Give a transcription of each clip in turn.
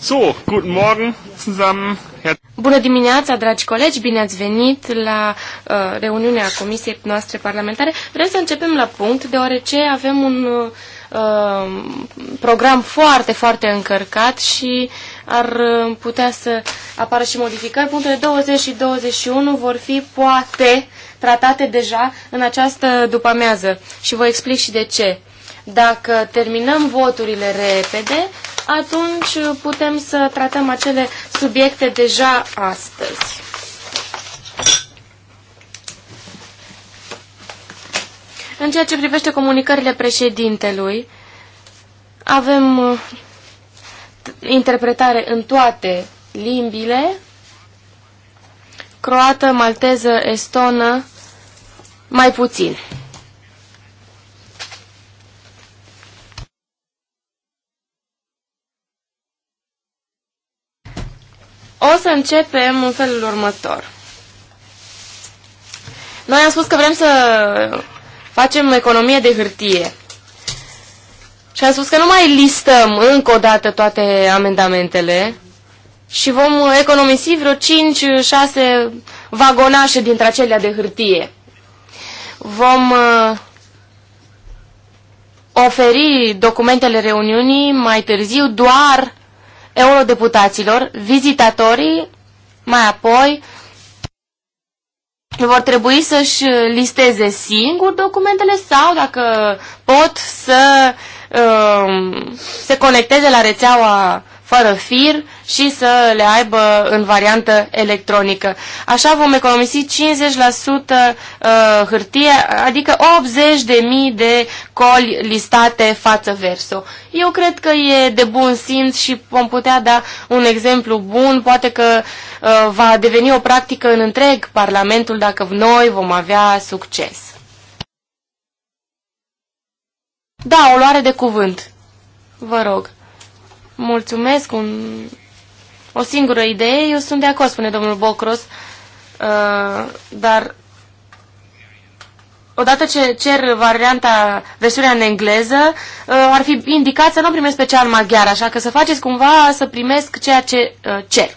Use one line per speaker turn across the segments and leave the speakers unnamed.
So, guten Morgen zusammen.
Bună dimineața, dragi colegi, bine ați venit la uh, reuniunea Comisiei noastre parlamentare. Vreau să începem la punct, deoarece avem un uh, program foarte, foarte încărcat și ar uh, putea să apară și modificări. Punctele 20 și 21 vor fi, poate, tratate deja în această după-amiază și vă explic și de ce. Dacă terminăm voturile repede, atunci putem să tratăm acele subiecte deja astăzi. În ceea ce privește comunicările președintelui, avem uh, interpretare în toate limbile, croată, malteză, estonă, mai puțin. O să începem în felul următor. Noi am spus că vrem să facem economie de hârtie. Și am spus că nu mai listăm încă o dată toate amendamentele și vom economisi vreo 5-6 vagonașe dintre acelea de hârtie. Vom uh, oferi documentele reuniunii mai târziu doar eurodeputaților, vizitatorii, mai apoi vor trebui să-și listeze singur documentele sau, dacă pot, să uh, se conecteze la rețeaua fără fir și să le aibă în variantă electronică. Așa vom economisi 50% uh, hârtie, adică 80.000 de coli listate față verso. Eu cred că e de bun simț și vom putea da un exemplu bun, poate că uh, va deveni o practică în întreg Parlamentul dacă noi vom avea succes. Da, o luare de cuvânt. Vă rog. Mulțumesc, un, o singură idee. Eu sunt de acord, spune domnul Bocros, uh, dar odată ce cer varianta, versiunea în engleză, uh, ar fi indicat să nu primesc special maghiar, așa că să faceți cumva să primesc ceea ce uh, cer.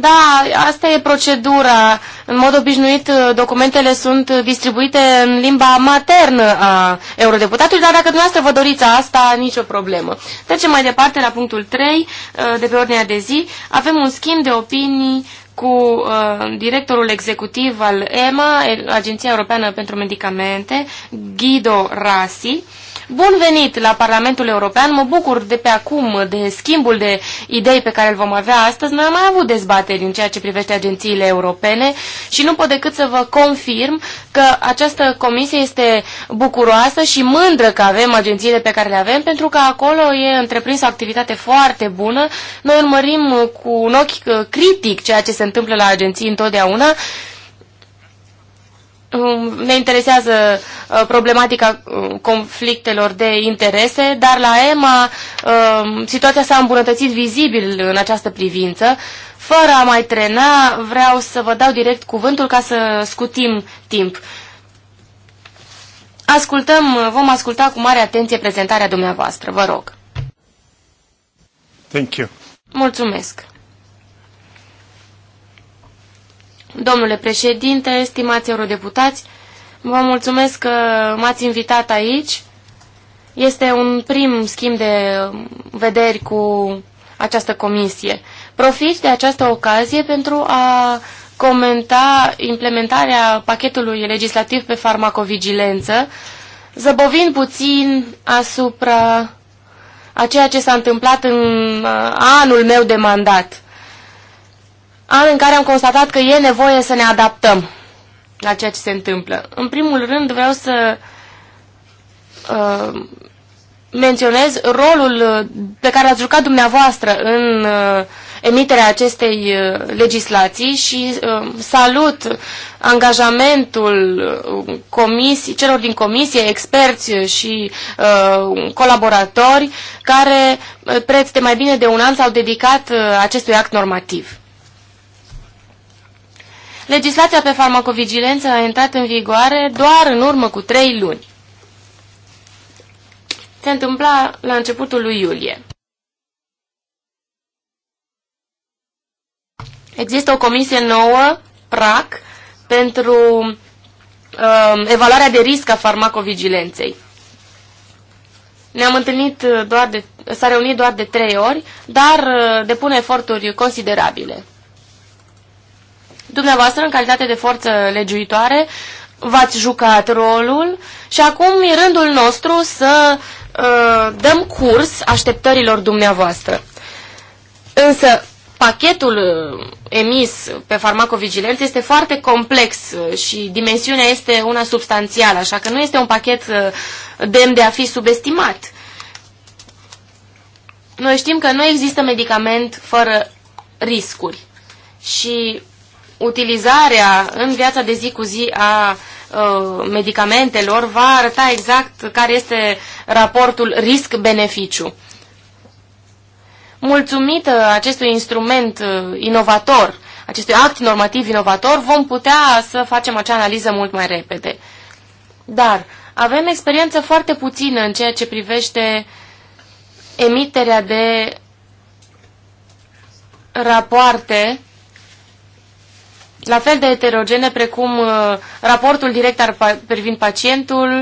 Da, asta e procedura. În mod obișnuit, uh, documentele sunt distribuite în limba maternă a eurodeputatului, dar dacă dumneavoastră vă doriți asta, nicio problemă. Trecem mai departe la punctul 3 uh, de pe ordinea de zi. Avem un schimb de opinii cu uh, directorul executiv al EMA, Agenția Europeană pentru Medicamente, Guido Rasi. Bun venit la Parlamentul European, mă bucur de pe acum de schimbul de idei pe care îl vom avea astăzi. Noi am mai avut dezbateri în ceea ce privește agențiile europene și nu pot decât să vă confirm că această comisie este bucuroasă și mândră că avem agențiile pe care le avem, pentru că acolo e întreprins o activitate foarte bună. Noi urmărim cu un ochi uh, critic ceea ce se întâmplă la agenții întotdeauna Mm, ne interesează uh, problematica mm, conflictelor de interese, dar la EMA mm, situația s-a îmbunătățit vizibil în această privință. Fără a mai trena, vreau să vă dau direct cuvântul ca să scutim timp. Ascultăm, vom asculta cu mare atenție prezentarea dumneavoastră. Vă rog. Thank you. Mulțumesc. Domnule președinte, stimați eurodeputați, vă mulțumesc că m-ați invitat aici. Este un prim schimb de vederi cu această comisie. Profit de această ocazie pentru a comenta implementarea pachetului legislativ pe farmacovigilență, zăbovind puțin asupra a ceea ce s-a întâmplat în uh, anul meu de mandat an în care am constatat că e nevoie să ne adaptăm la ceea ce se întâmplă. În primul rând vreau să uh, menționez rolul uh, pe care l-ați jucat dumneavoastră în uh, emiterea acestei uh, legislații și uh, salut angajamentul uh, comisii, celor din comisie, experți și uh, colaboratori care uh, preț de mai bine de un an s-au dedicat uh, acestui act normativ. Legislația pe farmacovigilență a intrat în vigoare doar în urmă cu trei luni. Se întâmpla la începutul lui iulie. Există o comisie nouă, PRAC, pentru uh, evaluarea de risc a farmacovigilenței. Ne-am întâlnit uh, doar de, s-a reunit doar de trei ori, dar uh, depune eforturi considerabile. Dumneavoastră, în calitate de forță legiuitoare, v-ați jucat rolul și acum e rândul nostru să uh, dăm curs așteptărilor dumneavoastră. Însă, pachetul uh, emis pe farmacovigilență este foarte complex uh, și dimensiunea este una substanțială, așa că nu este un pachet uh, demn de a fi subestimat. Noi știm că nu există medicament fără riscuri și utilizarea în viața de zi cu zi a ă, medicamentelor va arăta exact care este raportul risc-beneficiu. Mulțumită acestui instrument ă, inovator, acestui act normativ inovator, vom putea să facem acea analiză mult mai repede. Dar avem experiență foarte puțină în ceea ce privește emiterea de rapoarte la fel de heterogene precum uh, raportul direct ar, privind pacientul,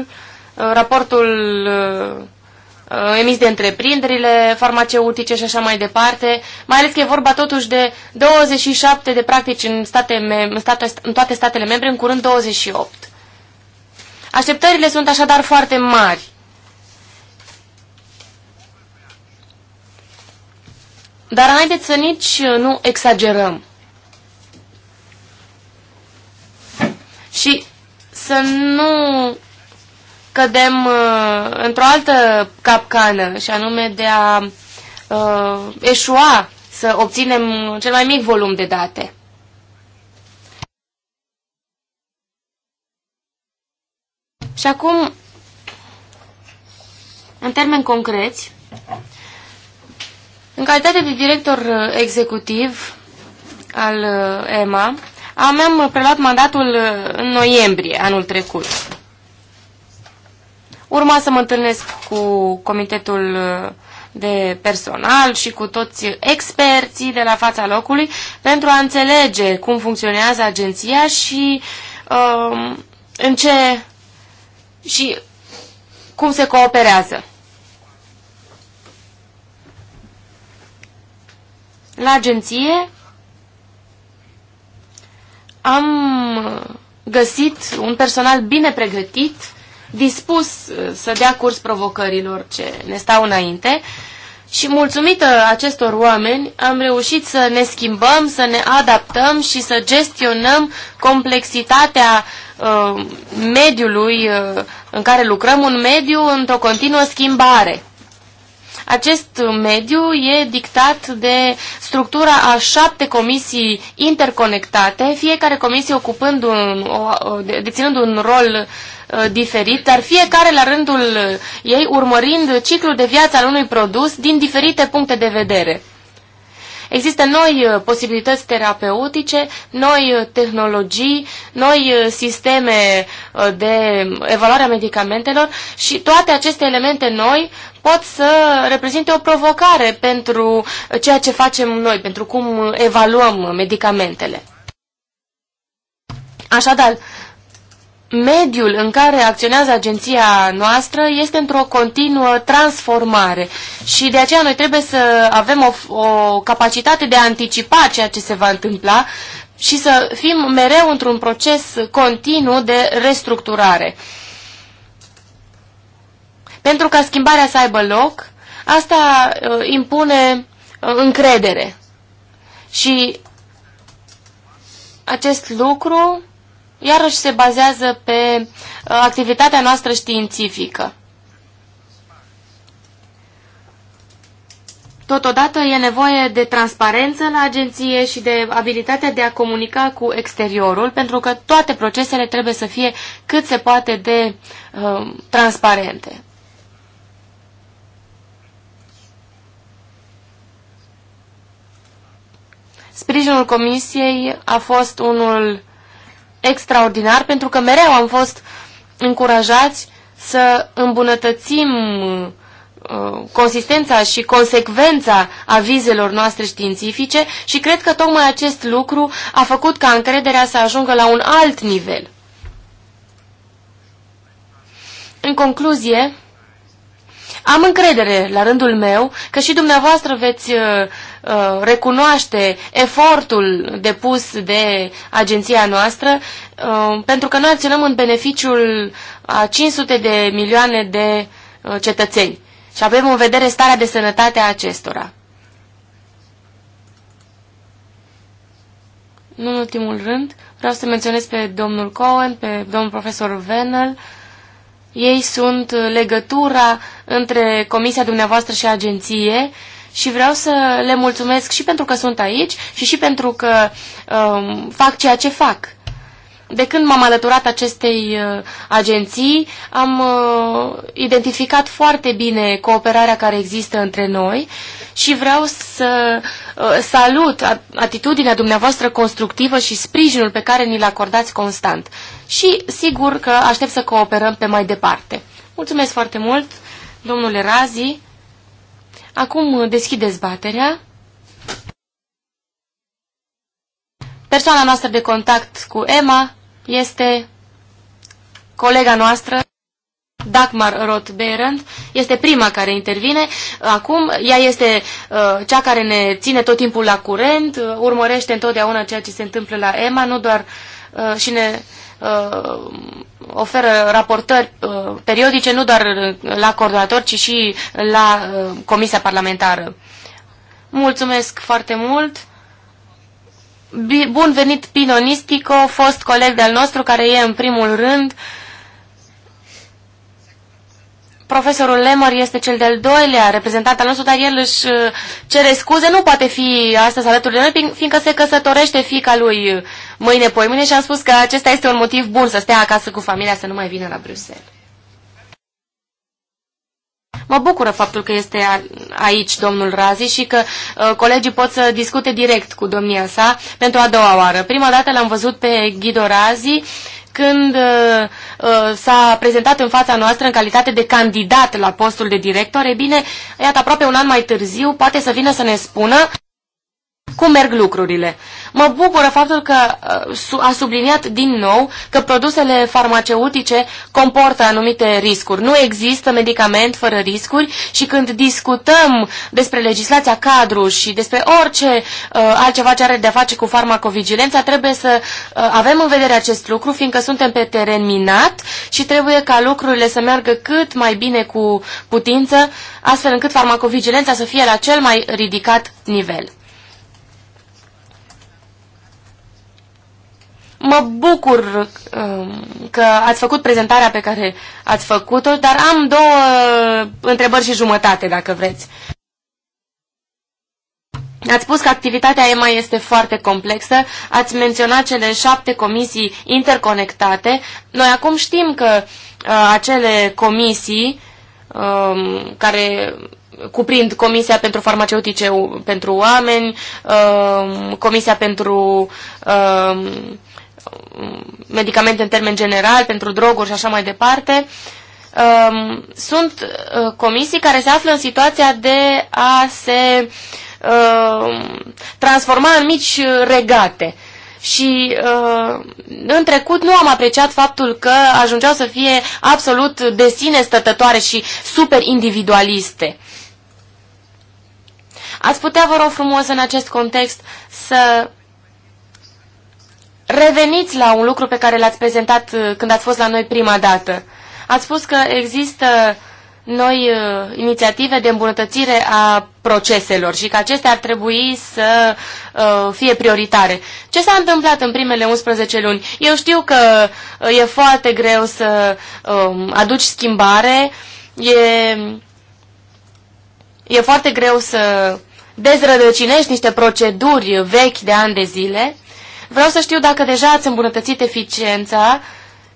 uh, raportul uh, emis de întreprinderile farmaceutice și așa mai departe, mai ales că e vorba totuși de 27 de practici în, state, în, state, în toate statele membre, în curând 28. Așteptările sunt așadar foarte mari. Dar haideți să nici nu exagerăm. și să nu cădem uh, într-o altă capcană, și anume de a uh, eșua să obținem cel mai mic volum de date. Și acum, în termeni concreți, în calitate de director uh, executiv al uh, EMA, am preluat mandatul uh, în noiembrie anul trecut. Urma să mă întâlnesc cu comitetul uh, de personal și cu toți experții de la fața locului pentru a înțelege cum funcționează agenția și um, în ce și cum se cooperează. La agenție am găsit un personal bine pregătit, dispus uh, să dea curs provocărilor ce ne stau înainte și mulțumită acestor oameni am reușit să ne schimbăm, să ne adaptăm și să gestionăm complexitatea uh, mediului uh, în care lucrăm, un mediu într-o continuă schimbare. Acest mediu e dictat de structura a șapte comisii interconectate, fiecare comisie ocupând un, o, deținând un rol uh, diferit, dar fiecare la rândul ei urmărind ciclul de viață al unui produs din diferite puncte de vedere. Există noi uh, posibilități terapeutice, noi uh, tehnologii, noi uh, sisteme de evaluare a medicamentelor și toate aceste elemente noi pot să reprezinte o provocare pentru ceea ce facem noi, pentru cum evaluăm medicamentele. Așadar, mediul în care acționează agenția noastră este într-o continuă transformare și de aceea noi trebuie să avem o, o capacitate de a anticipa ceea ce se va întâmpla și să fim mereu într-un proces continuu de restructurare. Pentru ca schimbarea să aibă loc, asta uh, impune uh, încredere. Și acest lucru iarăși se bazează pe uh, activitatea noastră științifică. Totodată e nevoie de transparență la agenție și de abilitatea de a comunica cu exteriorul, pentru că toate procesele trebuie să fie cât se poate de uh, transparente. Sprijinul comisiei a fost unul extraordinar pentru că mereu am fost încurajați să îmbunătățim uh, consistența și consecvența avizelor noastre științifice și cred că tocmai acest lucru a făcut ca încrederea să ajungă la un alt nivel. În concluzie, am încredere, la rândul meu, că și dumneavoastră veți uh, Uh, recunoaște efortul depus de agenția noastră, uh, pentru că noi acționăm în beneficiul a 500 de milioane de uh, cetățeni și avem în vedere starea de sănătate a acestora. Nu în ultimul rând, vreau să menționez pe domnul Cohen, pe domnul profesor Venel. Ei sunt legătura între comisia dumneavoastră și agenție și vreau să le mulțumesc și pentru că sunt aici și și pentru că um, fac ceea ce fac. De când m-am alăturat acestei uh, agenții, am uh, identificat foarte bine cooperarea care există între noi și vreau să uh, salut atitudinea dumneavoastră constructivă și sprijinul pe care ni-l acordați constant. Și sigur că aștept să cooperăm pe mai departe. Mulțumesc foarte mult, domnule Razi. Acum uh, deschid dezbaterea. Persoana noastră de contact cu Emma este colega noastră, Dagmar Roth-Berend, este prima care intervine. Acum ea este uh, cea care ne ține tot timpul la curent, uh, urmărește întotdeauna ceea ce se întâmplă la Emma, nu doar uh, și ne uh, oferă raportări uh, periodice nu doar uh, la coordonator, ci și la uh, Comisia Parlamentară. Mulțumesc foarte mult! Bun venit Pinonistico, fost coleg de-al nostru care e în primul rând Profesorul Lemmer este cel de-al doilea reprezentant al nostru, dar el își uh, cere scuze, nu poate fi astăzi alături de noi, fiindcă se căsătorește fica lui uh, mâine poimâine și am spus că acesta este un motiv bun să stea acasă cu familia, să nu mai vină la Bruxelles. Mă bucură faptul că este aici domnul Razi și că uh, colegii pot să discute direct cu domnia sa pentru a doua oară. Prima dată l-am văzut pe Ghido Razi când uh, uh, s-a prezentat în fața noastră în calitate de candidat la postul de director, e bine, iată, aproape un an mai târziu, poate să vină să ne spună cum merg lucrurile? Mă bucură faptul că uh, a subliniat din nou că produsele farmaceutice comportă anumite riscuri. Nu există medicament fără riscuri și când discutăm despre legislația cadru și despre orice uh, altceva ce are de a face cu farmacovigilența, trebuie să uh, avem în vedere acest lucru, fiindcă suntem pe teren minat și trebuie ca lucrurile să meargă cât mai bine cu putință, astfel încât farmacovigilența să fie la cel mai ridicat nivel. Mă bucur um, că ați făcut prezentarea pe care ați făcut-o, dar am două uh, întrebări și jumătate, dacă vreți. Ați spus că activitatea EMA este foarte complexă, ați menționat cele șapte comisii interconectate. Noi acum știm că uh, acele comisii uh, care cuprind Comisia pentru Farmaceutice pentru Oameni, uh, Comisia pentru uh, Mm, medicamente în termen general, pentru droguri și așa mai departe, um, sunt uh, comisii care se află în situația de a se um, transforma în mici regate. Și uh, în trecut nu am apreciat faptul că ajungeau să fie absolut de sine stătătoare și super individualiste. Ați putea, vă rog frumos, în acest context să reveniți la un lucru pe care l-ați prezentat uh, când ați fost la noi prima dată. Ați spus că există noi uh, inițiative de îmbunătățire a proceselor și că acestea ar trebui să uh, fie prioritare. Ce s-a întâmplat în primele 11 luni? Eu știu că uh, e foarte greu să uh, aduci schimbare, e, e foarte greu să dezrădăcinești niște proceduri vechi de ani de zile, Vreau să știu dacă deja ați îmbunătățit eficiența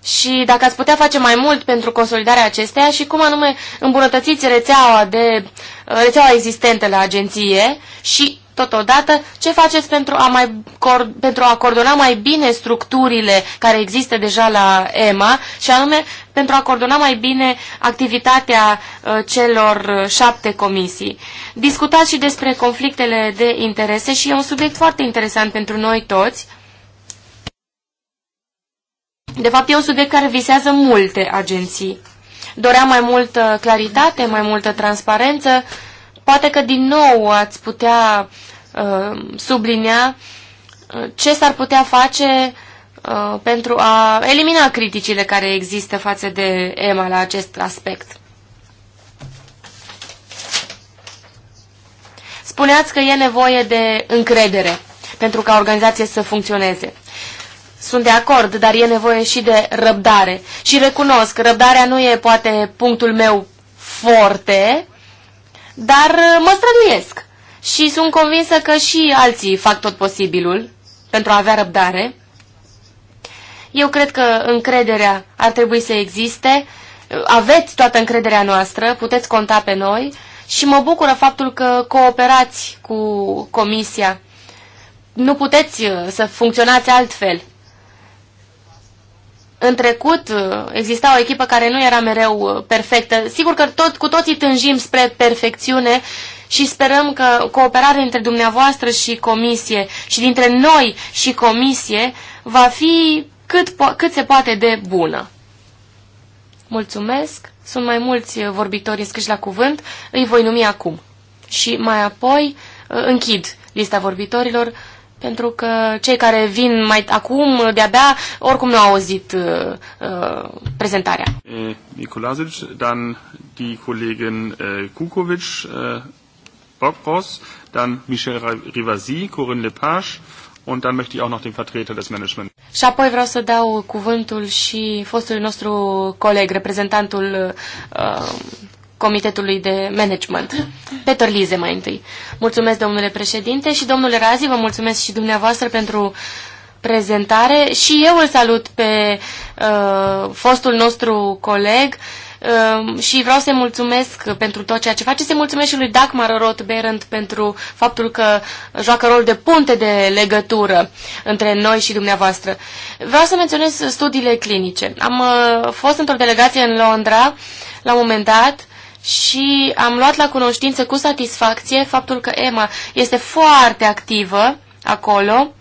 și dacă ați putea face mai mult pentru consolidarea acesteia și cum anume îmbunătățiți rețeaua, de, uh, rețeaua existentă la agenție și Totodată, ce faceți pentru a, mai, pentru a coordona mai bine structurile care există deja la EMA și anume pentru a coordona mai bine activitatea uh, celor uh, șapte comisii? Discutați și despre conflictele de interese și e un subiect foarte interesant pentru noi toți. De fapt, e un subiect care visează multe agenții. Dorea mai multă claritate, mai multă transparență. Poate că din nou ați putea uh, sublinia uh, ce s-ar putea face uh, pentru a elimina criticile care există față de EMA la acest aspect. Spuneați că e nevoie de încredere pentru ca organizație să funcționeze. Sunt de acord, dar e nevoie și de răbdare. Și recunosc, răbdarea nu e poate punctul meu forte, dar uh, mă străduiesc. Și sunt convinsă că și alții fac tot posibilul pentru a avea răbdare. Eu cred că încrederea ar trebui să existe. Uh, aveți toată încrederea noastră, puteți conta pe noi și mă bucură faptul că cooperați cu Comisia. Nu puteți uh, să funcționați altfel în trecut uh, exista o echipă care nu era mereu uh, perfectă. Sigur că tot, cu toții tânjim spre perfecțiune și sperăm că cooperarea între dumneavoastră și comisie și dintre noi și comisie va fi cât, cât se poate de bună. Mulțumesc. Sunt mai mulți uh, vorbitori înscriși la cuvânt. Îi voi numi acum. Și mai apoi închid lista vorbitorilor pentru că cei care vin mai acum, de-abia, oricum nu au auzit uh, uh prezentarea.
Eh, Nikolasic, dan die
Kollegin uh, Kukovic, uh, eh, Bockros, dan Michel Rivasi, Corinne Lepage, und dann möchte ich auch noch den Vertreter des Management.
Și apoi vreau să dau cuvântul și fostului nostru coleg, reprezentantul uh, Comitetului de Management. Peter Lize mai întâi. Mulțumesc, domnule președinte, și domnule Razi, vă mulțumesc și dumneavoastră pentru prezentare și eu îl salut pe uh, fostul nostru coleg uh, și vreau să-i mulțumesc pentru tot ceea ce face. Se mulțumesc și lui Dagmar Roth-Berend pentru faptul că joacă rol de punte de legătură între noi și dumneavoastră. Vreau să menționez studiile clinice. Am uh, fost într-o delegație în Londra la un moment dat și am luat la cunoștință cu satisfacție faptul că Emma este foarte activă acolo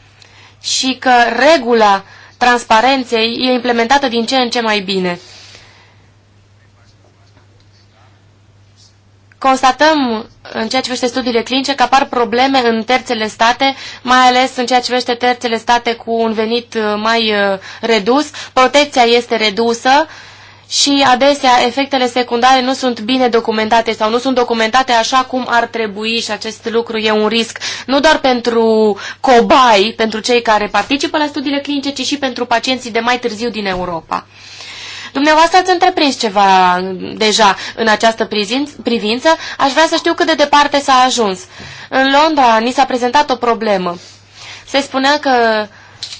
și că regula transparenței e implementată din ce în ce mai bine. Constatăm în ceea ce vește studiile clinice că apar probleme în terțele state, mai ales în ceea ce vește terțele state cu un venit uh, mai uh, redus, protecția este redusă și adesea efectele secundare nu sunt bine documentate sau nu sunt documentate așa cum ar trebui și acest lucru e un risc nu doar pentru cobai, pentru cei care participă la studiile clinice, ci și pentru pacienții de mai târziu din Europa. Dumneavoastră ați întreprins ceva mm, deja în această privință, aș vrea să știu cât de departe s-a ajuns. În Londra ni s-a prezentat o problemă. Se spunea că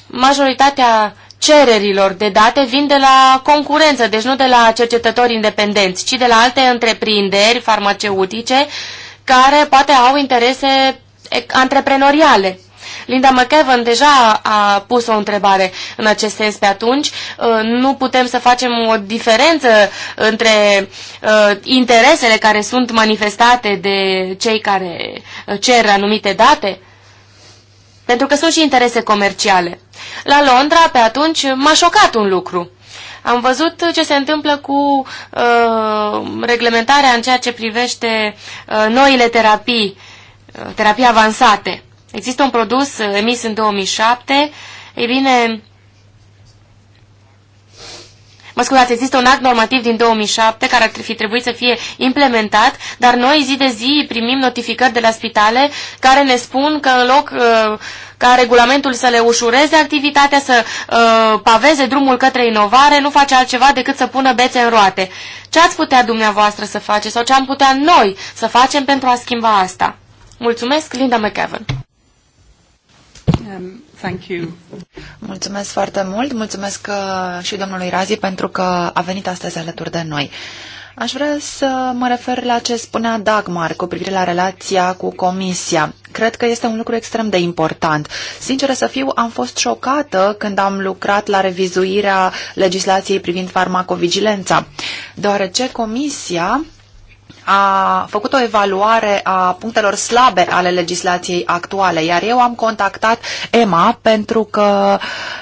majoritatea cererilor de date vin de la concurență, deci nu de la cercetători independenți, ci de la alte întreprinderi farmaceutice care poate au interese antreprenoriale. Linda McEvan deja a pus o întrebare în acest sens pe atunci. Uh, nu putem să facem o diferență între uh, interesele care sunt manifestate de cei care uh, cer anumite date? pentru că sunt și interese comerciale. La Londra, pe atunci, m-a șocat un lucru. Am văzut ce se întâmplă cu uh, reglementarea în ceea ce privește uh, noile terapii, uh, terapii avansate. Există un produs uh, emis în 2007, ei bine, Mă scuzați, există un act normativ din 2007 care ar fi trebuit să fie implementat, dar noi zi de zi primim notificări de la spitale care ne spun că în loc uh, ca regulamentul să le ușureze activitatea, să uh, paveze drumul către inovare, nu face altceva decât să pună bețe în roate. Ce ați putea dumneavoastră să faceți sau ce am putea noi să facem pentru a schimba asta? Mulțumesc, Linda McEvan.
Um. Thank you. Mulțumesc foarte mult, mulțumesc uh, și domnului Razi pentru că a venit astăzi alături de noi. Aș vrea să mă refer la ce spunea Dagmar cu privire la relația cu Comisia. Cred că este un lucru extrem de important. Sinceră să fiu, am fost șocată când am lucrat la revizuirea legislației privind farmacovigilența, deoarece Comisia a făcut o evaluare a punctelor slabe ale legislației actuale, iar eu am contactat EMA pentru că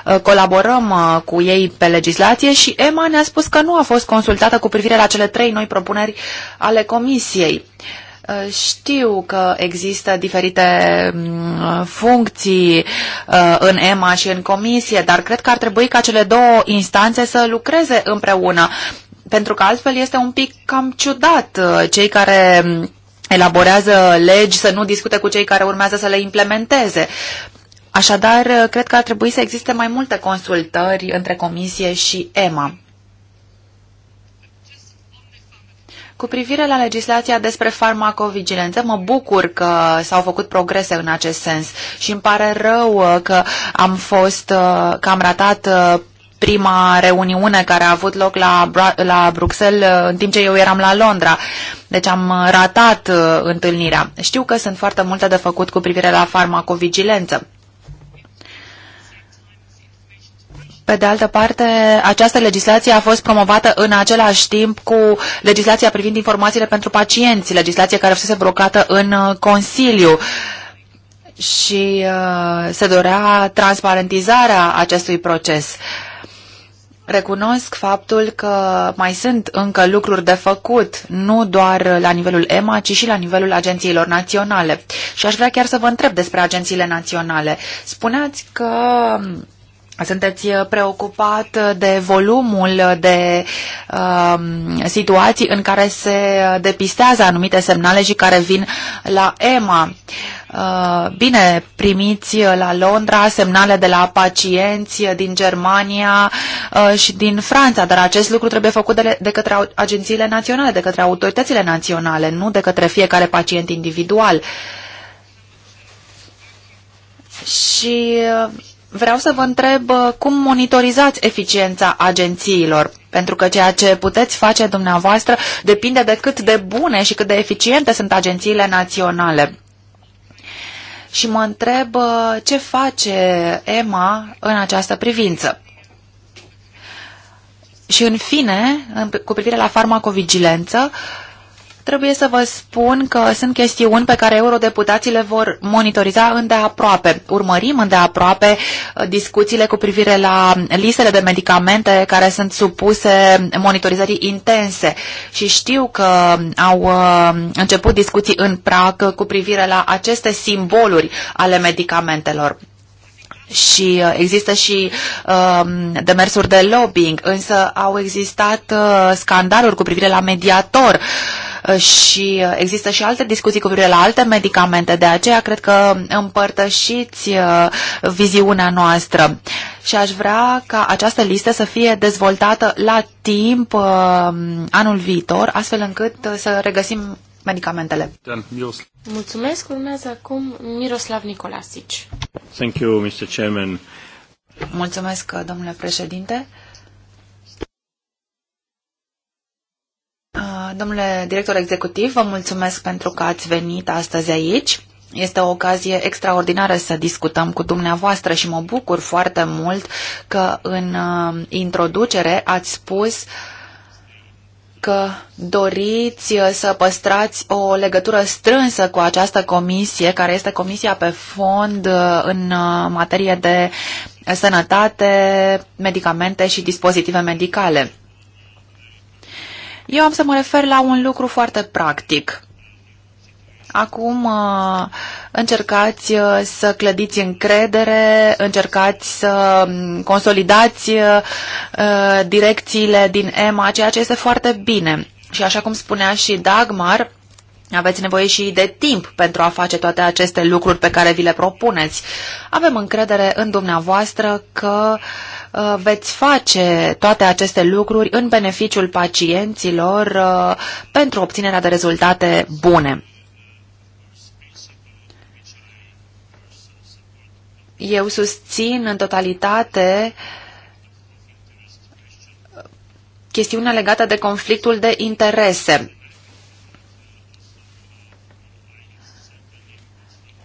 ă, colaborăm ă, cu ei pe legislație și EMA ne-a spus că nu a fost consultată cu privire la cele trei noi propuneri ale Comisiei. Ă, știu că există diferite funcții în EMA și în comisie, dar cred că ar trebui ca cele două instanțe să lucreze împreună pentru că altfel este un pic cam ciudat uh, cei care mm, elaborează legi să nu discute cu cei care urmează să le implementeze. Așadar, uh, cred că ar trebui să existe mai multe consultări între Comisie și EMA. Cu privire la legislația despre farmacovigilență, mă bucur că s-au făcut progrese în acest sens și îmi pare rău uh, că am fost, că am ratat prima reuniune care a avut loc la, la Bruxelles uh, în timp ce eu eram la Londra. Deci am uh, ratat uh, întâlnirea. Știu că sunt foarte multe de făcut cu privire la farmacovigilență. Pe de altă parte, această legislație a fost promovată în același timp cu legislația privind informațiile pentru pacienți, legislație care fusese blocată în Consiliu și uh, se dorea transparentizarea acestui proces. Uh, Recunosc faptul că mai sunt încă lucruri de făcut, nu doar la nivelul EMA, ci și la nivelul agențiilor naționale. Și aș vrea chiar să vă întreb despre agențiile naționale. Spuneați că sunteți uh, preocupat uh, de volumul de uh, situații în care se uh, depistează anumite semnale și care vin la EMA. Uh, bine, primiți la Londra semnale de la pacienți din Germania uh, și din Franța, dar acest lucru trebuie făcut de, de către agențiile naționale, de către autoritățile naționale, nu de către fiecare pacient individual. Și uh, Vreau să vă întreb uh, cum monitorizați eficiența agențiilor, pentru că ceea ce puteți face dumneavoastră depinde de cât de bune și cât de eficiente sunt agențiile naționale. Și mă întreb uh, ce face EMA în această privință. Și în fine, cu privire la farmacovigilență, uh, Trebuie să vă spun că sunt chestiuni pe care eurodeputații le vor monitoriza îndeaproape. Urmărim îndeaproape uh, discuțiile cu privire la listele de medicamente care sunt supuse monitorizării intense și știu că au uh, început discuții în prag cu privire la aceste simboluri ale medicamentelor și uh, există și um, uh, demersuri de lobbying, însă au existat uh, scandaluri cu privire la mediator Uh, și uh, există și alte discuții cu privire la alte medicamente, de aceea cred că împărtășiți uh, viziunea noastră și aș vrea ca această listă să fie dezvoltată la timp anul viitor, astfel încât să regăsim medicamentele.
Mulțumesc. Urmează acum Miroslav Nicolasici.
Thank you, Mr. Chairman. Mulțumesc, domnule președinte. Uh, domnule director executiv, vă mulțumesc pentru că ați venit astăzi aici. Este o ocazie extraordinară să discutăm cu dumneavoastră și mă bucur foarte mult că în uh, introducere ați spus că doriți uh, să păstrați o legătură strânsă cu această comisie, care este comisia pe fond în materie de sănătate, medicamente și dispozitive medicale. Eu am să mă refer la un lucru foarte practic. Acum uh, încercați uh, să clădiți încredere, încercați să mm, consolidați uh, direcțiile din EMA, ceea ce este foarte bine. Și așa cum spunea și Dagmar, aveți nevoie și de timp pentru a face toate aceste lucruri pe care vi le propuneți. Avem încredere în dumneavoastră că uh, Uh, veți face toate aceste lucruri în beneficiul pacienților uh, pentru obținerea de rezultate bune. Eu susțin în totalitate chestiunea legată de conflictul de interese.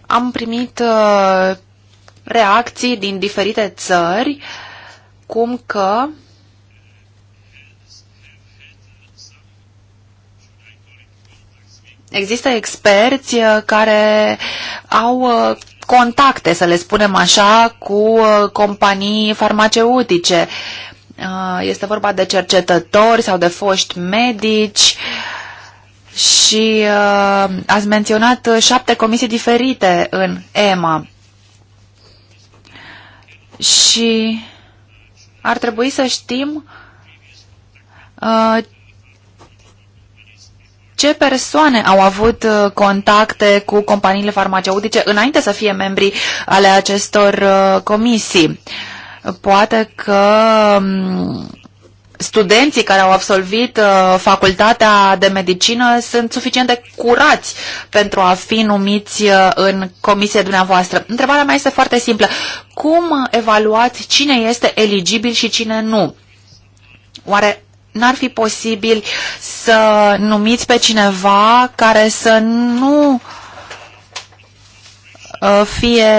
Am primit uh, reacții din diferite țări uh, acum că Există experți uh, care au uh, contacte, să le spunem așa, cu uh, companii farmaceutice. Este vorba de cercetători sau de foști medici și ați menționat șapte comisii diferite în EMA. Și ar trebui să știm uh, ce persoane au avut uh, contacte cu companiile farmaceutice înainte să fie membri ale acestor uh, comisii. Poate că um, studenții care au absolvit uh, facultatea de medicină sunt suficient de curați pentru a fi numiți uh, în comisie dumneavoastră. Întrebarea mea este foarte simplă. Cum evaluați cine este eligibil și cine nu? Oare n-ar fi posibil să numiți pe cineva care să nu uh, fie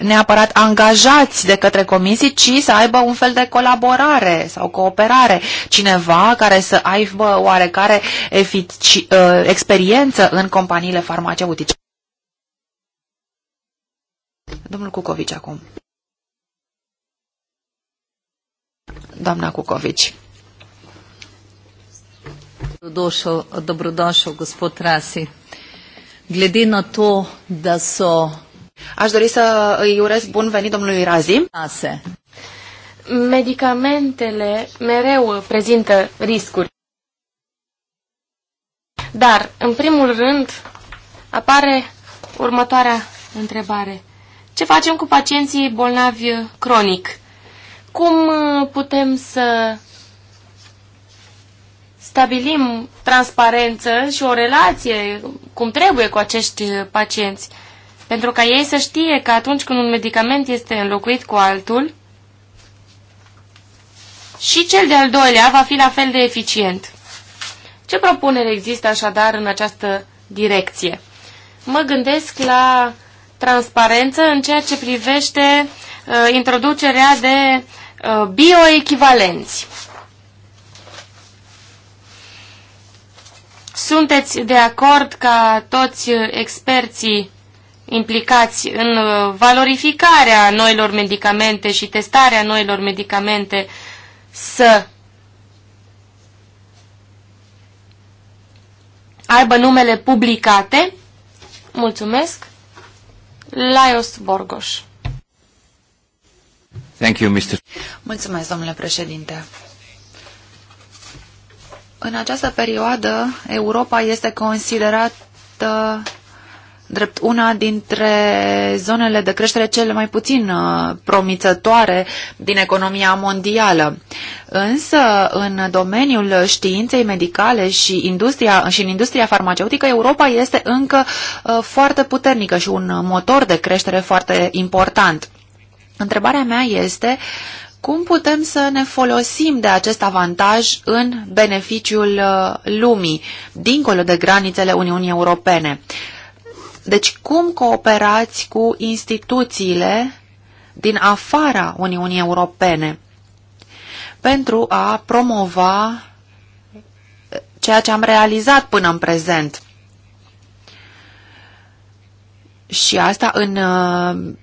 neapărat angajați de către comisii, ci să aibă un fel de colaborare sau cooperare. Cineva care să aibă oarecare efici, uh, experiență în companiile farmaceutice. Domnul Cucovici acum. Doamna Cucovici. Dobrodošel, dobrodošel, gospod Rasi. Glede na to, da so Aș dori să îi urez bun venit domnului Razi. Ase. Medicamentele mereu prezintă riscuri.
Dar, în primul rând, apare următoarea întrebare. Ce facem cu pacienții bolnavi cronic? Cum putem să stabilim transparență și o relație cum trebuie cu acești pacienți? pentru ca ei să știe că atunci când un medicament este înlocuit cu altul, și cel de-al doilea va fi la fel de eficient. Ce propunere există așadar în această direcție? Mă gândesc la transparență în ceea ce privește uh, introducerea de uh, bioechivalenți. Sunteți de acord ca toți uh, experții implicați în uh, valorificarea noilor medicamente și testarea noilor medicamente să aibă numele publicate. Mulțumesc. Laios
Borgoș. Thank you, Mr. Mulțumesc, domnule președinte. În această perioadă, Europa este considerată drept una dintre zonele de creștere cele mai puțin uh, promițătoare din economia mondială. Însă, în domeniul științei medicale și, industria, și în industria farmaceutică, Europa este încă uh, foarte puternică și un motor de creștere foarte important. Întrebarea mea este cum putem să ne folosim de acest avantaj în beneficiul uh, lumii, dincolo de granițele Uniunii Europene. Deci cum cooperați cu instituțiile din afara Uniunii Europene pentru a promova ceea ce am realizat până în prezent? Și asta în uh,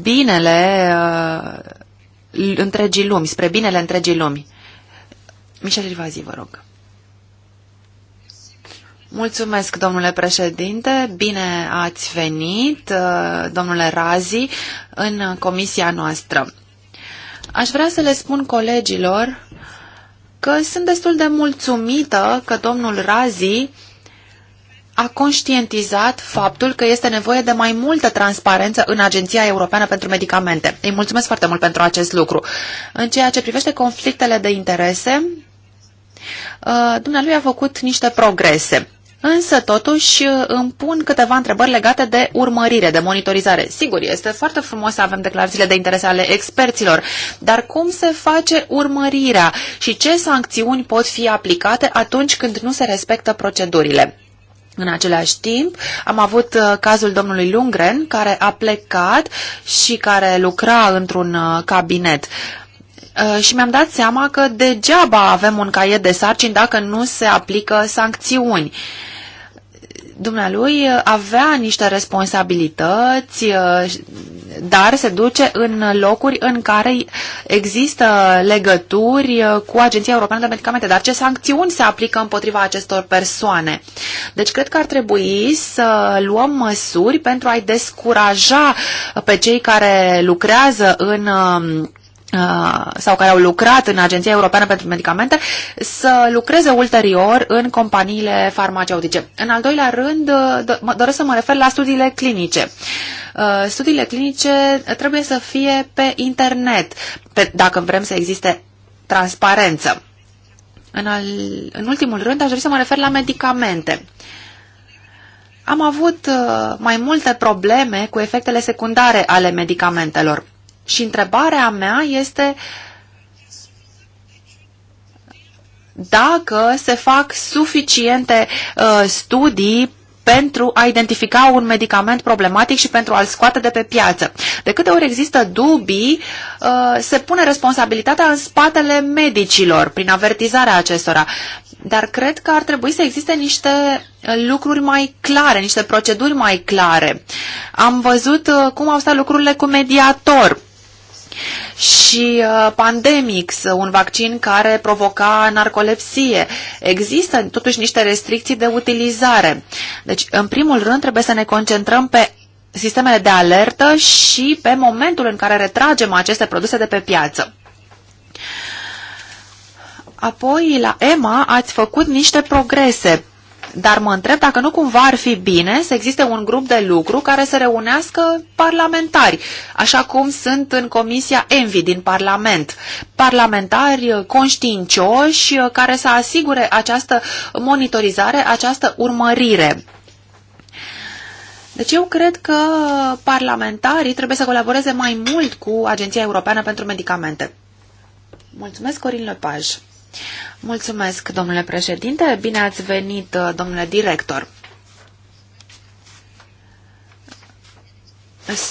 binele uh, întregii lumi, spre binele întregii lumi. Michel Rivazi, vă rog. Mulțumesc, domnule președinte. Bine ați venit, uh, domnule Razi, în comisia noastră. Aș vrea să le spun colegilor că sunt destul de mulțumită că domnul Razi a conștientizat faptul că este nevoie de mai multă transparență în Agenția Europeană pentru Medicamente. Îi mulțumesc foarte mult pentru acest lucru. În ceea ce privește conflictele de interese, uh, dumnealui a făcut niște progrese. Însă, totuși, îmi pun câteva întrebări legate de urmărire, de monitorizare. Sigur, este foarte frumos să avem declarațiile de interese ale experților, dar cum se face urmărirea și ce sancțiuni pot fi aplicate atunci când nu se respectă procedurile? În același timp, am avut uh, cazul domnului Lungren, care a plecat și care lucra într-un uh, cabinet uh, și mi-am dat seama că degeaba avem un caiet de sarcini dacă nu se aplică sancțiuni. Dumnealui uh, avea niște responsabilități, uh, dar se duce în locuri în care există legături uh, cu Agenția Europeană de Medicamente. Dar ce sancțiuni se aplică împotriva acestor persoane? Deci cred că ar trebui să luăm măsuri pentru a-i descuraja pe cei care lucrează în um, Uh, sau care au lucrat în Agenția Europeană pentru Medicamente să lucreze ulterior în companiile farmaceutice. În al doilea rând, uh, doresc să mă refer la studiile clinice. Uh, studiile clinice trebuie să fie pe internet, pe, dacă vrem să existe transparență. În, al, în ultimul rând, aș dori să mă refer la medicamente. Am avut mai multe probleme cu efectele secundare ale medicamentelor. Și întrebarea mea este dacă se fac suficiente uh, studii pentru a identifica un medicament problematic și pentru a-l scoate de pe piață. De câte ori există dubii, uh, se pune responsabilitatea în spatele medicilor prin avertizarea acestora. Dar cred că ar trebui să existe niște uh, lucruri mai clare, niște proceduri mai clare. Am văzut uh, cum au stat lucrurile cu mediator și uh, Pandemix, un vaccin care provoca narcolepsie. Există totuși niște restricții de utilizare. Deci, în primul rând, trebuie să ne concentrăm pe sistemele de alertă și pe momentul în care retragem aceste produse de pe piață. Apoi, la EMA ați făcut niște progrese dar mă întreb dacă nu cumva ar fi bine să existe un grup de lucru care să reunească parlamentari, așa cum sunt în Comisia Envi din Parlament. Parlamentari conștiincioși care să asigure această monitorizare, această urmărire. Deci eu cred că parlamentarii trebuie să colaboreze mai mult cu Agenția Europeană pentru Medicamente. Mulțumesc, Corin Lepaj. Mulțumesc, domnule președinte. Bine ați venit, uh, domnule director.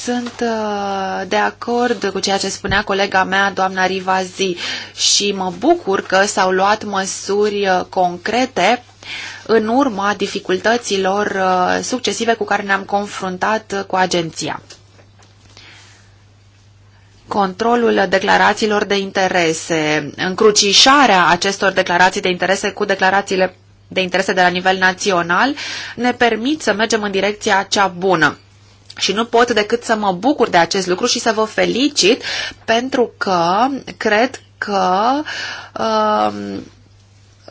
Sunt uh, de acord cu ceea ce spunea colega mea, doamna Rivazi, și mă bucur că s-au luat măsuri uh, concrete în urma dificultăților succesive cu care ne-am confruntat cu agenția controlul declarațiilor de interese, încrucișarea acestor declarații de interese cu declarațiile de interese de la nivel național ne permit să mergem în direcția cea bună. Și nu pot decât să mă bucur de acest lucru și să vă felicit pentru că cred că uh,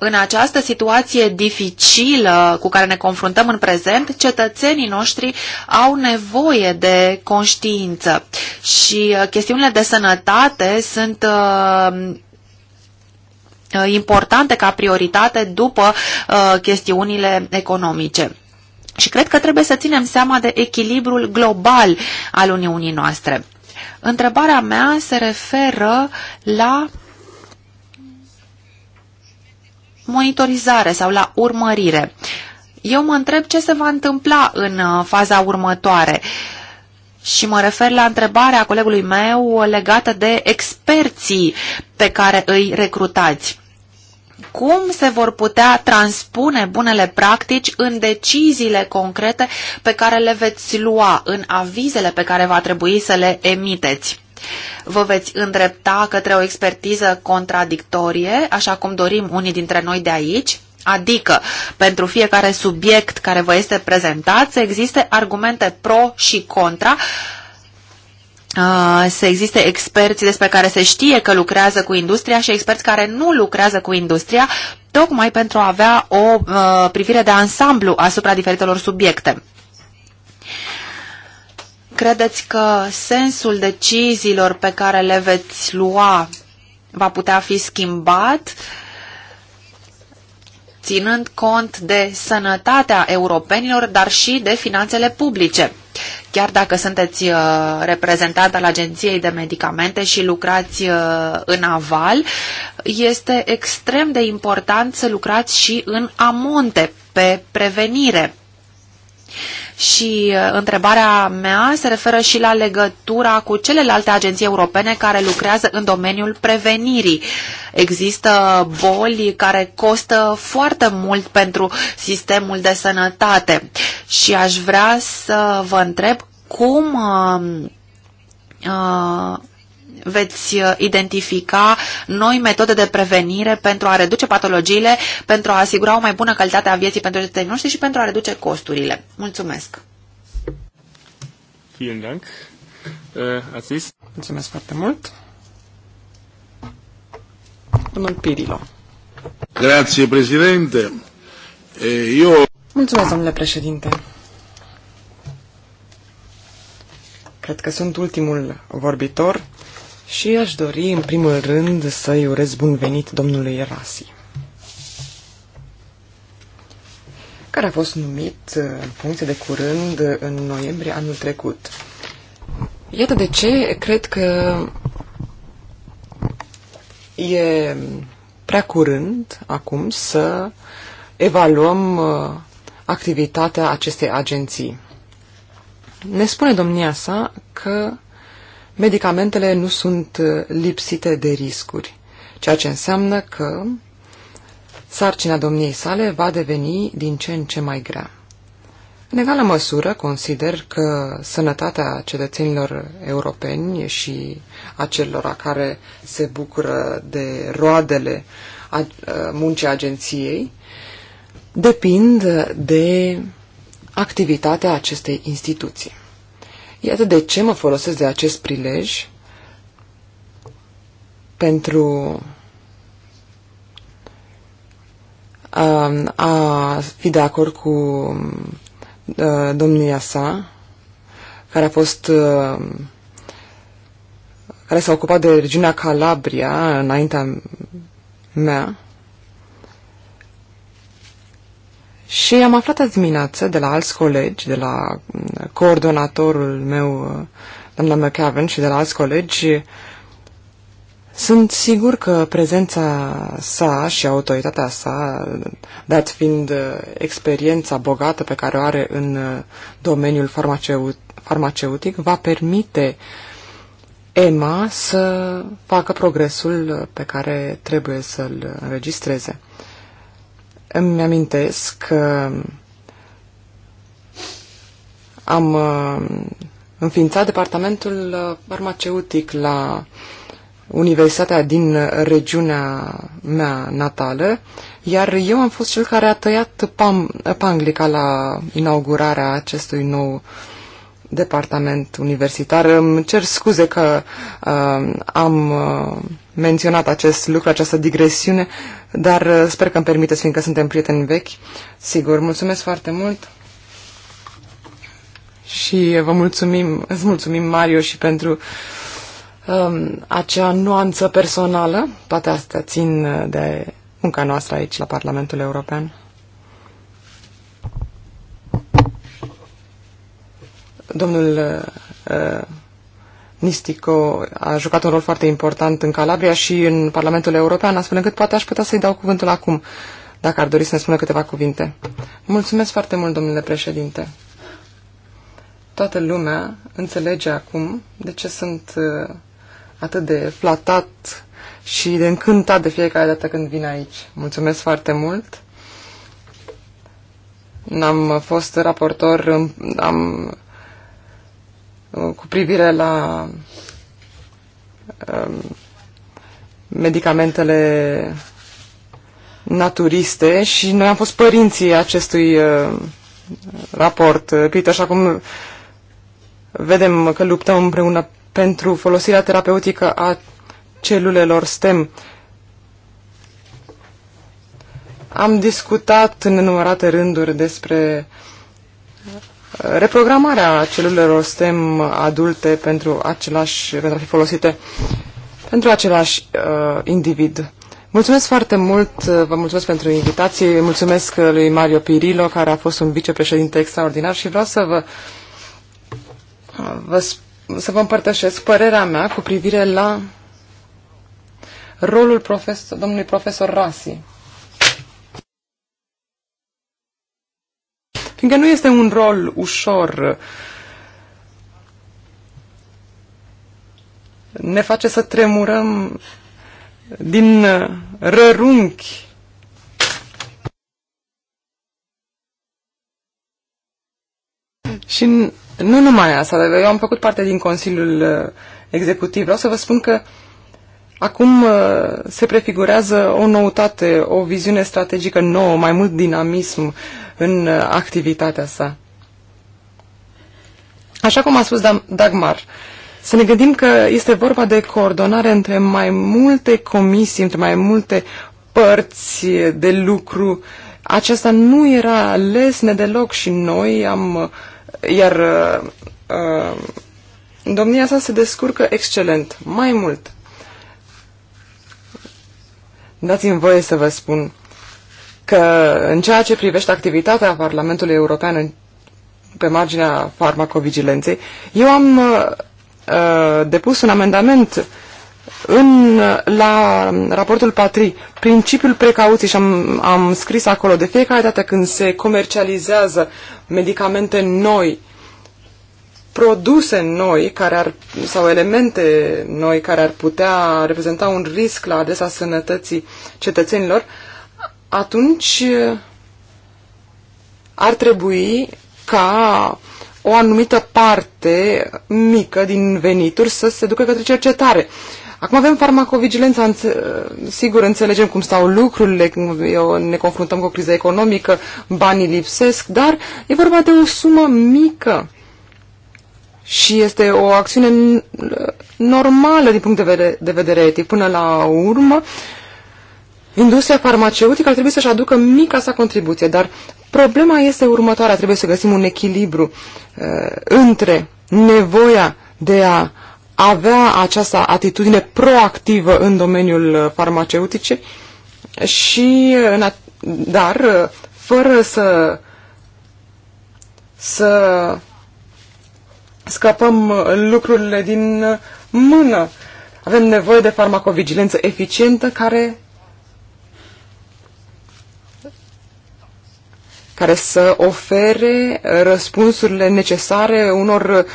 în această situație dificilă cu care ne confruntăm în prezent, cetățenii noștri au nevoie de conștiință și uh, chestiunile de sănătate sunt uh, uh, importante ca prioritate după chestiunile economice. Și cred că trebuie să ținem seama de echilibrul global al Uniunii noastre. Întrebarea mea se referă la monitorizare sau la urmărire. Eu mă întreb ce se va întâmpla în uh, faza următoare. Și mă refer la întrebarea colegului meu legată de experții pe care îi recrutați. Cum se vor putea transpune bunele practici în deciziile concrete pe care le veți lua, în avizele pe care va trebui să le emiteți? Vă veți îndrepta către o expertiză contradictorie, așa cum dorim unii dintre noi de aici, Adică, pentru fiecare subiect care vă este prezentat, să existe argumente pro și contra, uh, să existe experți despre care se știe că lucrează cu industria și experți care nu lucrează cu industria, tocmai pentru a avea o uh, privire de ansamblu asupra diferitelor subiecte. Credeți că sensul deciziilor pe care le veți lua va putea fi schimbat ținând cont de sănătatea europenilor, dar și de finanțele publice? Chiar dacă sunteți uh, reprezentat al Agenției de Medicamente și lucrați uh, în aval, este extrem de important să lucrați și în amonte, pe prevenire. Și uh, întrebarea mea se referă și la legătura cu celelalte agenții europene care lucrează în domeniul prevenirii. Există boli care costă foarte mult pentru sistemul de sănătate și aș vrea să vă întreb cum uh, uh, veți uh, identifica noi metode de prevenire pentru a reduce patologiile, pentru a asigura o mai bună calitate a vieții pentru cetățenii noștri și pentru a reduce costurile. Mulțumesc!
Vielen Dank. Uh, Mulțumesc foarte mult. Domnul Pirilo.
Grazie, președinte. Eu...
Mulțumesc, domnule președinte. Cred că sunt ultimul vorbitor și aș dori, în primul rând, să-i urez bun venit domnului Rasi, care a fost numit uh, în funcție de curând în noiembrie anul trecut. Iată de ce cred că e prea curând acum să evaluăm uh, activitatea acestei agenții. Ne spune domnia sa că medicamentele nu sunt uh, lipsite de riscuri, ceea ce înseamnă că sarcina domniei sale va deveni din ce în ce mai grea. În egală măsură, consider că sănătatea cetățenilor europeni și acelora care se bucură de roadele uh, muncii agenției depind de activitatea acestei instituții. Iată de ce mă folosesc de acest prilej pentru a, a fi de acord cu a, domnia sa, care a fost A, care s-a ocupat de regiunea Calabria înaintea mea Și am aflat azi dimineață de la alți colegi, de la mm, coordonatorul meu, doamna McAven, și de la alți colegi, sunt sigur că prezența sa și autoritatea sa, dat fiind uh, experiența bogată pe care o are în uh, domeniul farmaceutic, va permite EMA să facă progresul pe care trebuie să-l înregistreze. Îmi amintesc că am uh, înființat departamentul uh, farmaceutic la universitatea din regiunea mea natală, iar eu am fost cel care a tăiat pam- panglica la inaugurarea acestui nou departament universitar. Îmi cer scuze că uh, am uh, menționat acest lucru, această digresiune, dar uh, sper că îmi permiteți, fiindcă suntem prieteni vechi. Sigur, mulțumesc foarte mult și vă mulțumim, îți mulțumim, Mario, și pentru um, acea nuanță personală. Toate astea țin uh, de munca noastră aici, la Parlamentul European. Domnul uh, uh Nistico a jucat un rol foarte important în Calabria și în Parlamentul European, astfel încât poate aș putea să-i dau cuvântul acum, dacă ar dori să ne spună câteva cuvinte. Mulțumesc foarte mult, domnule președinte. Toată lumea înțelege acum de ce sunt uh, atât de flatat și de încântat de fiecare dată când vin aici. Mulțumesc foarte mult. N-am fost raportor, am Uh, cu privire la um, medicamentele naturiste și noi am fost părinții acestui uh, raport, uh, Peter, și acum vedem că luptăm împreună pentru folosirea terapeutică a celulelor STEM. Am discutat în nenumărate rânduri despre reprogramarea celulelor STEM adulte pentru, același, pentru a fi folosite pentru același uh, individ. Mulțumesc foarte mult, uh, vă mulțumesc pentru invitație, mulțumesc uh, lui Mario Pirilo, care a fost un vicepreședinte extraordinar și vreau să vă, vă să vă împărtășesc părerea mea cu privire la rolul profesor, domnului profesor Rasi Fiindcă nu este un rol ușor, ne face să tremurăm din rărunchi Și nu numai asta, eu am făcut parte din Consiliul Executiv. Vreau să vă spun că Acum uh, se prefigurează o noutate, o viziune strategică nouă, mai mult dinamism în uh, activitatea sa. Așa cum a spus Dagmar, să ne gândim că este vorba de coordonare între mai multe comisii, între mai multe părți de lucru. Aceasta nu era lesne deloc și noi am... Uh, iar uh, domnia sa se descurcă excelent, mai mult. Dați-mi voie să vă spun că în ceea ce privește activitatea Parlamentului European în, pe marginea farmacovigilenței, eu am uh, uh, depus un amendament în, la raportul Patri, principiul precauției și am, am scris acolo de fiecare dată când se comercializează medicamente noi produse noi care ar, sau elemente noi care ar putea reprezenta un risc la adresa sănătății cetățenilor, atunci eh, ar trebui ca o anumită parte mică din venituri să se ducă către cercetare. Acum avem farmacovigilența, înțe eh, sigur înțelegem cum stau lucrurile, ne confruntăm cu o criză economică, banii lipsesc, dar e vorba de o sumă mică și este o acțiune normală din punct de vedere, de vedere etic. Până la urmă, industria farmaceutică ar trebui să-și aducă mica sa contribuție, dar problema este următoarea. Trebuie să găsim un echilibru uh, între nevoia de a avea această atitudine proactivă în domeniul uh, farmaceutice și, uh, în dar, uh, fără să, să scăpăm uh, lucrurile din uh, mână. Avem nevoie de farmacovigilență eficientă care care să ofere uh, răspunsurile necesare unor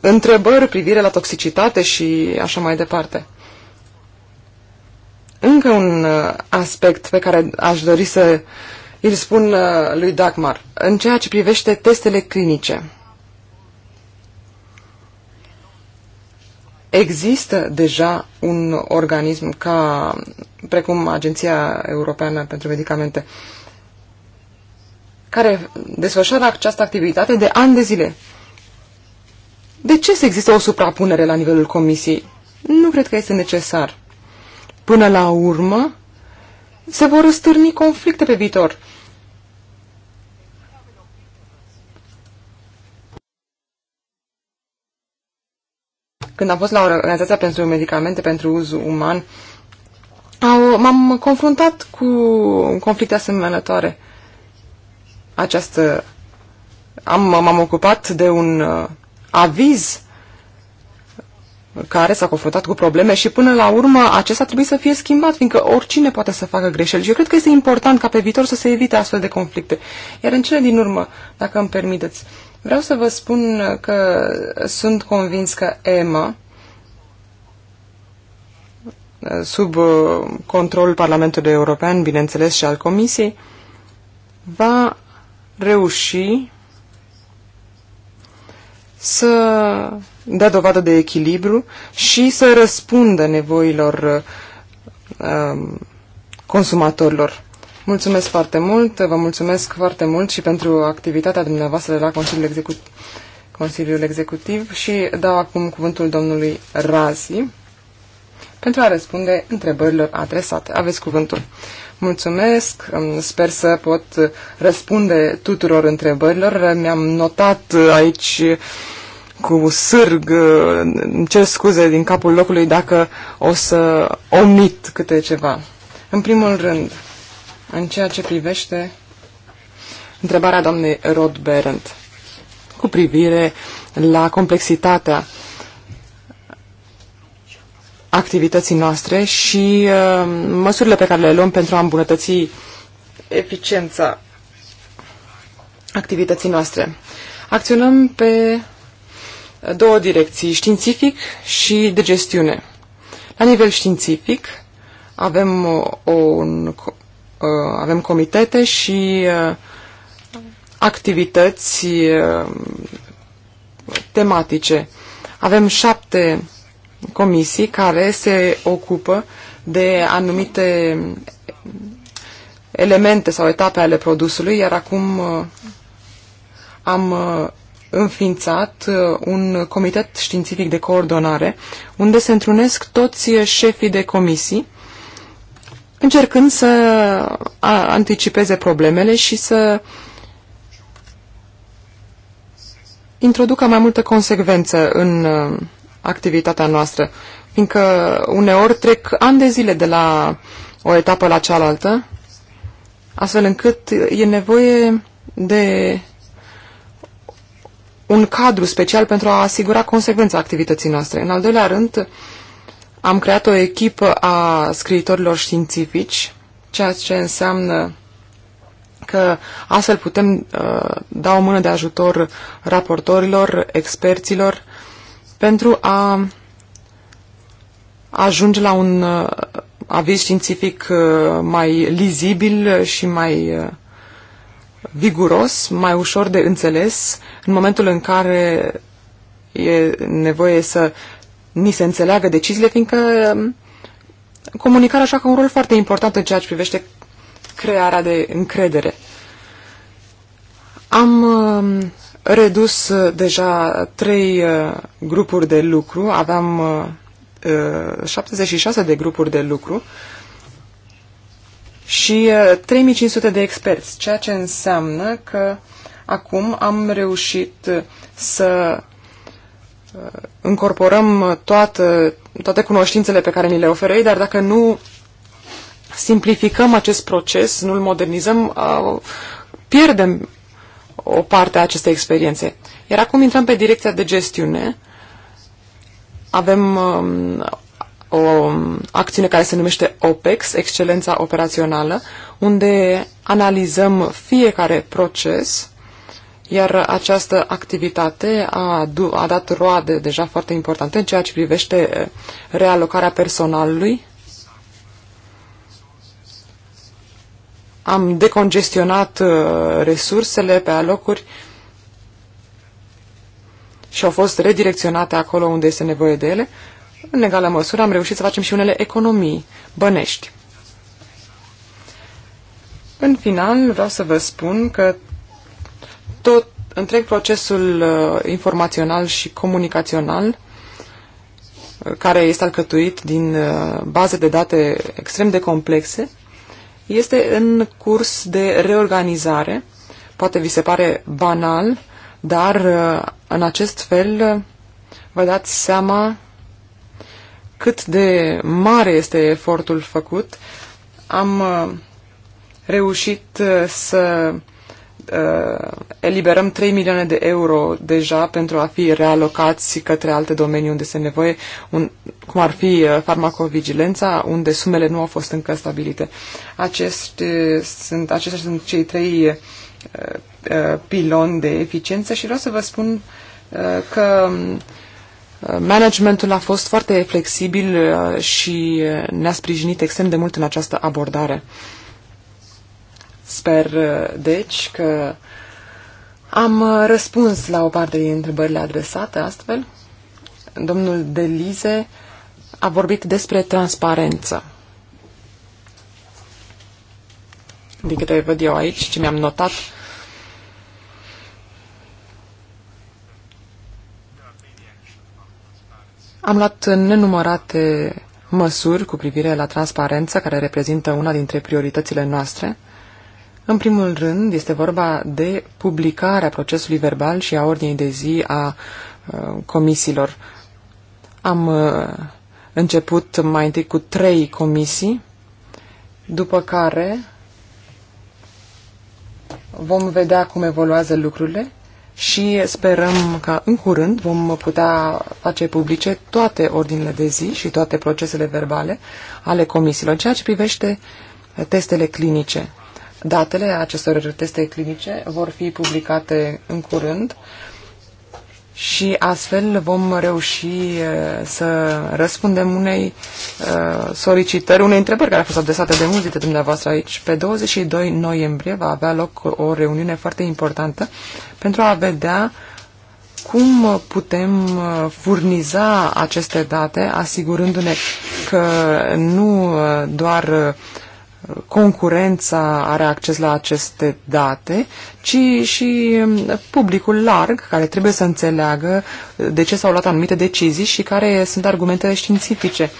întrebări privire la toxicitate și așa mai departe. Încă un aspect pe care aș dori să îl spun lui Dagmar, în ceea ce privește testele clinice. Există deja un organism ca, precum Agenția Europeană pentru Medicamente, care desfășoară această activitate de ani de zile. De ce să există o suprapunere la nivelul comisiei? Nu cred că este necesar. Până la urmă, se vor răstârni conflicte pe viitor când am fost la Organizația pentru Medicamente pentru Uz Uman, au, m-am confruntat cu un conflict asemănătoare. Această... Am, m-am ocupat de un uh, aviz care s-a confruntat cu probleme și până la urmă acesta trebuie să fie schimbat, fiindcă oricine poate să facă greșeli. Și eu cred că este important ca pe viitor să se evite astfel de conflicte. Iar în cele din urmă, dacă îmi permiteți, Vreau să vă spun că sunt convins că Emma, sub uh, controlul Parlamentului European, bineînțeles, și al Comisiei, va reuși să dea dovadă de echilibru și să răspundă nevoilor uh, um, consumatorilor. Mulțumesc foarte mult, vă mulțumesc foarte mult și pentru activitatea dumneavoastră la Consiliul, Execu- Consiliul Executiv și dau acum cuvântul domnului Razi pentru a răspunde întrebărilor adresate. Aveți cuvântul. Mulțumesc, sper să pot răspunde tuturor întrebărilor. Mi-am notat aici cu sârg, îmi cer scuze din capul locului dacă o să omit câte ceva. În primul rând, în ceea ce privește întrebarea doamnei Rod Berend cu privire la complexitatea activității noastre și uh, măsurile pe care le luăm pentru a îmbunătăți eficiența activității noastre. Acționăm pe două direcții, științific și de gestiune. La nivel științific avem o, uh, o, un, Uh, avem comitete și uh, activități uh, tematice. Avem șapte comisii care se ocupă de anumite elemente sau etape ale produsului, iar acum am înființat un comitet științific de coordonare unde se întrunesc toți șefii de comisii încercând să anticipeze problemele și să introducă mai multă consecvență în uh, activitatea noastră, fiindcă uneori trec ani de zile de la o etapă la cealaltă, astfel încât e nevoie de un cadru special pentru a asigura consecvența activității noastre. În al doilea rând, am creat o echipă a scriitorilor științifici, ceea ce înseamnă că astfel putem uh, da o mână de ajutor raportorilor, experților, pentru a ajunge la un uh, aviz științific uh, mai lizibil și mai uh, viguros, mai ușor de înțeles, în momentul în care e nevoie să ni se înțeleagă deciziile, fiindcă um, comunicarea joacă un rol foarte important în ceea ce privește crearea de încredere. Am um, redus uh, deja trei uh, grupuri de lucru, aveam 76 uh, de grupuri de lucru și 3500 de experți, ceea ce înseamnă că acum am reușit să Uh, încorporăm uh, toată, toate cunoștințele pe care ni le oferă ei, dar dacă nu simplificăm acest proces, nu-l modernizăm, uh, pierdem o parte a acestei experiențe. Iar acum intrăm pe direcția de gestiune. Avem um, o um, acțiune care se numește OPEX, Excelența Operațională, unde analizăm fiecare proces iar această activitate a, a dat roade deja foarte importante în ceea ce privește realocarea personalului. Am decongestionat resursele pe alocuri și au fost redirecționate acolo unde este nevoie de ele. În egală măsură am reușit să facem și unele economii bănești. În final, vreau să vă spun că tot întreg procesul uh, informațional și comunicațional uh, care este alcătuit din uh, baze de date extrem de complexe, este în curs de reorganizare. Poate vi se pare banal, dar uh, în acest fel vă dați seama cât de mare este efortul făcut. Am reușit să uh, eliberăm 3 milioane de euro deja pentru a fi realocați către alte domenii unde se nevoie, un, cum ar fi uh, farmacovigilența, unde sumele nu au fost încă stabilite. Aceste sunt, acestea sunt cei trei uh, uh, piloni de eficiență și vreau să vă spun uh, că uh, managementul a fost foarte flexibil uh, și uh, ne-a sprijinit extrem de mult în această abordare. Uh, Sper, uh, deci, că am uh, răspuns la o parte din întrebările adresate astfel. Domnul Delize a vorbit despre transparență. Din câte văd eu aici, ce mi-am notat, Am luat nenumărate măsuri cu privire la transparență, care reprezintă una dintre prioritățile noastre. În primul rând, este vorba de publicarea procesului verbal și a ordinii de zi a uh, comisiilor. Am uh, început mai întâi cu trei comisii, după care vom vedea cum evoluează lucrurile și sperăm că în curând vom putea face publice toate ordinele de zi și toate procesele verbale ale comisiilor, ceea ce privește testele clinice. Datele acestor teste clinice vor fi publicate în curând și astfel vom reuși să răspundem unei solicitări, unei întrebări care a fost adresată de mulți dintre dumneavoastră aici. Pe 22 noiembrie va avea loc o reuniune foarte importantă pentru a vedea cum putem furniza aceste date, asigurându-ne că nu doar concurența are acces la aceste date, ci și mm, publicul larg care trebuie să înțeleagă de ce s-au luat anumite decizii și care sunt argumentele științifice.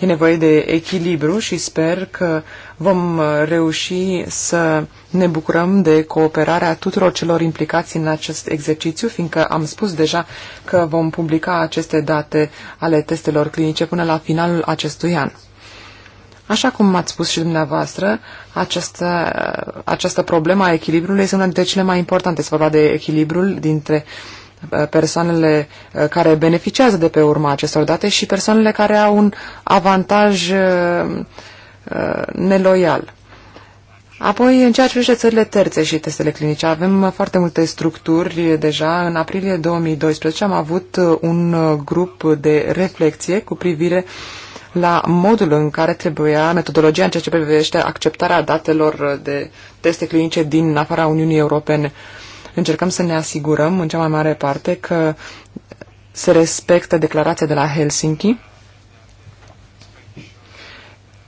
E nevoie de echilibru și sper că vom uh, reuși să ne bucurăm de cooperarea tuturor celor implicați în acest exercițiu, fiindcă am spus deja că vom publica aceste date ale testelor clinice până la finalul acestui an. Așa cum ați spus și dumneavoastră, această, această problemă a echilibrului este una dintre cele mai importante. Se vorba de echilibrul dintre uh, persoanele uh, care beneficiază de pe urma acestor date și persoanele care au un avantaj uh, neloial. Apoi, în ceea ce privește țările terțe și testele clinice, avem foarte multe structuri deja. În aprilie 2012 am avut un grup de reflexie cu privire uh, la modul în care trebuia metodologia în ceea ce privește acceptarea datelor de teste clinice din afara Uniunii Europene. Încercăm să ne asigurăm în cea mai mare parte că se respectă declarația de la Helsinki,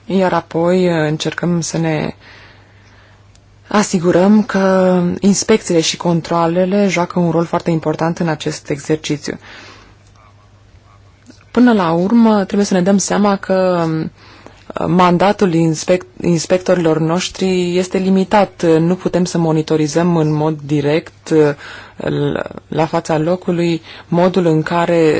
iar apoi uh, încercăm să ne asigurăm că inspecțiile și controlele joacă un rol foarte important în acest exercițiu. Până la urmă, trebuie să ne dăm seama că um, mandatul inspect, inspectorilor noștri este limitat. Nu putem să monitorizăm în mod direct uh, la fața locului modul în care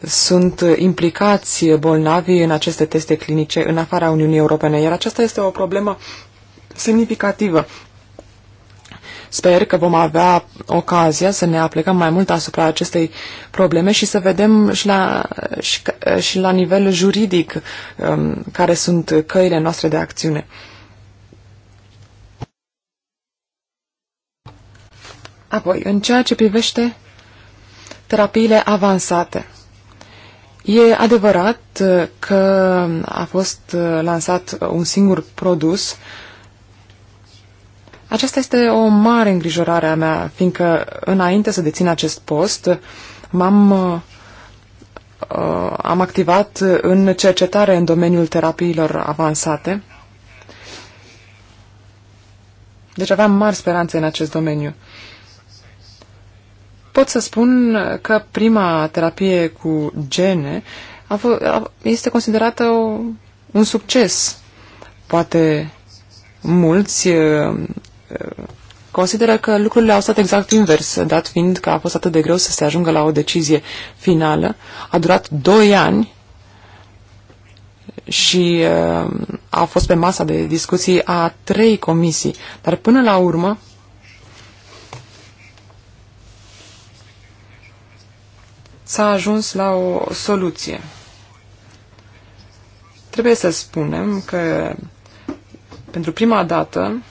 sunt implicați bolnavi în aceste teste clinice în afara Uniunii Europene, iar aceasta este o problemă semnificativă. Sper că vom avea ocazia să ne aplicăm mai mult asupra acestei probleme și să vedem și la, și, și la nivel juridic um, care sunt căile noastre de acțiune. Apoi, în ceea ce privește terapiile avansate. E adevărat că a fost lansat un singur produs uh, aceasta este o mare îngrijorare a mea, fiindcă înainte să dețin acest post, m-am uh, uh, am activat în cercetare în domeniul terapiilor avansate. Deci aveam mari speranțe în acest domeniu. Pot să spun că prima terapie cu gene a a, este considerată o, un succes. Poate mulți uh, consideră că lucrurile au stat exact invers, dat fiind că a fost atât de greu să se ajungă la o decizie finală. A durat doi ani și uh, a fost pe masa de discuții a trei comisii, dar până la urmă s-a ajuns la o soluție. Trebuie să spunem că pentru prima dată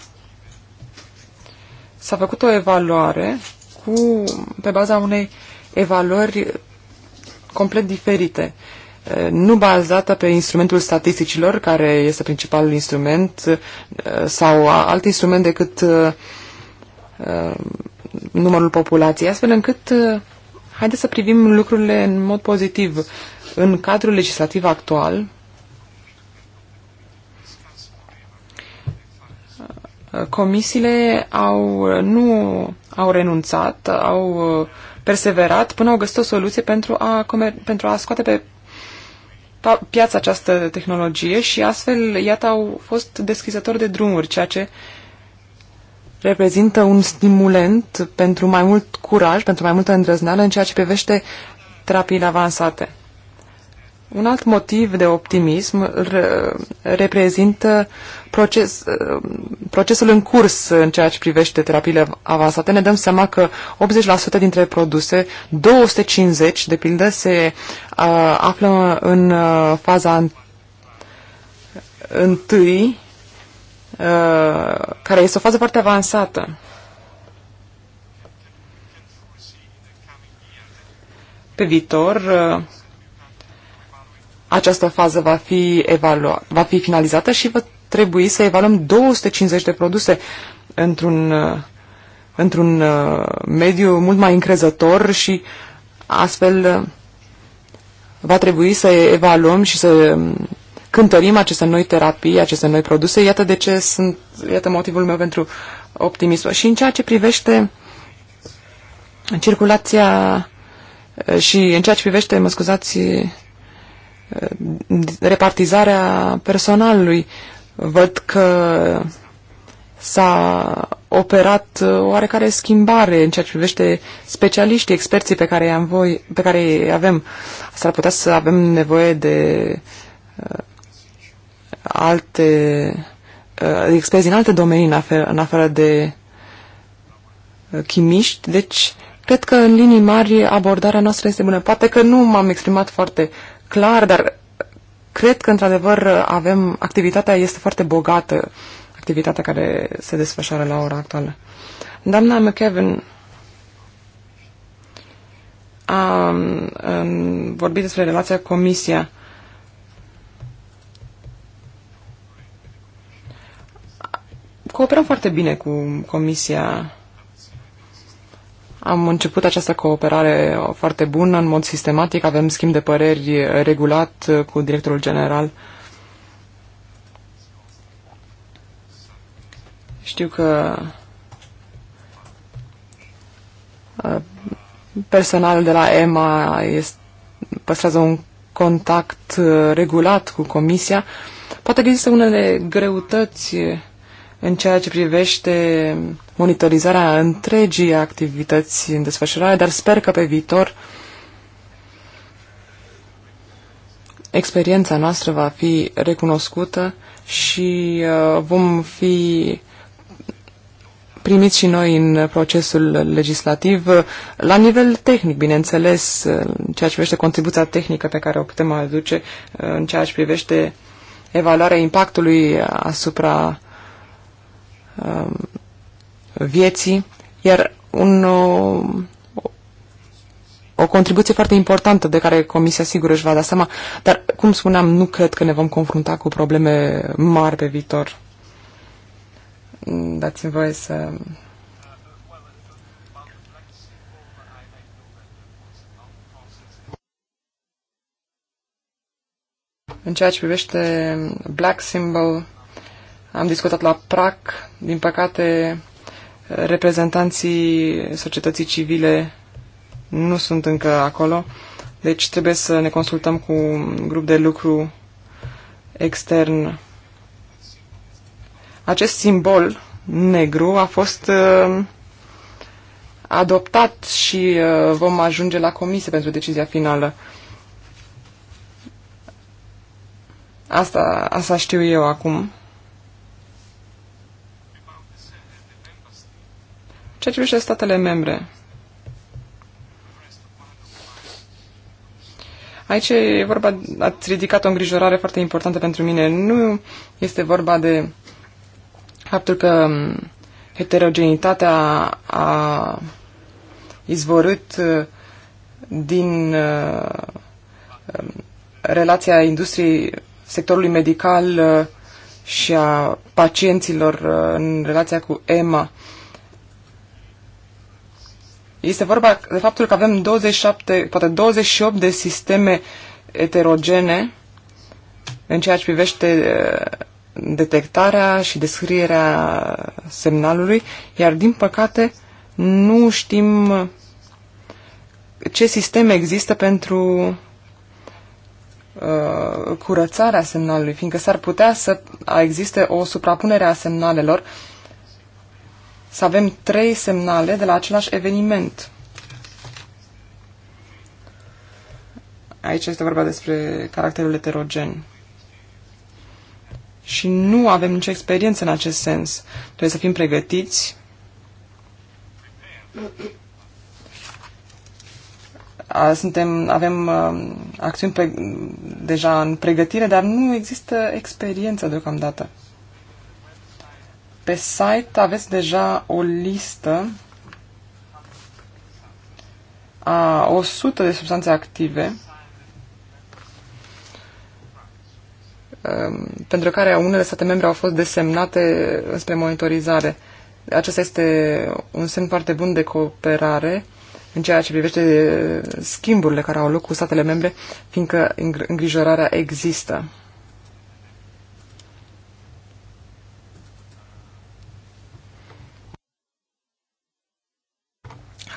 s-a făcut o evaluare cu, pe baza unei evaluări complet diferite, nu bazată pe instrumentul statisticilor, care este principalul instrument, sau alt instrument decât numărul populației, astfel încât haideți să privim lucrurile în mod pozitiv. În cadrul legislativ actual, comisiile au, nu au renunțat, au uh, perseverat până au găsit o soluție pentru a, pentru a scoate pe piața această tehnologie și astfel, iată, au fost deschizători de drumuri, ceea ce reprezintă un stimulant pentru mai mult curaj, pentru mai multă îndrăzneală în ceea ce privește terapiile avansate. Un alt motiv de optimism reprezintă proces, procesul în curs în ceea ce privește terapiile avansate. Ne dăm seama că 80% dintre produse, 250 de pildă, se uh, află în uh, faza întâi, uh, care este o fază foarte avansată. Pe viitor, uh, această fază va fi, evalua, va fi finalizată și va trebui să evaluăm 250 de produse într-un, uh, într-un uh, mediu mult mai încrezător și astfel uh, va trebui să evaluăm și să um, cântărim aceste noi terapii, aceste noi produse. Iată de ce sunt, iată motivul meu pentru optimism. Și în ceea ce privește circulația și în ceea ce privește, mă scuzați, Eh, repartizarea personalului. Văd că s-a operat eh, oarecare schimbare în ceea ce privește specialiștii, experții pe care, am voi, pe care îi avem. S-ar putea să avem nevoie de uh, alte uh, experți din alte domenii în afară, în afară de uh, chimiști. Deci, cred că în linii mari abordarea noastră este bună. Poate că nu m-am exprimat foarte uh, clar, dar cred că, într-adevăr, avem, activitatea este foarte bogată, activitatea care se desfășoară la ora actuală. Doamna McKevin a, a um, um, vorbit despre relația comisia. Cooperăm foarte bine cu comisia am început această cooperare foarte bună, în mod sistematic, avem schimb de păreri regulat cu directorul general. Știu că personalul de la EMA este, păstrează un contact regulat cu comisia. Poate că există unele greutăți în ceea ce privește monitorizarea întregii activități în desfășurare, dar sper că pe viitor experiența noastră va fi recunoscută și uh, vom fi primiți și noi în procesul legislativ, uh, la nivel tehnic, bineînțeles, uh, în ceea ce privește contribuția tehnică pe care o putem aduce, în ceea ce privește evaluarea impactului asupra Um, vieții, iar un, o, o contribuție foarte importantă de care Comisia sigur își va da seama, dar, cum spuneam, nu cred că ne vom confrunta cu probleme mari pe viitor. Dați-mi voie să... În ceea ce privește Black Symbol, am discutat la PRAC, din păcate reprezentanții societății civile nu sunt încă acolo, deci trebuie să ne consultăm cu un grup de lucru extern. Acest simbol negru a fost uh, adoptat și uh, vom ajunge la comisie pentru decizia finală. Asta, asta știu eu acum. ce privește statele membre, aici e vorba, ați ridicat o îngrijorare foarte importantă pentru mine. Nu este vorba de faptul că mm, heterogenitatea a izvorât mm, din mm, relația industriei sectorului medical și a pacienților în relația cu EMA. Este vorba de faptul că avem 27, poate 28 de sisteme eterogene în ceea ce privește uh, detectarea și descrierea semnalului, iar din păcate nu știm ce sisteme există pentru uh, curățarea semnalului, fiindcă s-ar putea să existe o suprapunere a semnalelor uh, să avem trei semnale de la același eveniment. Aici este vorba despre caracterul heterogen. Și nu avem nicio experiență în acest sens. Trebuie să fim pregătiți suntem, avem uh, acțiuni pe, deja în pregătire, dar nu există experiență deocamdată. Pe site aveți deja o listă a 100 de substanțe active um, pentru care unele state membre au fost desemnate spre monitorizare. Acesta este un semn foarte bun de cooperare în ceea ce privește schimburile care au loc cu statele membre, fiindcă îngrijorarea există.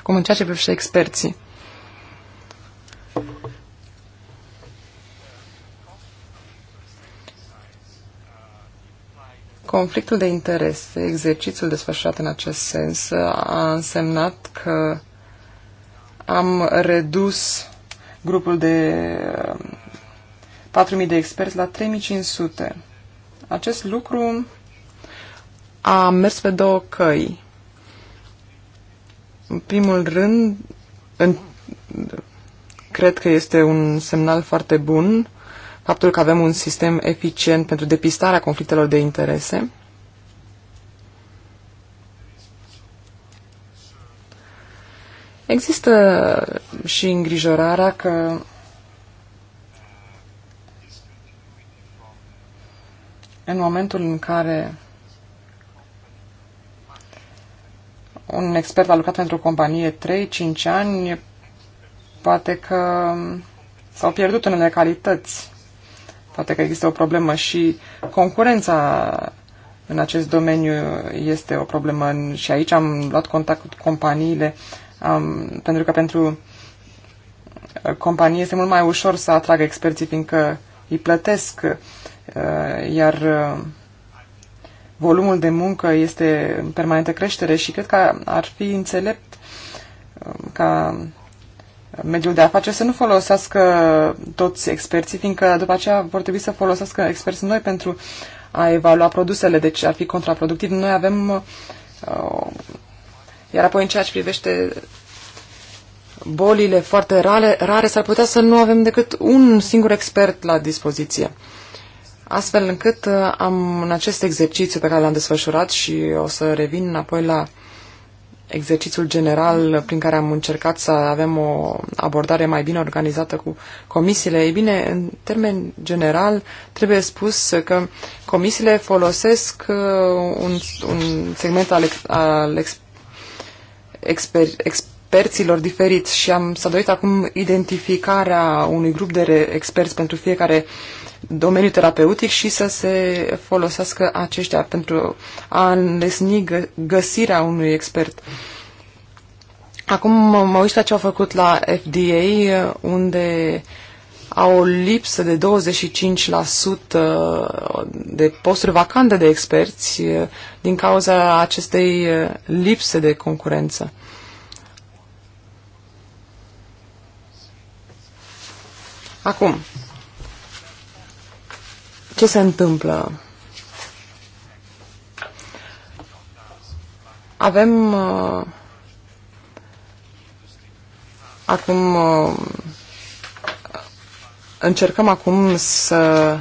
Acum, în ceea ce privește experții, Conflictul de interese, exercițiul desfășurat în acest sens, a însemnat că am redus grupul de 4.000 um, de experți la 3.500. Acest lucru a mers pe două căi. În primul rând, în, cred că este un semnal foarte bun faptul că avem un sistem eficient pentru depistarea conflictelor de interese. Există și îngrijorarea că în momentul în care un expert a lucrat pentru o companie 3-5 ani, poate că s-au pierdut unele calități. Poate că există o problemă și concurența în acest domeniu este o problemă și aici am luat contact cu companiile am, pentru că pentru companie este mult mai ușor să atragă experții fiindcă îi plătesc uh, iar uh, volumul de muncă este în permanentă creștere și cred că ar fi înțelept um, ca mediul de afaceri să nu folosească toți experții, fiindcă după aceea vor trebui să folosească experți noi pentru a evalua produsele, deci ar fi contraproductiv. Noi avem, uh, iar apoi în ceea ce privește bolile foarte rare, rare s-ar putea să nu avem decât un singur expert la dispoziție astfel încât uh, am în acest exercițiu pe care l-am desfășurat și o să revin apoi la exercițiul general prin care am încercat să avem o abordare mai bine organizată cu comisiile. Ei bine, în termen general, trebuie spus că comisiile folosesc uh, un, un segment al, al exp, exper, exp, experților diferiți și am s-a dorit acum identificarea unui grup de experți pentru fiecare domeniu terapeutic și să se folosească aceștia pentru a înlesni găsirea unui expert. Acum mă uit la ce au făcut la FDA, unde au o lipsă de 25% de posturi vacante de experți din cauza acestei lipse de concurență. Acum, ce se întâmplă? Avem uh, acum uh, încercăm acum să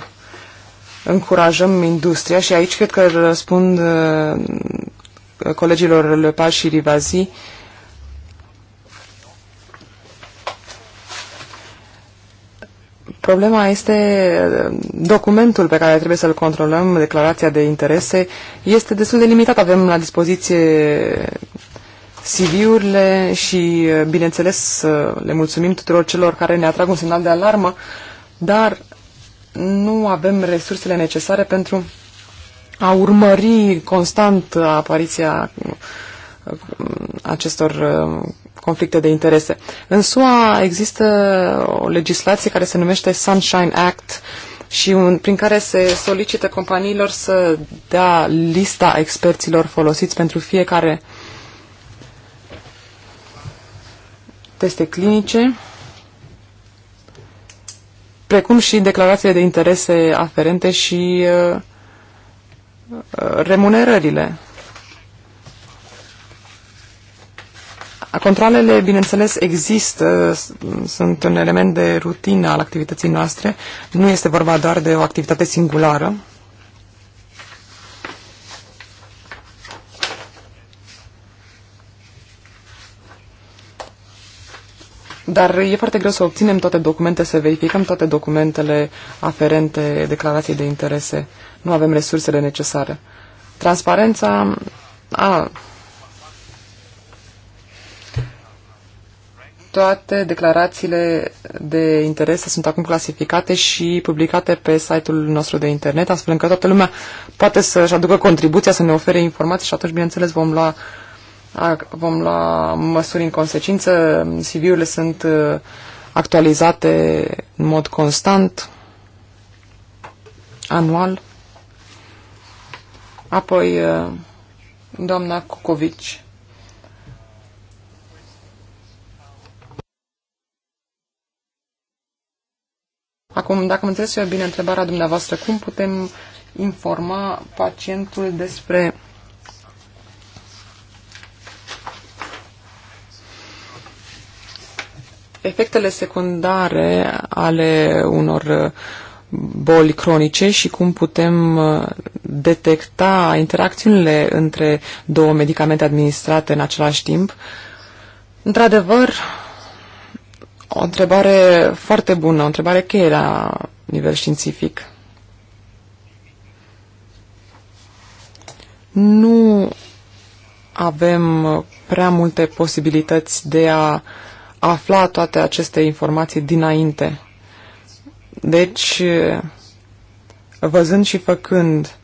încurajăm industria și aici cred că răspund uh, colegilor Lepa și Rivazi uh, Problema este documentul pe care trebuie să-l controlăm, declarația de interese, este destul de limitat. Avem la dispoziție CV-urile și, bineînțeles, le mulțumim tuturor celor care ne atrag un semnal de alarmă, dar nu avem resursele necesare pentru a urmări constant apariția uh, acestor uh, conflicte de interese. În SUA există o legislație care se numește Sunshine Act și un, prin care se solicită companiilor să dea lista experților folosiți pentru fiecare teste clinice, precum și declarațiile de interese aferente și uh, uh remunerările Controlele, bineînțeles, există, sunt un element de rutină al activității noastre. Nu este vorba doar de o activitate singulară. Dar e foarte greu să obținem toate documentele, să verificăm toate documentele aferente declarației de interese. Nu avem resursele necesare. Transparența a, toate declarațiile de interese sunt acum clasificate și publicate pe site-ul nostru de internet, astfel încât toată lumea poate să-și aducă contribuția, să ne ofere informații și atunci, bineînțeles, vom lua, vom lua măsuri în consecință. CV-urile sunt uh, actualizate în mod constant, anual. Apoi, uh, doamna Cucovici Acum, dacă am înțeles eu bine întrebarea dumneavoastră, cum putem informa pacientul despre efectele secundare ale unor boli cronice și cum putem uh, detecta interacțiunile între două medicamente administrate în același timp. Într-adevăr, o întrebare foarte bună, o întrebare cheie la nivel științific. Nu avem prea multe posibilități de a afla toate aceste informații dinainte. Deci, văzând și făcând,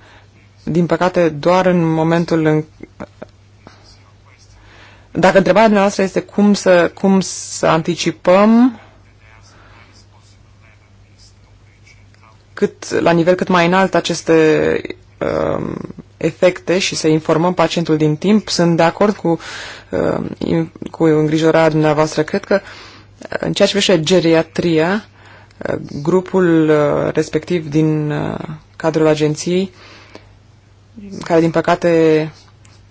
din păcate doar în momentul în, dacă întrebarea dumneavoastră este cum să, cum să anticipăm cât, la nivel cât mai înalt aceste um, efecte și să informăm pacientul din timp, sunt de acord cu, um, cu îngrijorarea dumneavoastră. Cred că în ceea ce privește geriatria, uh, grupul uh, respectiv din uh, cadrul agenției, care din păcate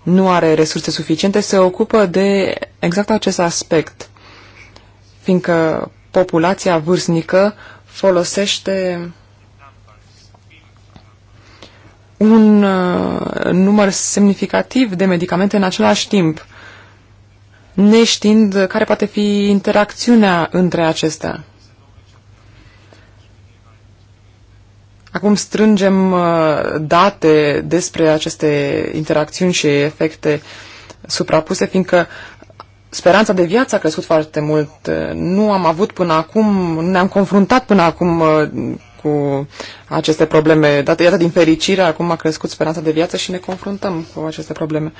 nu are resurse suficiente, se ocupă de exact acest aspect, fiindcă populația vârstnică folosește un uh, număr semnificativ de medicamente în același timp, neștiind care poate fi interacțiunea între acestea. Acum strângem uh, date despre aceste interacțiuni și efecte suprapuse, fiindcă speranța de viață a crescut foarte mult. Nu am avut până acum, nu ne-am confruntat până acum uh, cu aceste probleme. iată, din fericire, acum a crescut speranța de viață și ne confruntăm cu aceste probleme.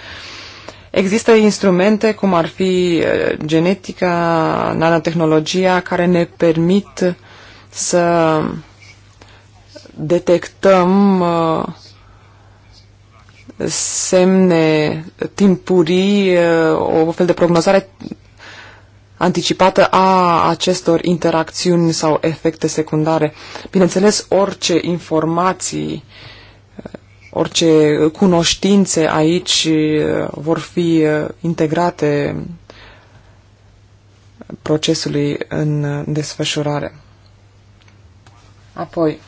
Există instrumente, cum ar fi uh, genetica, nanotehnologia, care ne permit să detectăm uh, semne timpurii, uh, o fel de prognozare anticipată a acestor interacțiuni sau efecte secundare. Bineînțeles, orice informații, uh, orice cunoștințe aici vor fi integrate procesului în desfășurare. Apoi,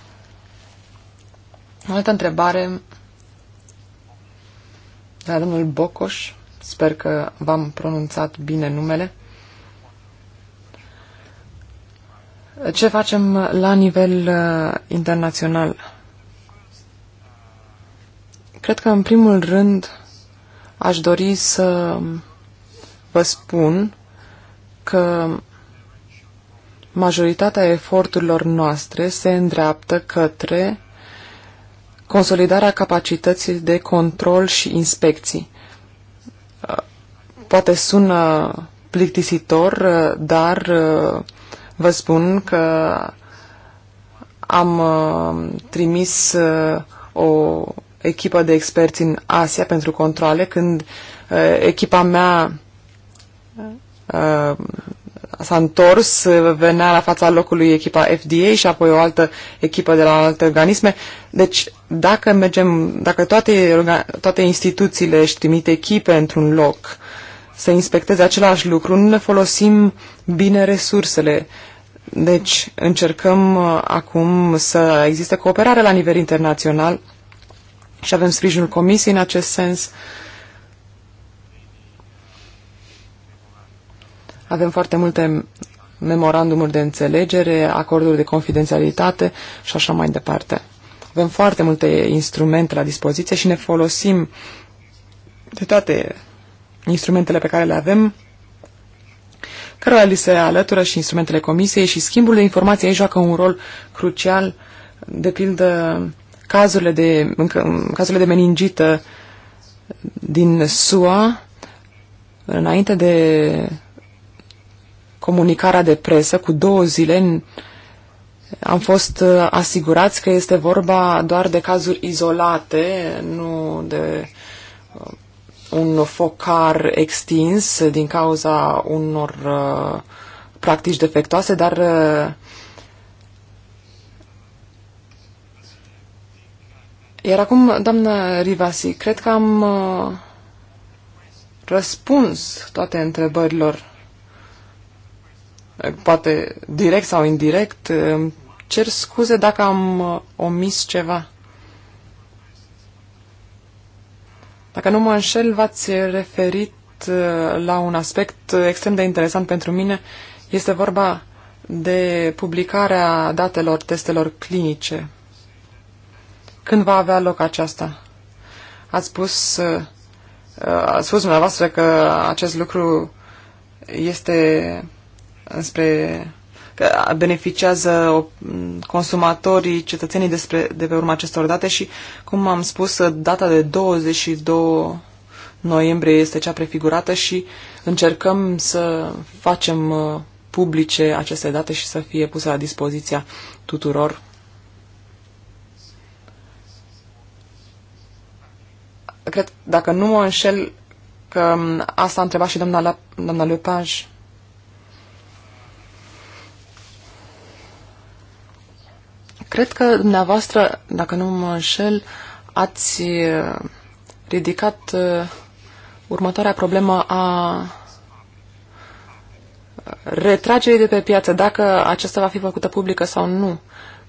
o altă întrebare de la domnul Bocoș. Sper că v-am pronunțat bine numele. Ce facem la nivel uh, internațional? Cred că, în primul rând, aș dori să vă spun că majoritatea eforturilor noastre se îndreaptă către consolidarea capacității de control și inspecții. Uh, poate sună plictisitor, uh, dar uh, vă spun că am trimis o echipă de experți în Asia pentru controle, când echipa mea s-a întors, venea la fața locului echipa FDA și apoi o altă echipă de la alte organisme. Deci, dacă mergem, dacă toate, toate instituțiile își trimit echipe într-un loc să inspecteze același lucru, nu ne folosim bine resursele. Deci, încercăm uh, acum să existe cooperare la nivel internațional și avem sprijinul Comisiei în acest sens. Uh, Avem foarte multe memorandumuri de înțelegere, acorduri de confidențialitate și așa mai departe. Avem foarte multe instrumente la dispoziție și ne folosim de toate instrumentele pe care le avem, cărora li se alătură și instrumentele comisiei și schimbul de informații aici joacă un rol crucial, de pildă cazurile de, cazurile de meningită din SUA, înainte de comunicarea de presă, cu două zile am fost uh, asigurați că este vorba doar de cazuri izolate, nu de uh, un focar extins din cauza unor uh, practici defectoase, dar iar acum, doamnă Rivasi, cred că am răspuns toate întrebărilor poate direct sau indirect, cer scuze dacă am uh, omis ceva. Dacă nu mă înșel, v-ați referit uh, la un aspect extrem de interesant pentru mine. Este vorba de publicarea datelor testelor clinice. Când va avea loc aceasta? Ați spus, uh, ați spus dumneavoastră că acest lucru este înspre că beneficiază consumatorii, cetățenii despre, de pe urma acestor date și, cum am spus, data de 22 noiembrie este cea prefigurată și încercăm să facem uh, publice aceste date și să fie puse la dispoziția tuturor. Cred, dacă nu mă înșel, că um, asta a întrebat și doamna, doamna Lepage Cred că dumneavoastră, dacă nu mă înșel, ați uh, ridicat uh, următoarea problemă a uh, retragerii de pe piață, dacă aceasta va fi făcută publică sau nu.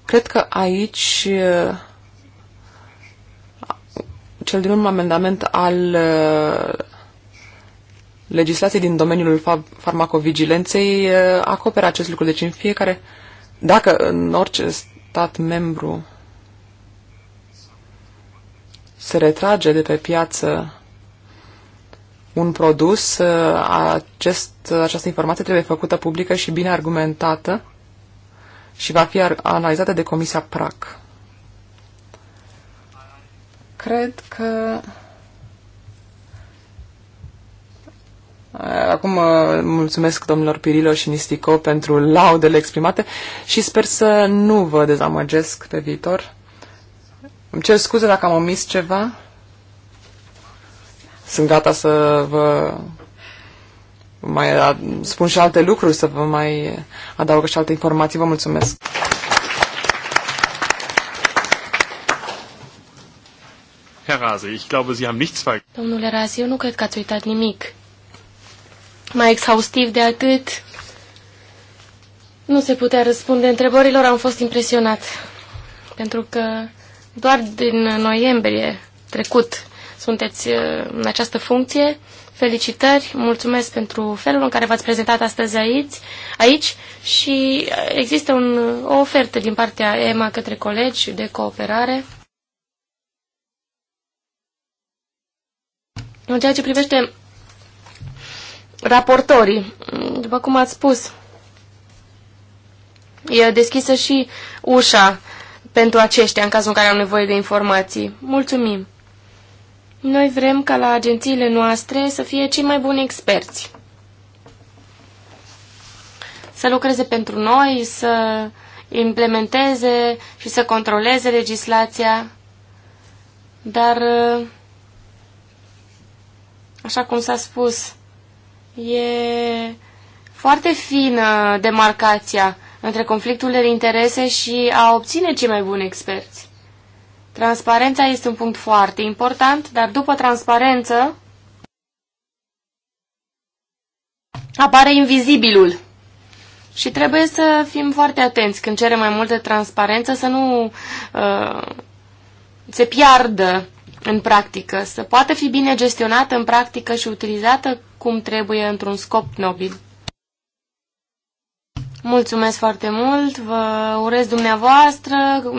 Cred că aici cel din urmă amendament al legislației din domeniul farmacovigilenței acoperă acest lucru. Deci în fiecare, dacă în orice stat membru se retrage de pe piață un produs, acest, această informație trebuie făcută publică și bine argumentată și va fi analizată de Comisia PRAC. Cred că Acum uh, mulțumesc domnilor Pirilo și Nistico pentru laudele exprimate și sper să nu vă dezamăgesc pe viitor. Îmi cer scuze dacă am omis ceva. Sunt gata să vă mai spun și alte lucruri, să vă mai adaug și alte informații. Vă mulțumesc!
Herr Rase, ich glaube, Sie haben nichts
Domnule Rase, eu nu cred că ați uitat nimic mai exhaustiv de atât. Nu se putea răspunde întrebărilor, am fost impresionat. Pentru că doar din noiembrie trecut sunteți uh, în această funcție. Felicitări, mulțumesc pentru felul în care v-ați prezentat astăzi aici, aici și uh, există un, o ofertă din partea EMA către colegi de cooperare. În ceea ce privește raportorii. După cum ați spus, e deschisă și ușa pentru aceștia în cazul în care au nevoie de informații. Mulțumim! Noi vrem ca la agențiile noastre să fie cei mai buni experți. Să lucreze pentru noi, să implementeze și să controleze legislația, dar, așa cum s-a spus, E foarte fină demarcația între conflictul de interese și a obține cei mai buni experți. Transparența este un punct foarte important, dar după transparență apare invizibilul. Și trebuie să fim foarte atenți când cerem mai multă transparență, să nu uh, se piardă în practică, să poată fi bine gestionată în practică și utilizată cum trebuie într-un scop nobil. Mulțumesc foarte mult, vă urez dumneavoastră,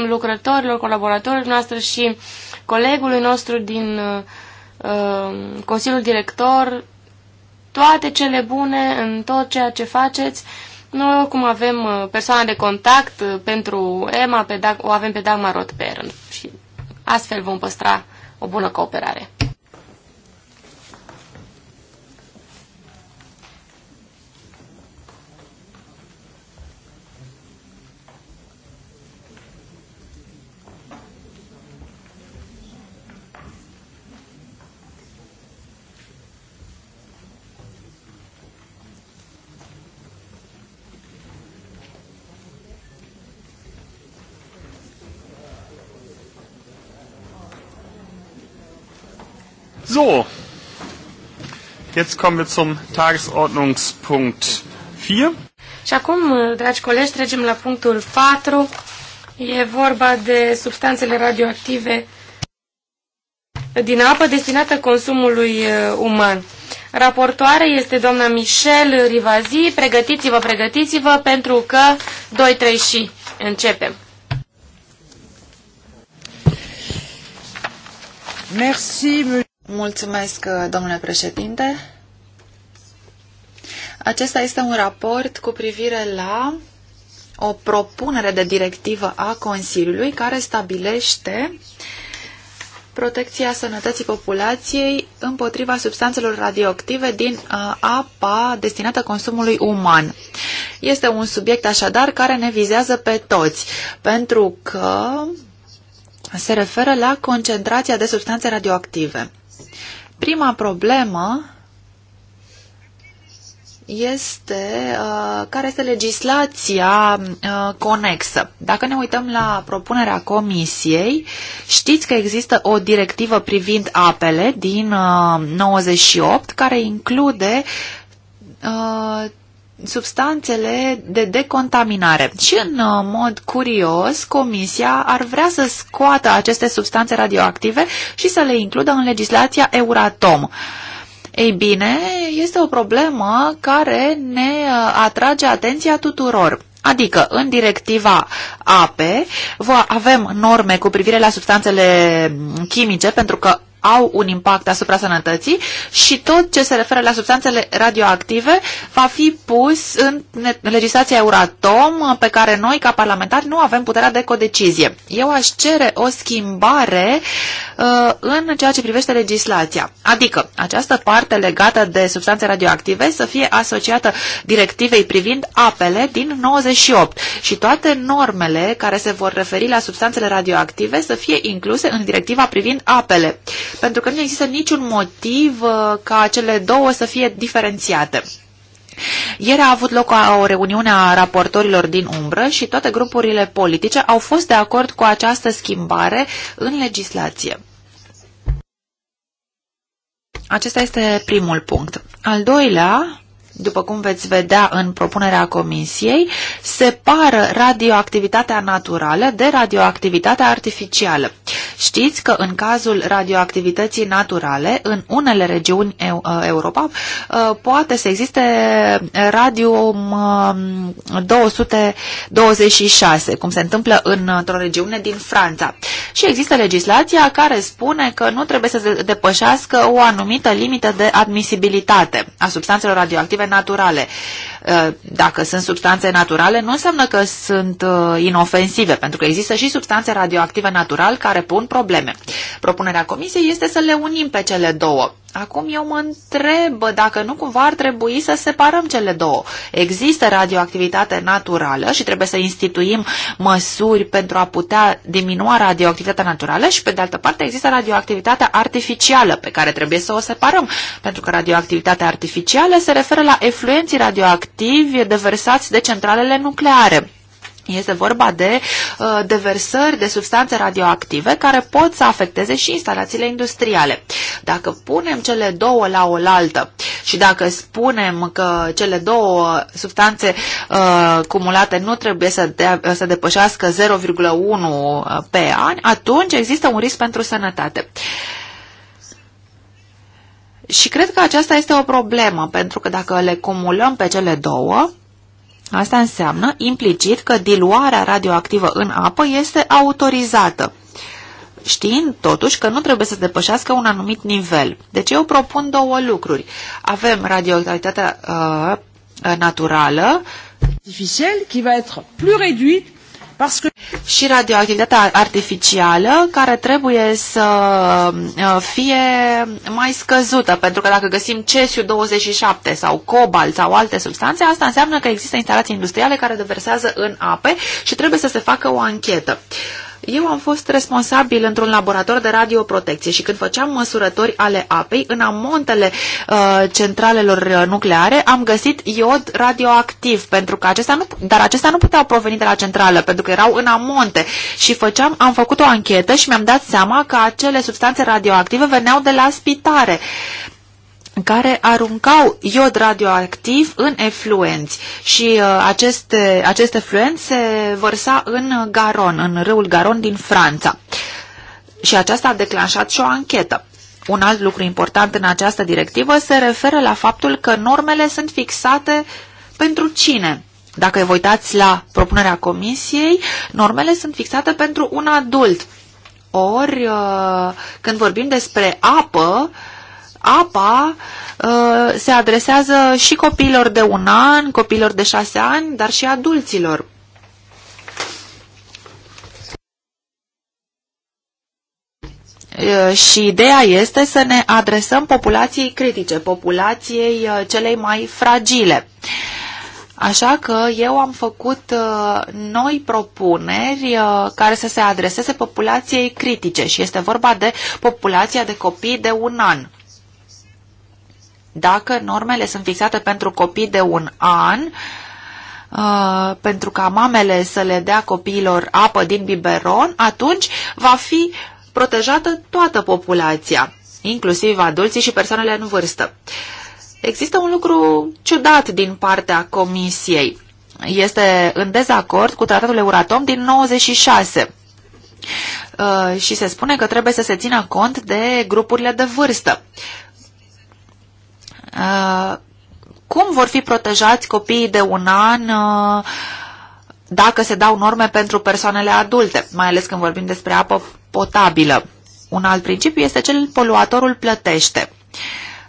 lucrătorilor, colaboratorilor noastre și colegului nostru din uh, Consiliul Director toate cele bune în tot ceea ce faceți. Noi oricum avem uh, persoana de contact uh, pentru Emma, pe o avem pe Dagmar Rothbern și astfel vom păstra o bună cooperare.
So, jetzt kommen wir zum Tagesordnungspunkt
4.
Și acum, dragi colegi, trecem la punctul 4. E vorba de substanțele radioactive din apă destinată consumului uman. Raportoare este doamna Michelle Rivazi. Pregătiți-vă, pregătiți-vă, pentru că 2-3 și începem.
Merci, Mulțumesc, uh, domnule președinte. Acesta este un raport cu privire la o propunere de directivă a Consiliului care stabilește protecția sănătății populației împotriva substanțelor radioactive din uh, apa destinată consumului uman. Este un subiect așadar care ne vizează pe toți, pentru că se referă la concentrația de substanțe radioactive. Prima problemă este uh, care este legislația uh, conexă. Dacă ne uităm la propunerea comisiei, știți că există o directivă privind apele din uh, 98 care include uh, substanțele de decontaminare. Și în uh, mod curios, Comisia ar vrea să scoată aceste substanțe radioactive și să le includă în legislația Euratom. Ei bine, este o problemă care ne uh, atrage atenția tuturor. Adică, în directiva APE avem norme cu privire la substanțele chimice, pentru că au un impact asupra sănătății și tot ce se referă la substanțele radioactive va fi pus în legislația Euratom pe care noi ca parlamentari nu avem puterea de codecizie. Eu aș cere o schimbare uh, în ceea ce privește legislația. Adică această parte legată de substanțe radioactive să fie asociată directivei privind apele din 98 și toate normele care se vor referi la substanțele radioactive să fie incluse în directiva privind apele. Uh, pentru că nu există niciun motiv uh, ca cele două să fie diferențiate. Ieri a avut loc o reuniune a raportorilor din umbră și toate grupurile politice au fost de acord cu această schimbare în legislație. Acesta este primul punct. Al doilea după cum veți vedea în propunerea comisiei, separă radioactivitatea naturală de radioactivitatea artificială. Știți că în cazul radioactivității naturale, în unele regiuni uh, Europa, uh, poate să existe radium 226, um, cum se întâmplă într-o regiune din Franța. Și există legislația care spune că nu trebuie să se depășească o anumită limită de admisibilitate a substanțelor radioactive respective naturale. Uh, dacă sunt substanțe naturale, nu înseamnă că sunt uh, inofensive, pentru că există și substanțe radioactive naturale care pun probleme. Propunerea comisiei este să le unim pe cele două. Acum eu mă întreb dacă nu cumva ar trebui să separăm cele două. Există radioactivitate naturală și trebuie să instituim măsuri pentru a putea diminua radioactivitatea naturală și pe de altă parte există radioactivitatea artificială pe care trebuie să o separăm, pentru că radioactivitatea artificială se referă la la efluenții radioactivi deversați de centralele nucleare. Este vorba de uh, deversări de substanțe radioactive care pot să afecteze și instalațiile industriale. Dacă punem cele două la oaltă și dacă spunem că cele două substanțe uh, cumulate nu trebuie să, de- să depășească 0,1 uh, pe an, atunci există un risc pentru sănătate. Uh, și cred că aceasta este o problemă, pentru că dacă le cumulăm pe cele două, asta înseamnă implicit că diluarea radioactivă în apă este autorizată, știind totuși că nu trebuie să depășească un anumit nivel. Deci eu propun două lucruri. Avem radioactivitatea uh, naturală, artificielle, qui va être plus réduite și radioactivitatea artificială care trebuie să uh, fie mai scăzută, pentru că dacă găsim cesiu 27 sau cobalt sau alte substanțe, asta înseamnă că există instalații industriale care deversează în ape și trebuie să se facă o anchetă. Uh, eu am fost responsabil într-un laborator de radioprotecție și când făceam măsurători ale apei, în amontele uh, centralelor uh, nucleare am găsit iod radioactiv, pentru că acestea nu, dar acestea nu puteau proveni de la centrală, pentru că erau în amonte și făceam, am făcut o anchetă și mi-am dat seama că acele substanțe radioactive veneau de la spitare care aruncau iod radioactiv în efluenți și uh, aceste, acest efluent se vărsa în Garon, în râul Garon din Franța. Și aceasta a declanșat și o anchetă. Un alt lucru important în această directivă se referă la faptul că normele sunt fixate pentru cine. Dacă vă uitați la propunerea comisiei, normele sunt fixate pentru un adult. Ori, uh, când vorbim despre apă, uh, apa uh, se adresează și copiilor de un an, copiilor de șase ani, dar și adulților. Uh, și ideea este să ne adresăm populației critice, populației uh, celei mai fragile. Așa că eu am făcut uh, noi propuneri care să se adreseze populației critice și este vorba de populația de copii de un an. Dacă normele sunt fixate pentru copii de un an, Uh, pentru ca mamele să le dea copiilor apă din biberon, atunci va fi protejată toată populația, inclusiv adulții și persoanele în vârstă. Există un lucru ciudat din partea Comisiei. Este în dezacord cu tratatul Euratom din 96 uh, și se spune că trebuie să se țină cont de grupurile de vârstă. Uh, Uh, cum vor fi protejați copiii de un an uh, dacă se dau norme pentru persoanele adulte, mai ales când vorbim despre apă potabilă. Un alt principiu este cel poluatorul plătește.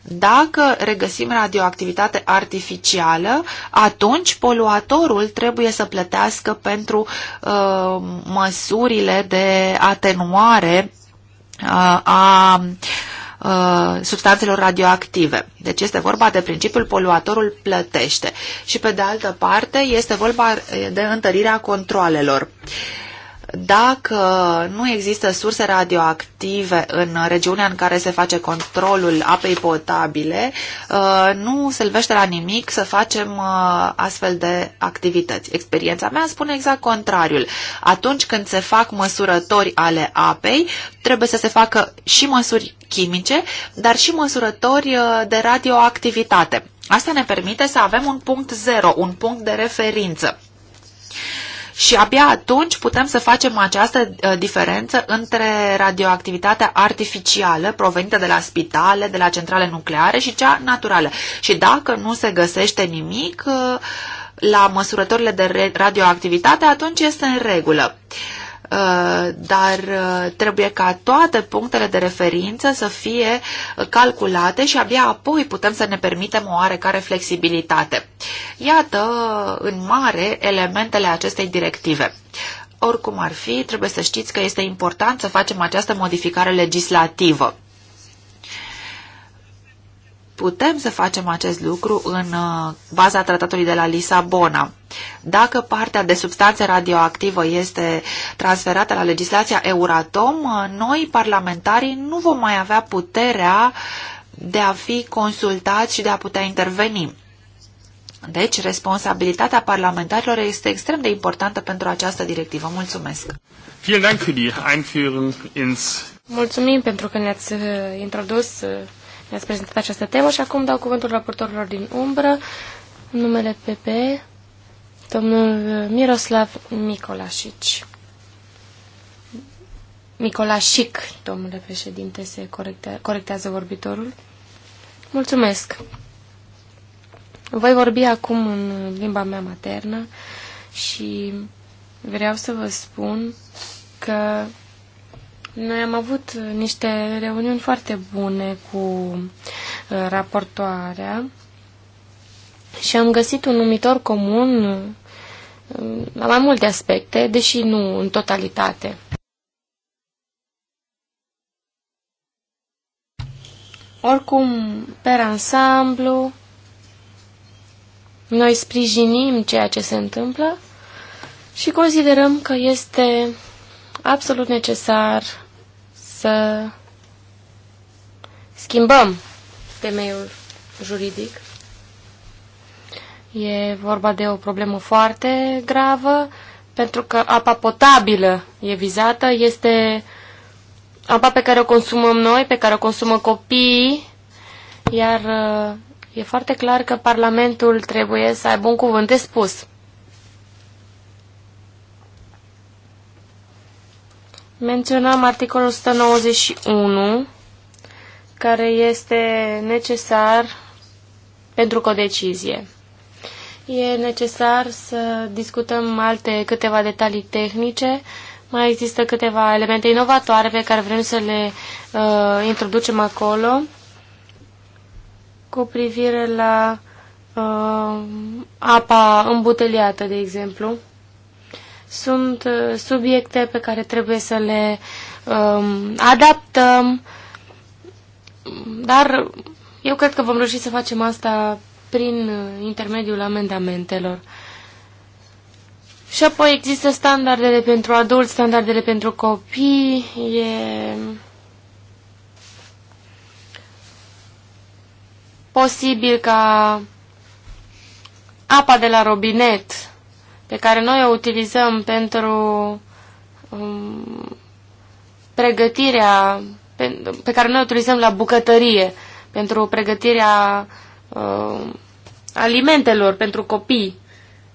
Dacă regăsim radioactivitate artificială, atunci poluatorul trebuie să plătească pentru uh, măsurile de atenuare uh, a Uh, substanțelor radioactive. Deci este vorba de principiul poluatorul plătește. Și pe de altă parte este vorba de întărirea controalelor. Uh, dacă nu există surse radioactive în regiunea în care se face controlul apei potabile, uh, nu se lvește la nimic să facem uh, astfel de activități. Experiența mea spune exact contrariul. Atunci când se fac măsurători ale apei, trebuie să se facă și măsuri chimice, dar și măsurători uh, de radioactivitate. Asta ne permite să avem un punct zero, un punct de referință și abia atunci putem să facem această ă, diferență între radioactivitatea artificială provenită de la spitale, de la centrale nucleare și cea naturală. Și dacă nu se găsește nimic ă, la măsurătorile de radioactivitate, atunci este în regulă. Uh, Uh, dar uh, trebuie ca toate punctele de referință să fie uh, calculate și abia apoi putem să ne permitem o oarecare flexibilitate. Iată, în mare, elementele acestei directive oricum ar fi, trebuie să știți că este important să facem această modificare legislativă. Putem să facem acest lucru în uh, baza tratatului de la Lisabona. Dacă partea de substanțe radioactivă este transferată la legislația Euratom, uh, noi, parlamentarii, nu vom mai avea puterea de a fi consultați și de a putea interveni. Deci, responsabilitatea parlamentarilor este extrem de importantă pentru această directivă. Mulțumesc! Mulțumim pentru că ne-ați uh,
introdus ne-ați prezentat această temă și acum dau cuvântul raportorilor din umbră, numele PP, domnul Miroslav Micolașici. Micolașic, domnule președinte, se corecte, corectează vorbitorul. Mulțumesc! Voi vorbi acum în limba mea maternă și vreau să vă spun că noi am avut niște reuniuni foarte bune cu uh, raportoarea și am găsit un numitor comun uh, la mai multe aspecte, deși nu în totalitate. Oricum, per ansamblu, noi sprijinim ceea ce se întâmplă și considerăm că este absolut necesar să schimbăm temeiul juridic. E vorba de o problemă foarte gravă, pentru că apa potabilă e vizată, este apa pe care o consumăm noi, pe care o consumă copiii, iar uh, e foarte clar că Parlamentul trebuie să aibă un cuvânt de spus. menționăm articolul 191, care este necesar pentru o decizie. E necesar să discutăm alte câteva detalii tehnice. Mai există câteva elemente inovatoare pe care vrem să le uh, introducem acolo cu privire la uh, apa îmbuteliată, de exemplu sunt uh, subiecte pe care trebuie să le um, adaptăm, dar eu cred că vom reuși să facem asta prin uh, intermediul amendamentelor. Și apoi există standardele pentru adulți, standardele pentru copii, e posibil ca apa de la robinet pe care noi o utilizăm pentru um, pregătirea pe, pe care noi o utilizăm la bucătărie, pentru pregătirea uh, alimentelor pentru copii.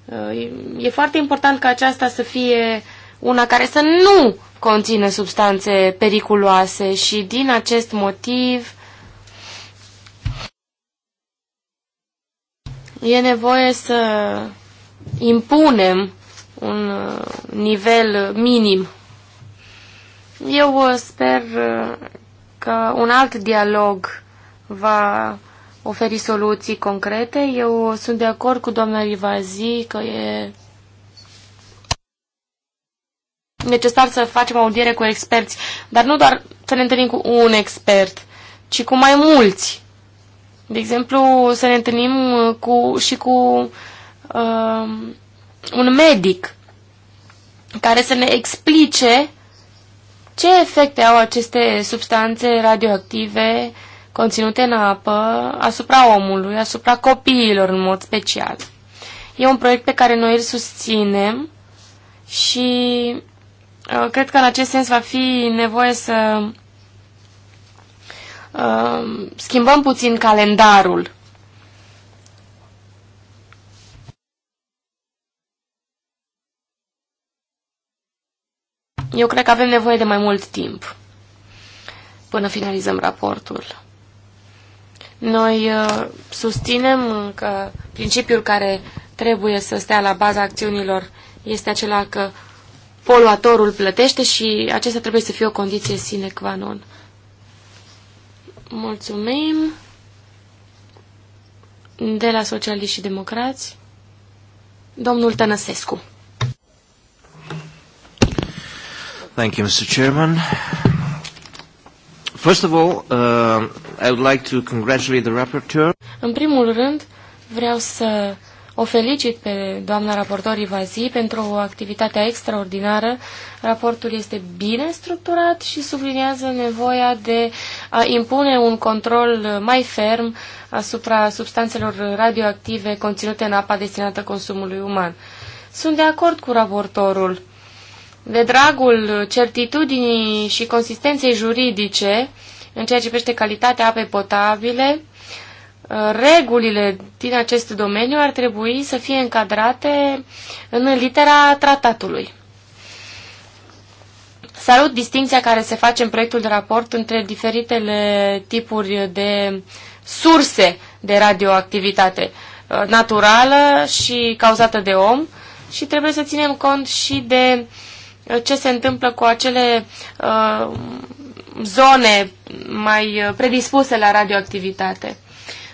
Uh, e foarte important ca aceasta să fie una care să nu conțină substanțe periculoase și din acest motiv e nevoie să impunem un uh, nivel minim. Eu uh, sper uh, că un alt dialog va oferi soluții concrete. Eu sunt de acord cu doamna Rivazi că e necesar să facem audiere cu experți, dar nu doar să ne întâlnim cu un expert, ci cu mai mulți. De exemplu, să ne întâlnim cu, și cu uh, un medic care să ne explice ce efecte au aceste substanțe radioactive conținute în apă asupra omului, asupra copiilor în mod special. E un proiect pe care noi îl susținem și uh, cred că în acest sens va fi nevoie să uh, schimbăm puțin calendarul Eu cred că avem nevoie de mai mult timp până finalizăm raportul. Noi uh, susținem că principiul care trebuie să stea la baza acțiunilor este acela că poluatorul plătește și acesta trebuie să fie o condiție sine qua non. Mulțumim. De la Socialiști și Democrați, domnul Tănăsescu.
Thank you, Mr. Chairman. First of all, uh, I would like to congratulate the rapporteur.
În primul rând, vreau să o felicit pe doamna raportor Ivazi pentru o activitate extraordinară. Raportul este bine structurat și subliniază nevoia de a impune un control mai ferm asupra substanțelor radioactive conținute în apa destinată consumului uman. Sunt de acord cu raportorul de dragul certitudinii și consistenței juridice în ceea ce privește calitatea apei potabile, regulile din acest domeniu ar trebui să fie încadrate în litera tratatului. Salut distinția care se face în proiectul de raport între diferitele tipuri de surse de radioactivitate naturală și cauzată de om și trebuie să ținem cont și de ce se întâmplă cu acele uh, zone mai uh, predispuse la radioactivitate.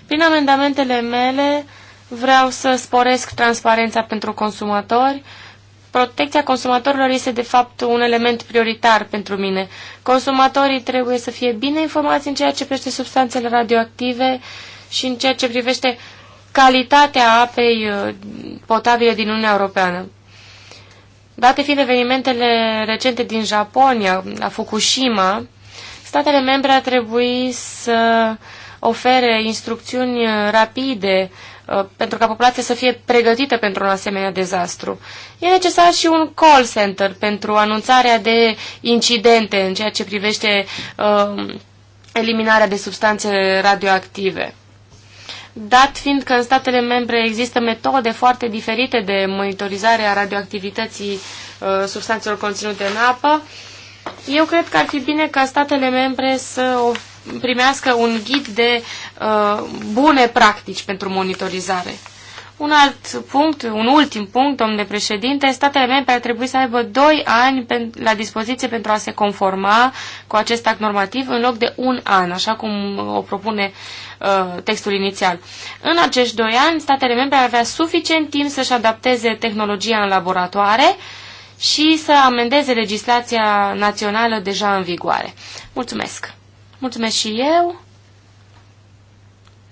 Prin amendamentele mele vreau să sporesc transparența pentru consumatori. Protecția consumatorilor este de fapt un element prioritar pentru mine. Consumatorii trebuie să fie bine informați în ceea ce privește substanțele radioactive și în ceea ce privește calitatea apei uh, potabile din Uniunea Europeană. Date fiind evenimentele recente din Japonia, la Fukushima, statele membre ar trebui să ofere instrucțiuni rapide uh, pentru ca populația să fie pregătită pentru un asemenea dezastru. E necesar și un call center pentru anunțarea de incidente în ceea ce privește uh, eliminarea de substanțe radioactive dat fiind că în statele membre există metode foarte diferite de monitorizare a radioactivității uh, substanțelor conținute în apă, eu cred că ar fi bine ca statele membre să o primească un ghid de uh, bune practici pentru monitorizare. Un alt punct, un ultim punct, domnule președinte, statele membre ar trebui să aibă doi ani la dispoziție pentru a se conforma cu acest act normativ în loc de un an, așa cum o propune uh, textul inițial. În acești doi ani, statele membre ar avea suficient timp să-și adapteze tehnologia în laboratoare și să amendeze legislația națională deja în vigoare. Mulțumesc! Mulțumesc și eu!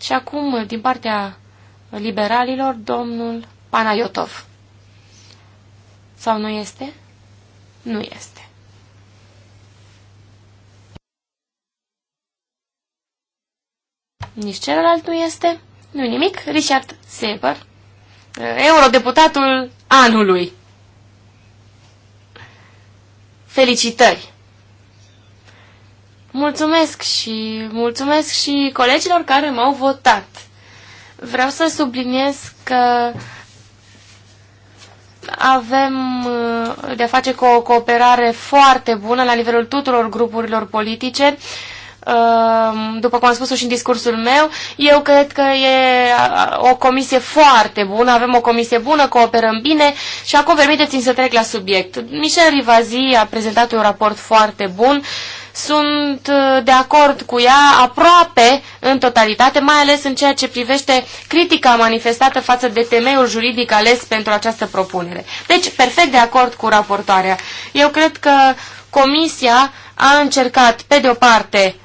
Și acum, din partea liberalilor, domnul Panayotov. Sau nu este? Nu este. Nici celălalt nu este. nu nimic. Richard Sever, eh, eurodeputatul anului. Felicitări! Mulțumesc și mulțumesc și colegilor care m-au votat. Vreau să subliniez că avem uh, de-a face cu o cooperare foarte bună la nivelul tuturor grupurilor politice. Uh, după cum am spus și în discursul meu, eu cred că e uh, o comisie foarte bună, avem o comisie bună, cooperăm bine și acum permiteți-mi să trec la subiect. Michel Rivazi a prezentat un raport foarte bun, uh, sunt uh, de acord cu ea aproape în totalitate, mai ales în ceea ce privește critica manifestată față de temeiul juridic ales pentru această propunere. Deci, perfect de acord cu raportoarea. Eu cred că Comisia a încercat, pe de o parte,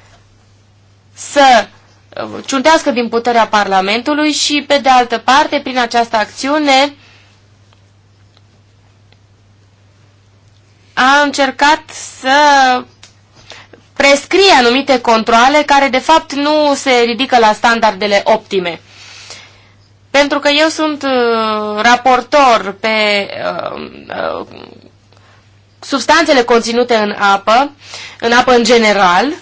să uh, ciuntească din puterea Parlamentului și, pe de altă parte, prin această acțiune, a încercat să prescrie anumite controle care de fapt nu se ridică la standardele optime. Pentru că eu sunt uh, raportor pe uh, uh, substanțele conținute în apă, în apă în general,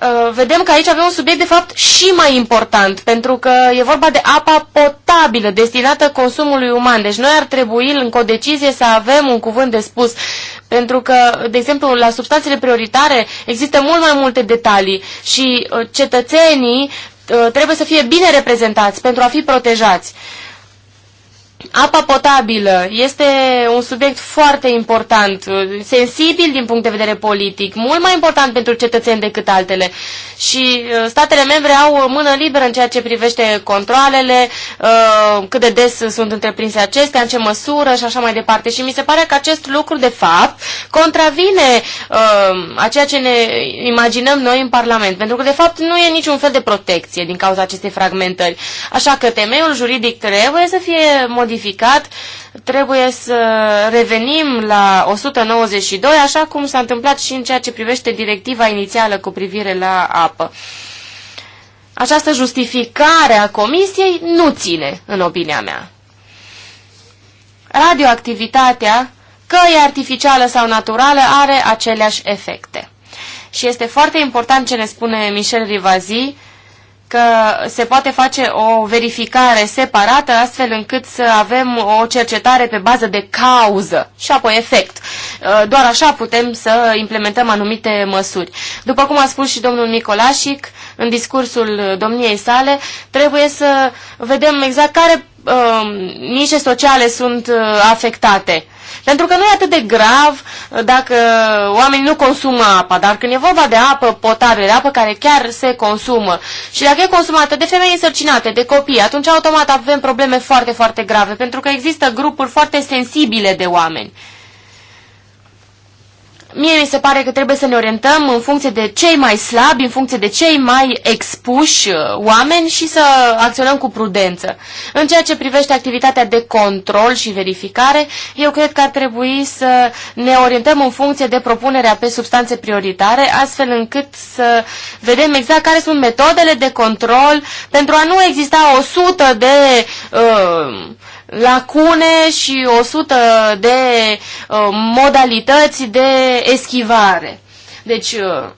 Uh, vedem că aici avem un subiect de fapt și mai important, pentru că e vorba de apa potabilă destinată consumului uman. Deci noi ar trebui în codecizie să avem un cuvânt de spus, pentru că, de exemplu, la substanțele prioritare există mult mai multe detalii și uh, cetățenii uh, trebuie să fie bine reprezentați pentru a fi protejați. Uh, Apa potabilă este un subiect foarte important, sensibil din punct de vedere politic, mult mai important pentru cetățeni decât altele. Și uh, statele membre au o uh, mână liberă în ceea ce privește controlele, uh, cât de des sunt întreprinse acestea, în ce măsură și așa mai departe. Și mi se pare că acest lucru, de fapt, contravine a ceea ce ne imaginăm noi în Parlament, pentru că, de fapt, nu e niciun fel de protecție din cauza acestei fragmentări. Așa că temeiul juridic trebuie să fie modificat modificat, trebuie să revenim la 192, așa cum s-a întâmplat și în ceea ce privește directiva inițială cu privire la apă. Această justificare a comisiei nu ține, în opinia mea. Radioactivitatea, că e artificială sau naturală, are aceleași efecte. Și este foarte important ce ne spune Michel Rivazi, că se poate face o verificare separată astfel încât să avem o cercetare pe bază de cauză și apoi efect. Uh, doar așa putem să implementăm anumite măsuri. După cum a spus și domnul Nicolașic în discursul domniei sale, trebuie să vedem exact care uh, nișe sociale sunt uh, afectate pentru că nu e atât de grav dacă oamenii nu consumă apa, dar când e vorba de apă potabilă, de apă care chiar se consumă și dacă e consumată de femei însărcinate, de copii, atunci automat avem probleme foarte, foarte grave, pentru că există grupuri foarte sensibile de oameni. Mie mi se pare că trebuie să ne orientăm în funcție de cei mai slabi, în funcție de cei mai expuși uh, oameni și să acționăm cu prudență. În ceea ce privește activitatea de control și verificare, eu cred că ar trebui să ne orientăm în funcție de propunerea pe substanțe prioritare, astfel încât să vedem exact care sunt metodele de control pentru a nu exista o sută de... Uh, lacune și 100 de uh, modalități de eschivare. Deci, uh,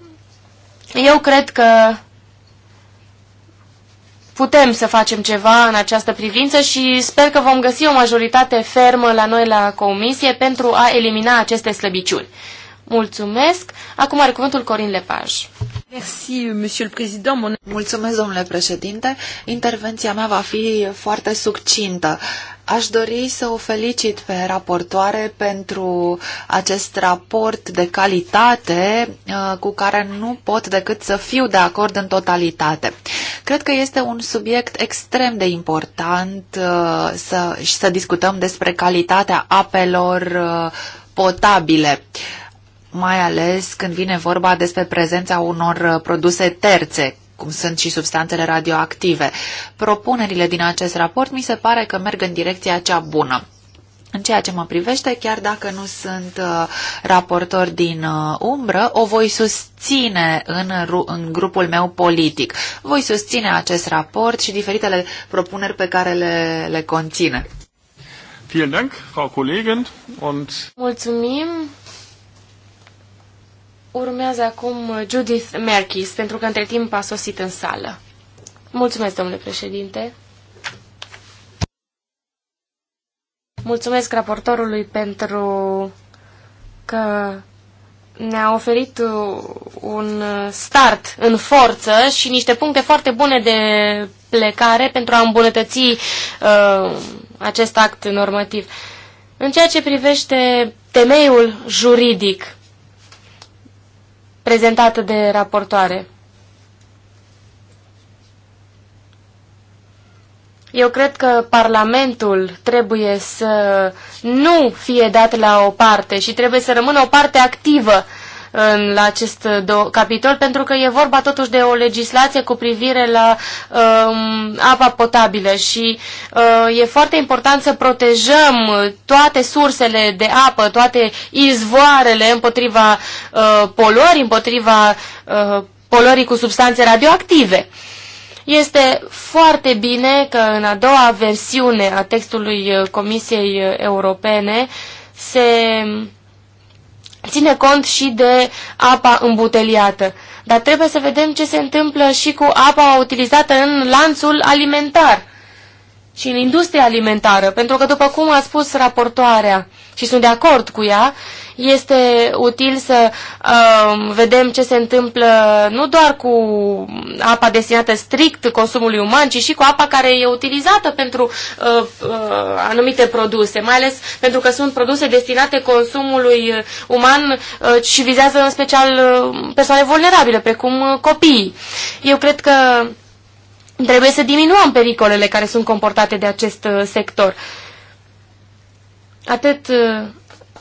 eu cred că putem să facem ceva în această privință și sper că vom găsi o majoritate fermă la noi la comisie pentru a elimina aceste slăbiciuni. Mulțumesc. Acum are cuvântul Corin Lepaj.
Mulțumesc, domnule președinte. Intervenția mea va fi foarte succintă. Aș dori să o felicit pe raportoare pentru acest raport de calitate uh, cu care nu pot decât să fiu de acord în totalitate. Cred că este un subiect extrem de important uh, să, și să discutăm despre calitatea apelor uh, potabile. Uh, mai ales când vine vorba despre prezența unor uh, produse terțe, cum sunt și substanțele radioactive. Propunerile din acest raport mi se pare că merg în direcția cea bună. În ceea ce mă privește, chiar dacă nu sunt uh, raportor din uh, umbră, o voi susține în, în grupul meu politic. Voi susține acest raport și diferitele propuneri pe care le, le conține.
Mulțumim, Urmează acum uh, Judith Merkis, pentru că între timp a sosit în sală. Mulțumesc, domnule președinte. Mulțumesc raportorului pentru că ne-a oferit uh, un uh, start în forță și niște puncte foarte bune de plecare pentru a îmbunătăți uh, acest act normativ. În ceea ce privește temeiul juridic prezentată de raportoare. Eu cred că Parlamentul trebuie să nu fie dat la o parte și trebuie să rămână o parte activă în, la acest uh, do- capitol, pentru că e vorba totuși de o legislație cu privire la um, apa potabilă și uh, e foarte important să protejăm toate sursele de apă, toate izvoarele împotriva uh, poluării, împotriva uh, poluării cu substanțe radioactive. Este foarte bine că în a doua versiune a textului uh, Comisiei uh, Europene se ține cont și de apa îmbuteliată. Dar trebuie să vedem ce se întâmplă și cu apa utilizată în lanțul alimentar și în industria alimentară, pentru că, după cum a spus raportoarea, și sunt de acord cu ea, este util să uh, vedem ce se întâmplă nu doar cu apa destinată strict consumului uman, ci și cu apa care e utilizată pentru uh, uh, anumite produse, mai ales pentru că sunt produse destinate consumului uh, uman uh, și vizează în special uh, persoane vulnerabile, precum uh, copiii. Eu cred că Trebuie să diminuăm pericolele care sunt comportate de acest uh, sector. Atât uh,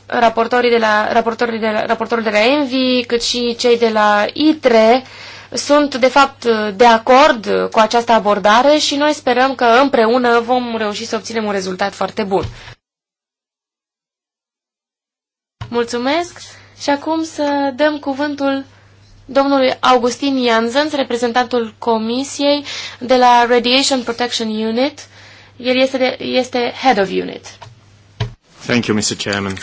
raportorii de la, raportorii de la, raportorul de la Envi, cât și cei de la ITRE sunt, de fapt, uh, de acord cu această abordare și noi sperăm că împreună vom reuși să obținem un rezultat foarte bun. Mulțumesc și acum să dăm cuvântul domnului Augustin Janzens, reprezentantul Comisiei de la Radiation Protection Unit. El este, de, este Head of
Unit.
Thank you, Mr. Chairman.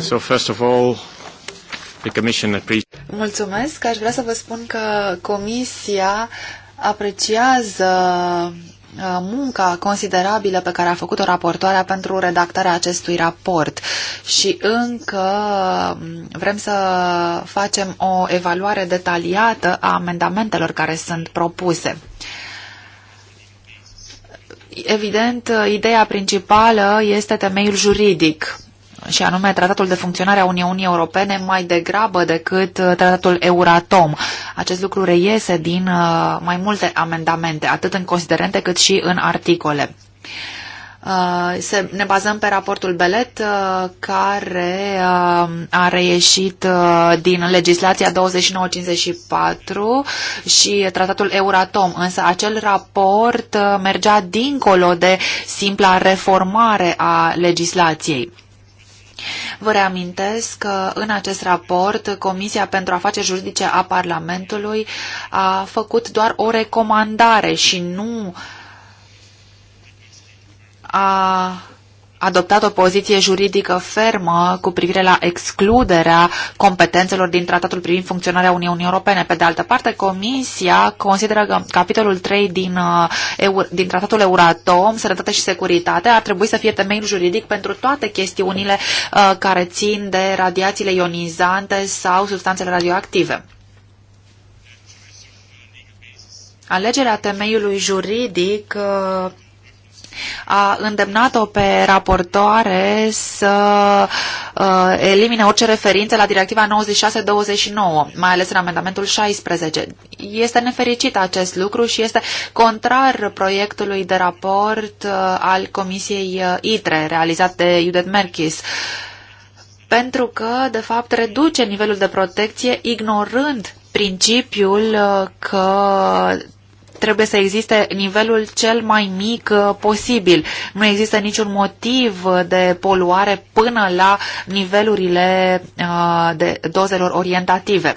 So first of all, the Commission appreciates...
Mulțumesc. Aș vrea să vă spun că Comisia apreciază munca considerabilă pe care a făcut-o raportoarea pentru redactarea acestui raport și încă vrem să facem o evaluare detaliată a amendamentelor care sunt propuse. Evident, ideea principală este temeiul juridic și anume Tratatul de Funcționare a Uniunii Europene mai degrabă decât uh, Tratatul Euratom. Acest lucru reiese din uh, mai multe amendamente, atât în considerente cât și în articole. Uh, se, ne bazăm pe raportul Belet care a reieșit din legislația 2954 și tratatul Euratom, însă acel raport mergea dincolo de simpla reformare a legislației. Vă reamintesc că în acest raport Comisia pentru Afaceri Juridice a Parlamentului a făcut doar o recomandare și nu a adoptat o poziție juridică fermă cu privire la excluderea competențelor din tratatul privind funcționarea Uniunii Europene. Pe de altă parte, Comisia consideră că capitolul 3 din, uh, din tratatul Euratom, sănătate și securitate, ar trebui să fie temeiul juridic pentru toate chestiunile uh, care țin de radiațiile ionizante sau substanțele radioactive. Alegerea temeiului juridic uh, a îndemnat-o pe raportoare să uh, elimine orice referință la directiva 96-29, mai ales în amendamentul 16. Este nefericit acest lucru și este contrar proiectului de raport uh, al Comisiei uh, ITRE, realizat de Judith Merkis pentru că, de fapt, reduce nivelul de protecție ignorând principiul uh, că trebuie să existe nivelul cel mai mic uh, posibil. Nu există niciun motiv de poluare până la nivelurile uh, de dozelor orientative.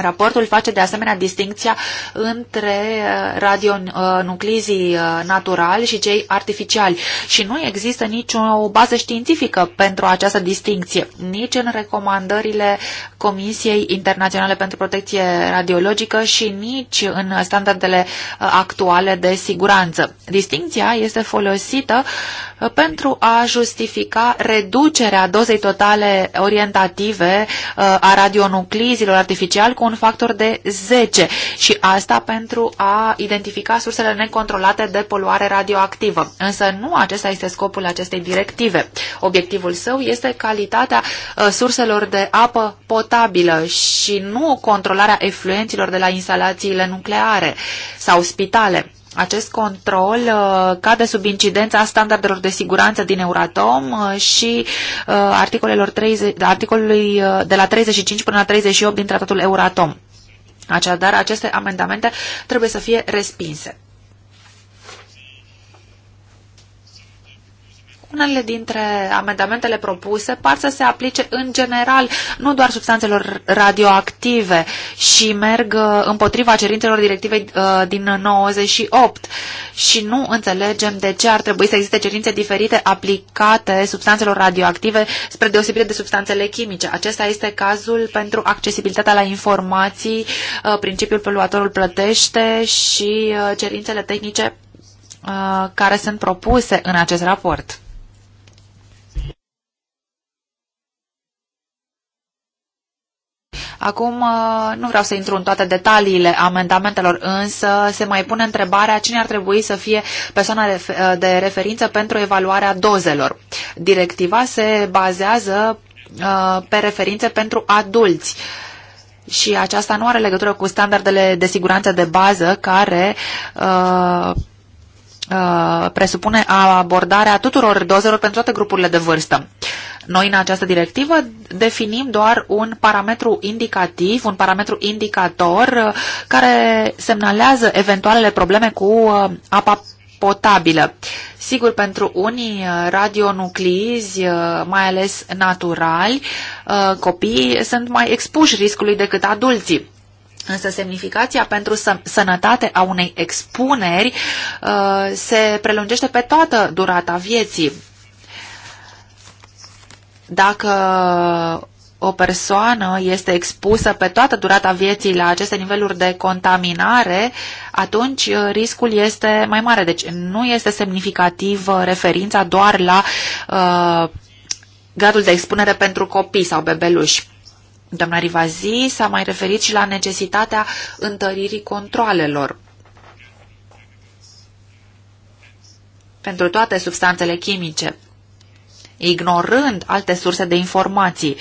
Raportul face de asemenea distincția între uh, radionuclizii uh, uh, naturali și cei artificiali și nu există nicio bază științifică pentru această distincție, nici în recomandările Comisiei Internaționale pentru Protecție Radiologică și nici în standardele actuale de siguranță. Distincția este folosită pentru a justifica reducerea dozei totale orientative a radionuclizilor artificiali cu un factor de 10 și asta pentru a identifica sursele necontrolate de poluare radioactivă. Însă nu acesta este scopul acestei directive. Obiectivul său este calitatea uh, surselor de apă potabilă și nu controlarea efluenților de la instalațiile nucleare sau spitale. Acest control uh, cade sub incidența standardelor de siguranță din Euratom uh, și uh, articolelor 30, articolului de la 35 până la 38 din tratatul Euratom. Așadar, aceste amendamente trebuie să fie respinse. Unele dintre amendamentele propuse par să se aplice în general, nu doar substanțelor radioactive și merg uh, împotriva cerințelor directivei uh, din 98 și nu înțelegem de ce ar trebui să existe cerințe diferite aplicate substanțelor radioactive spre deosebire de substanțele chimice. Acesta este cazul pentru accesibilitatea la informații, uh, principiul poluatorul plătește și cerințele tehnice care sunt propuse în acest raport. Acum uh, nu vreau să intru în toate detaliile amendamentelor, însă se mai pune întrebarea cine ar trebui să fie persoana uh, de referință pentru evaluarea dozelor. Directiva se bazează uh, pe referințe pentru adulți și aceasta nu are legătură cu standardele de siguranță de bază care uh, Uh, presupune abordarea tuturor dozelor pentru toate grupurile de vârstă. Noi în această directivă definim doar un parametru indicativ, un parametru indicator uh, care semnalează eventualele probleme cu uh, apa potabilă. Sigur, pentru unii radionuclizi, mai ales naturali, copiii sunt mai expuși riscului decât adulții. Însă semnificația pentru sănătate a unei expuneri uh, se prelungește pe toată durata vieții. Dacă o persoană este expusă pe toată durata vieții la aceste niveluri de contaminare, atunci uh, riscul este mai mare. Deci nu este semnificativ uh, referința doar la uh, gradul de expunere pentru copii sau bebeluși. Doamna Rivazi s-a mai referit și la necesitatea întăririi controalelor pentru toate substanțele chimice, ignorând alte surse de informații.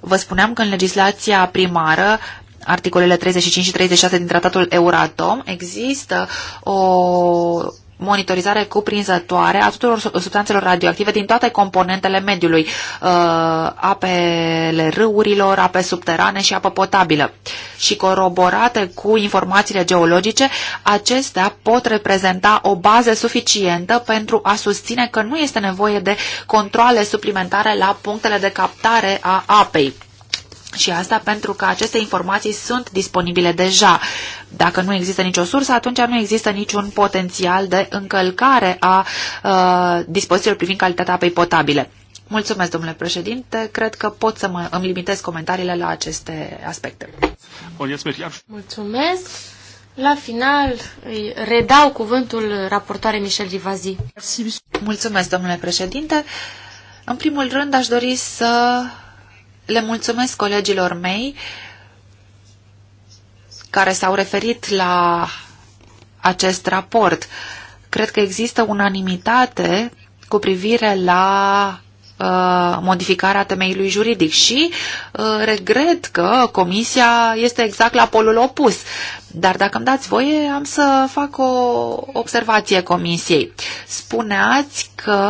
Vă spuneam că în legislația primară, articolele 35 și 36 din tratatul Euratom, există o monitorizare cuprinzătoare a tuturor substanțelor radioactive din toate componentele mediului, uh, apele râurilor, ape subterane și apă potabilă. Și coroborate cu informațiile geologice, acestea pot reprezenta o bază suficientă pentru a susține că nu este nevoie de controle suplimentare la punctele de captare a apei. Și asta pentru că aceste informații sunt disponibile deja. Dacă nu există nicio sursă, atunci nu există niciun potențial de încălcare a uh, dispozițiilor privind calitatea apei potabile. Mulțumesc, domnule președinte. Cred că pot să mă, îmi limitez comentariile la aceste aspecte. Oh, Mulțumesc. La final îi redau cuvântul raportoare Michel Rivazi. Mulțumesc, domnule președinte. În primul rând aș dori să le mulțumesc colegilor mei care s-au referit la acest raport. Cred că există unanimitate cu privire la Uh, modificarea temeiului juridic și uh, regret că comisia este exact la polul opus. Dar dacă îmi dați voie, am să fac o observație comisiei. Spuneați că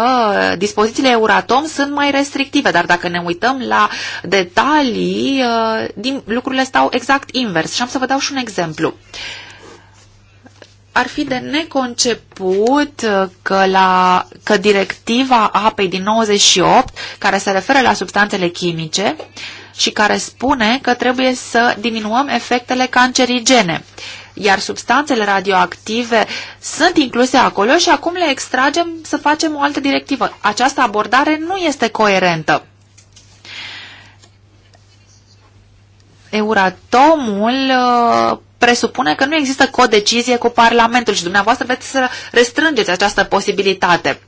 dispozițiile Euratom sunt mai restrictive, dar dacă ne uităm la detalii, uh, lucrurile stau exact invers. Și am să vă dau și un exemplu ar fi de neconceput uh, că, la, că directiva apei din 98, care se referă la substanțele chimice și care spune că trebuie să diminuăm efectele cancerigene, iar substanțele radioactive sunt incluse acolo și acum le extragem să facem o altă directivă. Această abordare nu este coerentă. Euratomul uh, presupune că nu există codecizie cu Parlamentul și dumneavoastră veți să restrângeți această posibilitate.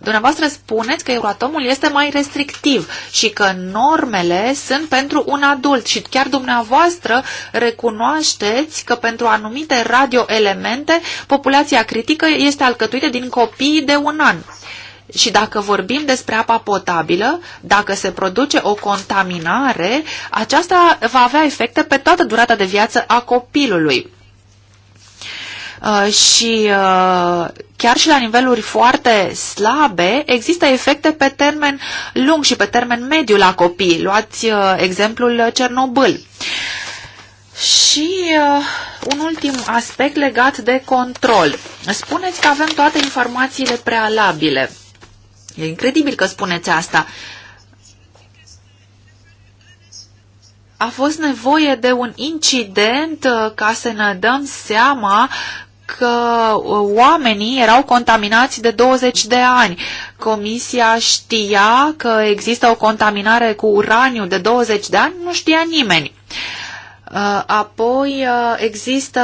Dumneavoastră spuneți că Euratomul este mai restrictiv și că normele sunt pentru un adult și chiar dumneavoastră recunoașteți că pentru anumite radioelemente populația critică este alcătuită din copii de un an. Și dacă vorbim despre apa potabilă, dacă se produce o contaminare, aceasta va avea efecte pe toată durata de viață a copilului. Uh, și uh, chiar și la niveluri foarte slabe există efecte pe termen lung și pe termen mediu la copii. Luați uh, exemplul Cernobâl. Și uh, un ultim aspect legat de control. Spuneți că avem toate informațiile prealabile. E incredibil că spuneți asta. A fost nevoie de un incident uh, ca să ne dăm seama că uh, oamenii erau contaminați de 20 de ani. Comisia știa că există o contaminare cu uraniu de 20 de ani, nu știa nimeni. Uh, Uh, apoi uh, există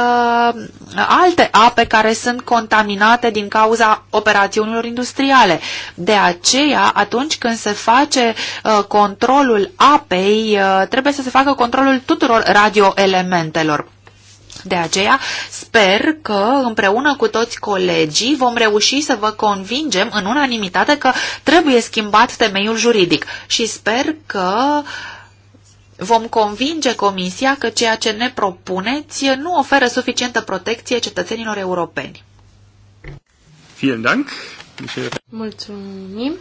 alte ape care sunt contaminate din cauza operațiunilor industriale. De aceea, atunci când se face uh, controlul apei, trebuie să se facă controlul tuturor radioelementelor. De aceea sper că împreună cu toți colegii vom reuși să vă convingem în unanimitate că trebuie schimbat temeiul juridic și sper că uh, vom convinge Comisia că ceea ce ne propuneți nu oferă suficientă protecție cetățenilor europeni. Vielen Dank. Mulțumim.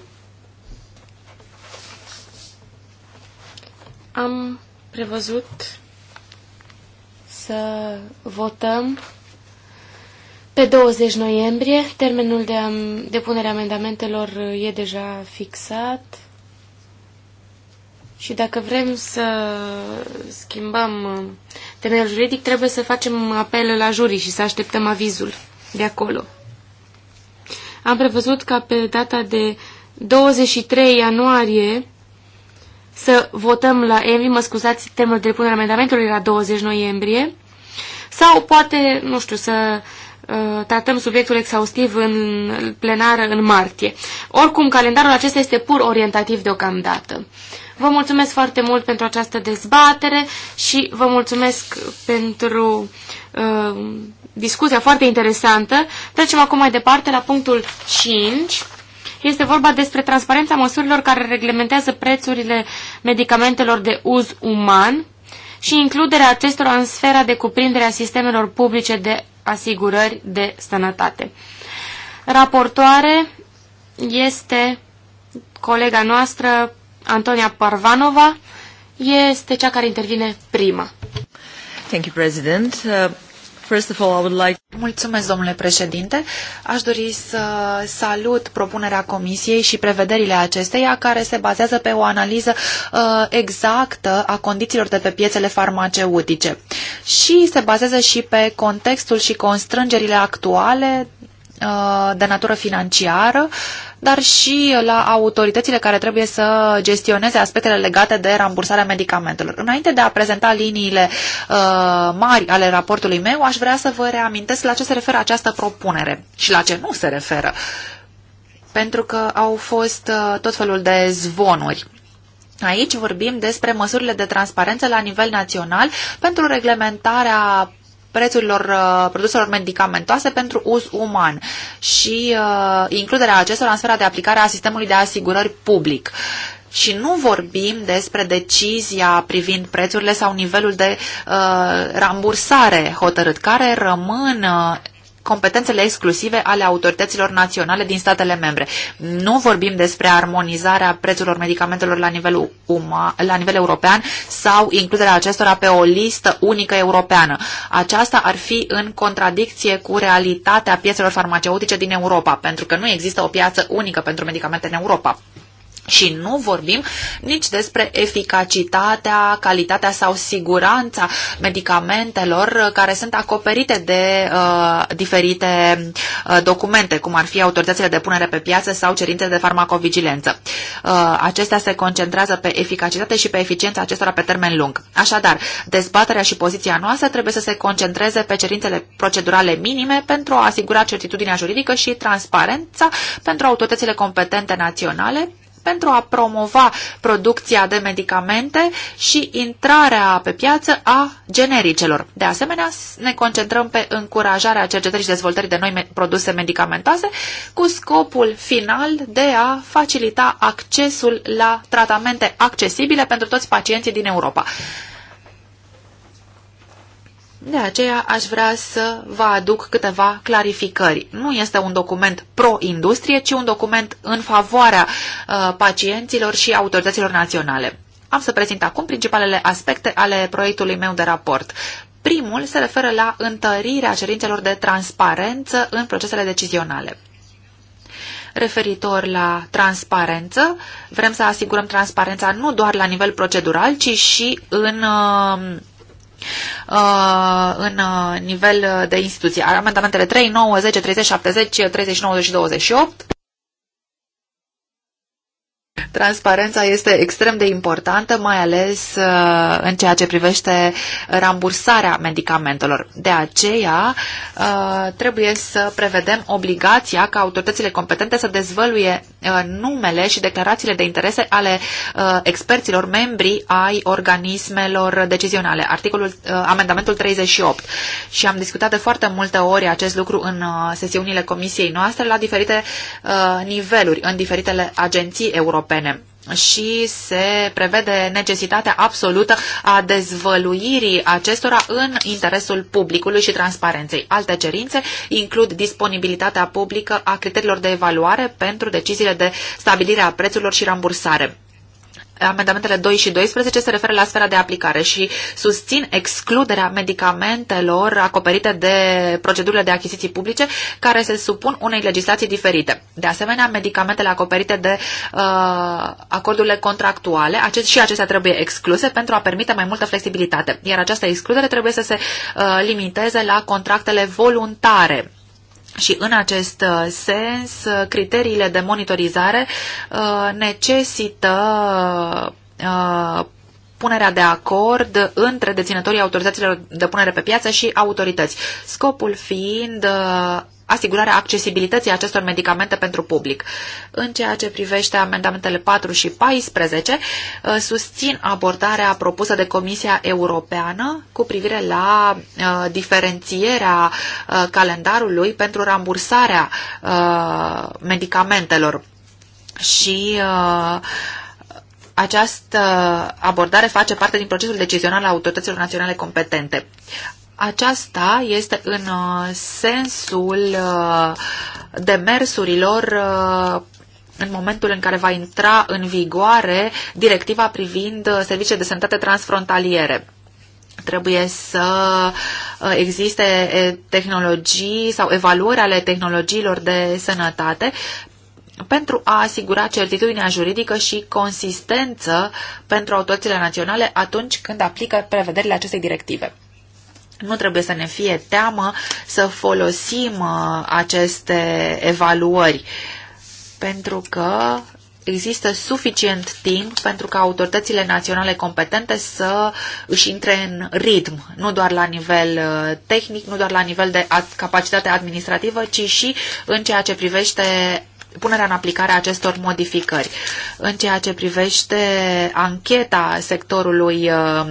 Am
prevăzut să votăm pe 20 noiembrie. Termenul de depunere amendamentelor e deja fixat. Și dacă vrem să schimbăm uh, temeiul juridic, trebuie să facem apel la jurii și să așteptăm avizul de acolo. Am prevăzut ca pe data de 23 ianuarie să votăm la EMI, mă scuzați, termenul de punere amendamentului la 20 noiembrie, sau poate, nu știu, să uh, tratăm subiectul exhaustiv în plenară în martie. Oricum, calendarul acesta este pur orientativ deocamdată. Vă mulțumesc foarte mult pentru această dezbatere și vă mulțumesc pentru uh, discuția foarte interesantă. Trecem acum mai departe la punctul 5. Este vorba despre transparența măsurilor care reglementează prețurile medicamentelor de uz uman și includerea acestora în sfera de cuprindere a sistemelor publice de asigurări de sănătate. Raportoare este colega noastră Antonia Parvanova
este cea care intervine prima. Thank you, President. Uh... First of all, I would like... Mulțumesc, domnule președinte. Aș dori să salut propunerea Comisiei și prevederile acesteia care se bazează pe o analiză uh, exactă a condițiilor de pe piețele farmaceutice și se bazează și pe contextul și constrângerile actuale Uh, de natură financiară, dar și la autoritățile care trebuie să gestioneze aspectele legate de rambursarea medicamentelor. Înainte de a prezenta liniile uh, mari ale raportului meu, aș vrea să vă reamintesc la ce se referă această propunere și la ce nu se referă, pentru că au fost uh, tot felul de zvonuri. Aici vorbim despre măsurile de transparență la nivel național pentru reglementarea prețurilor uh, produselor medicamentoase pentru uz uman și uh, includerea acestora în sfera de aplicare a sistemului de asigurări public. Și nu vorbim despre decizia privind prețurile sau nivelul de uh, rambursare hotărât, care rămân uh, competențele exclusive ale autorităților naționale din statele membre. Nu vorbim despre armonizarea prețurilor medicamentelor la nivel, uma, la nivel european sau includerea acestora pe o listă unică europeană. Aceasta ar fi în contradicție cu realitatea piețelor farmaceutice din Europa, pentru că nu există o piață unică pentru medicamente în Europa. Și nu vorbim nici despre eficacitatea, calitatea sau siguranța medicamentelor care sunt acoperite de uh, diferite uh, documente, cum ar fi autorizațiile de punere pe piață sau cerințele de farmacovigilență. Uh, acestea se concentrează pe eficacitate și pe eficiența acestora pe termen lung. Așadar, dezbaterea și poziția noastră trebuie să se concentreze pe cerințele procedurale minime pentru a asigura certitudinea juridică și transparența pentru autoritățile competente naționale pentru a promova producția de medicamente și intrarea pe piață a genericelor. De asemenea, ne concentrăm pe încurajarea cercetării și dezvoltării de noi produse medicamentoase cu scopul final de a facilita accesul la tratamente accesibile pentru toți pacienții din Europa. De aceea aș vrea să vă aduc câteva clarificări. Nu este un document pro-industrie, ci un document în favoarea uh, pacienților și autorităților naționale. Am să prezint acum principalele aspecte ale proiectului meu de raport. Primul se referă la întărirea cerințelor de transparență în procesele decizionale referitor la transparență. Vrem să asigurăm transparența nu doar la nivel procedural, ci și în uh, Uh, în uh, nivel de instituție. Amendamentele 3, 9, 10, 30, 70, 30, și 28 Transparența este extrem de importantă, mai ales uh, în ceea ce privește rambursarea medicamentelor. De aceea uh, trebuie să prevedem obligația ca autoritățile competente să dezvăluie uh, numele și declarațiile de interese ale experților membri ai organismelor decizionale. Articolul, amendamentul 38. Și am discutat de foarte multe ori acest lucru în sesiunile comisiei noastre la diferite niveluri, în diferitele agenții europene Europene și se prevede necesitatea absolută a dezvăluirii acestora în interesul publicului și transparenței. Alte cerințe includ disponibilitatea publică a criteriilor de evaluare pentru deciziile de stabilire a prețurilor și rambursare. Amendamentele 2 și 12 se referă la sfera de aplicare și susțin excluderea medicamentelor acoperite de procedurile de achiziții publice care se supun unei legislații diferite. De asemenea, medicamentele acoperite de uh, acordurile contractuale acest, și acestea trebuie excluse pentru a permite mai multă flexibilitate, iar această excludere trebuie să se uh, limiteze la contractele voluntare și în acest uh, sens, uh, criteriile de monitorizare uh, necesită punerea de acord între deținătorii autorizațiilor de punere pe piață și autorități, scopul fiind asigurarea accesibilității acestor medicamente pentru public. În ceea ce privește amendamentele 4 și 14, uh, susțin abordarea propusă de Comisia Europeană cu privire la uh, diferențierea uh, calendarului pentru rambursarea medicamentelor și uh, această abordare face parte din procesul decizional al autorităților naționale competente. Aceasta este în uh, sensul uh, demersurilor uh, în momentul în care va intra în vigoare directiva privind servicii de sănătate transfrontaliere trebuie să existe tehnologii sau evaluări ale tehnologiilor de sănătate pentru a asigura certitudinea juridică și consistență pentru autoritățile naționale atunci când aplică prevederile acestei directive nu trebuie să ne fie teamă să folosim uh, aceste evaluări, pentru că există suficient timp pentru ca autoritățile naționale competente să își intre în ritm, nu doar la nivel uh, tehnic, nu doar la nivel de capacitate administrativă, ci și în ceea ce privește punerea în aplicare a acestor modificări. În ceea ce privește ancheta sectorului uh,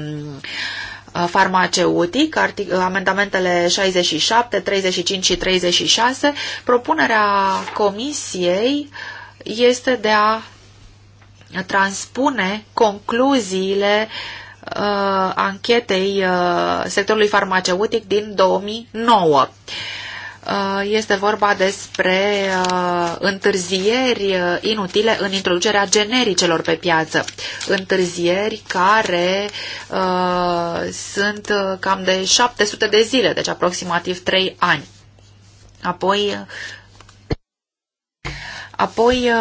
Uh, farmaceutic, uh, amendamentele 67, 35 și 36, propunerea Comisiei este de a transpune concluziile uh, anchetei uh, sectorului farmaceutic din 2009. Uh, este vorba despre uh, întârzieri uh, inutile în introducerea genericelor pe piață. Întârzieri care sunt cam de 700 de zile, deci aproximativ 3 ani. Apoi, apoi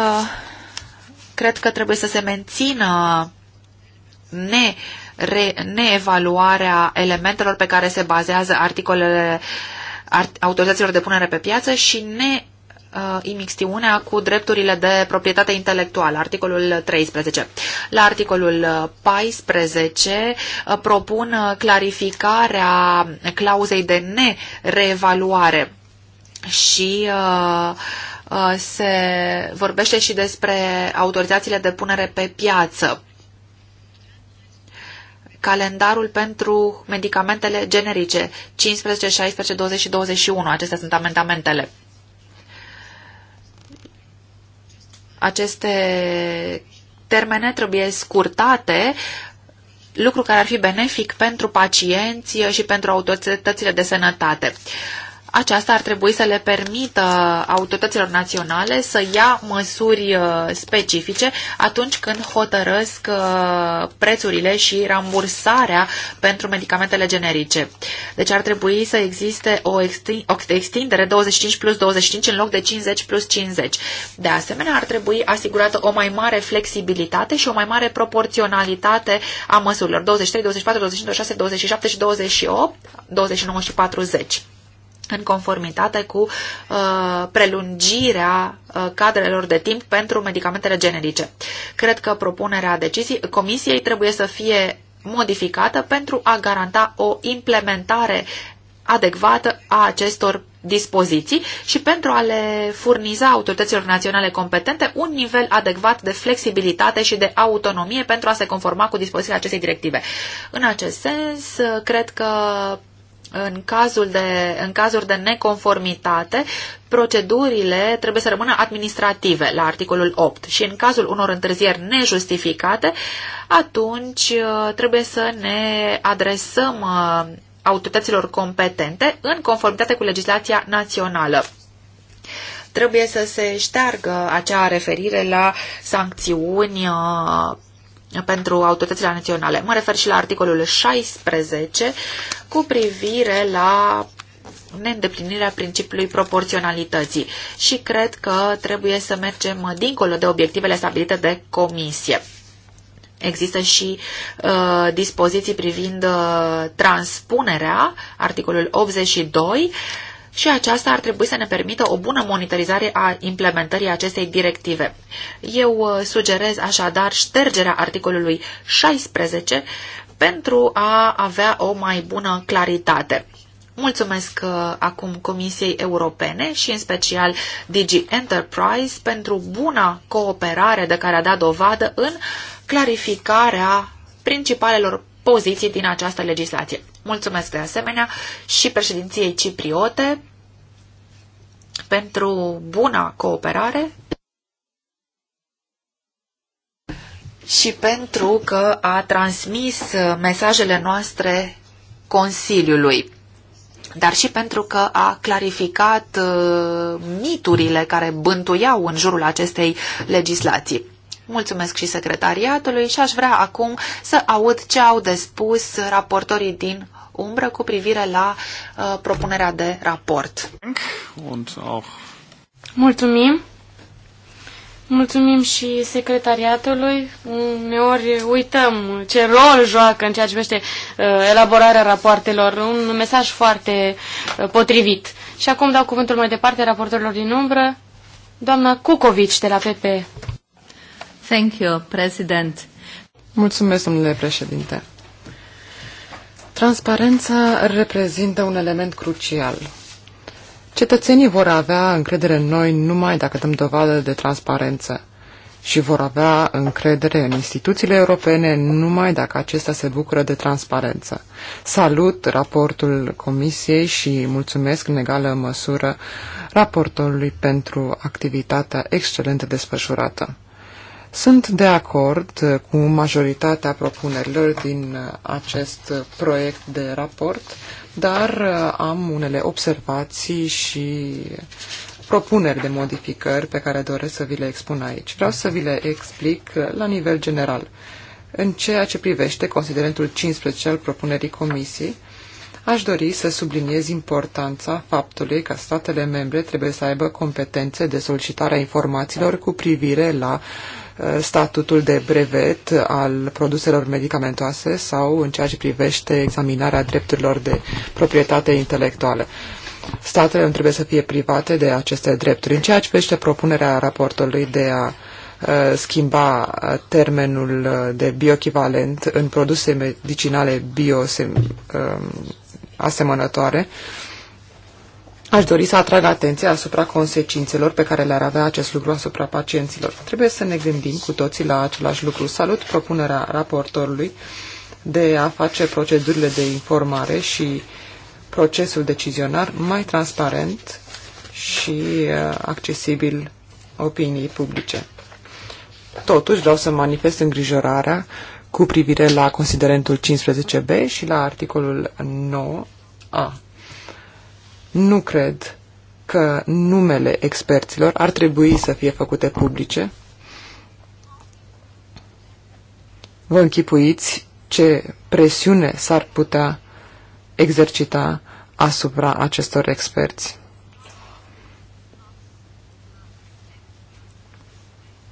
cred că trebuie să se mențină ne, re, neevaluarea elementelor pe care se bazează articolele uh, autorizațiilor de punere pe piață și ne uh, imixtiunea cu drepturile de proprietate intelectuală, articolul 13. La articolul 14 uh, uh, propun clarificarea clauzei de nereevaluare și uh, se vorbește și despre autorizațiile de punere pe piață calendarul pentru medicamentele generice 15, 16, 20 și 21. Acestea sunt amendamentele. Aceste termene trebuie scurtate, lucru care ar fi benefic pentru pacienți și pentru autoritățile de sănătate. Uh, aceasta ar trebui să le permită autorităților naționale să ia măsuri uh, specifice atunci când hotărăsc uh, prețurile și rambursarea pentru medicamentele generice. Deci ar trebui să existe o extindere 25 plus 25 în loc de 50 plus 50. De asemenea, ar trebui asigurată o mai mare flexibilitate și o mai mare proporționalitate a măsurilor 23, 24, 25, 26, 27 și 28, 29 și 40 în conformitate cu uh, prelungirea uh, cadrelor de timp pentru medicamentele generice. Cred că propunerea decizii, Comisiei trebuie să fie modificată pentru a garanta o implementare adecvată a acestor dispoziții și pentru a le furniza autorităților naționale competente un nivel adecvat de flexibilitate și de autonomie pentru a se conforma cu dispozițiile acestei directive. În acest sens, cred că în, cazul de, în cazuri de neconformitate, procedurile trebuie să rămână administrative la articolul 8 și în cazul unor întârzieri nejustificate, atunci uh, trebuie să ne adresăm uh, autorităților competente în conformitate cu legislația națională. Trebuie să se șteargă acea referire la sancțiuni uh, pentru autoritățile naționale. Mă refer și la articolul 16 cu privire la neîndeplinirea principiului proporționalității și cred că trebuie să mergem dincolo de obiectivele stabilite de comisie. Există și uh, dispoziții privind uh, transpunerea, articolul 82, și aceasta ar trebui să ne permită o bună monitorizare a implementării acestei directive. Eu uh, sugerez așadar ștergerea articolului 16 pentru a avea o mai bună claritate. Mulțumesc uh, acum Comisiei Europene și în special Digi Enterprise pentru buna cooperare de care a dat dovadă în clarificarea principalelor poziții din această legislație. Mulțumesc de asemenea și președinției cipriote pentru buna cooperare și pentru că a transmis mesajele noastre Consiliului, dar și pentru că a clarificat uh, miturile care bântuiau în jurul acestei legislații. Mulțumesc și secretariatului și aș vrea acum să aud ce au de spus raportorii din umbră cu privire la uh, propunerea de raport. Mulțumim! Mulțumim
și secretariatului. Uneori uităm ce rol joacă în ceea ce privește uh, elaborarea rapoartelor. Un mesaj foarte uh, potrivit. Și acum dau cuvântul mai departe raportorilor din umbră, doamna Cucovici de la PP.
Thank you, President. Mulțumesc, domnule președinte. Transparența reprezintă un element crucial. Cetățenii vor avea încredere în noi numai dacă dăm dovadă de transparență și vor avea încredere în instituțiile europene numai dacă acestea se bucură de transparență. Salut raportul Comisiei și mulțumesc în egală măsură raportorului pentru activitatea excelentă desfășurată. Sunt de acord cu majoritatea propunerilor din acest proiect de raport, dar am unele observații și propuneri de modificări pe care doresc să vi le expun aici. Vreau să vi le explic la nivel general. În ceea ce privește considerentul 15 al propunerii comisiei, aș dori să subliniez importanța faptului că statele membre trebuie să aibă competențe de solicitare a informațiilor cu privire la uh, statutul de brevet al produselor medicamentoase sau în ceea ce privește examinarea drepturilor de proprietate intelectuală. Statele nu trebuie să fie private de aceste drepturi. În ceea ce privește propunerea raportului de a uh, schimba termenul de bioechivalent în produse medicinale bio um, asemănătoare, Aș dori să atrag atenția asupra consecințelor pe care le-ar avea acest lucru asupra pacienților. Trebuie să ne gândim cu toții la același lucru. Salut propunerea raportorului de a face procedurile de informare și procesul decizionar mai transparent și uh, accesibil opiniei publice. Totuși vreau să manifest îngrijorarea cu privire la considerentul 15b și la articolul 9a nu cred că numele experților ar trebui să fie făcute publice. Vă închipuiți ce presiune s-ar putea exercita asupra acestor experți.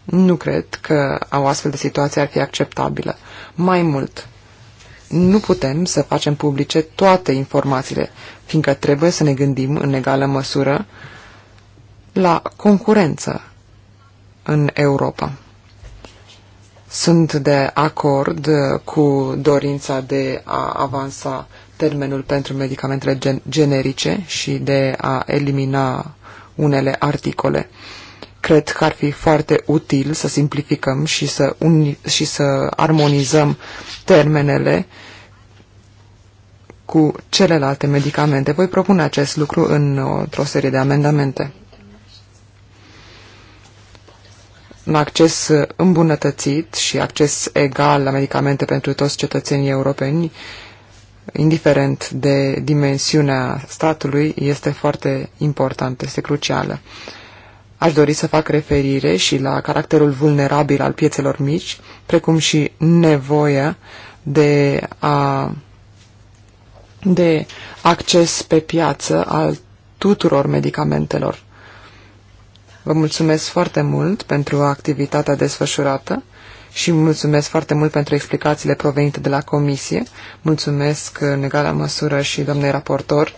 Nu cred că o astfel de situație ar fi acceptabilă. Mai mult, nu putem să facem publice toate informațiile, fiindcă trebuie să ne gândim în egală măsură la concurență în Europa. Sunt de acord cu dorința de a avansa termenul pentru medicamentele gen generice și de a elimina unele articole. Uh, Cred că ar fi foarte util să simplificăm și să, uni și să armonizăm termenele cu celelalte medicamente. Voi propune acest lucru în, într-o serie de amendamente. Un acces îmbunătățit și acces egal la medicamente pentru toți cetățenii europeni, indiferent de dimensiunea statului, este foarte important, este crucială. Aș dori să fac referire și la caracterul vulnerabil al piețelor mici, precum și nevoia de, a, de acces pe piață al tuturor medicamentelor. Vă mulțumesc foarte mult pentru activitatea desfășurată și mulțumesc foarte mult pentru explicațiile provenite de la comisie. Mulțumesc în egală măsură și doamnei raportor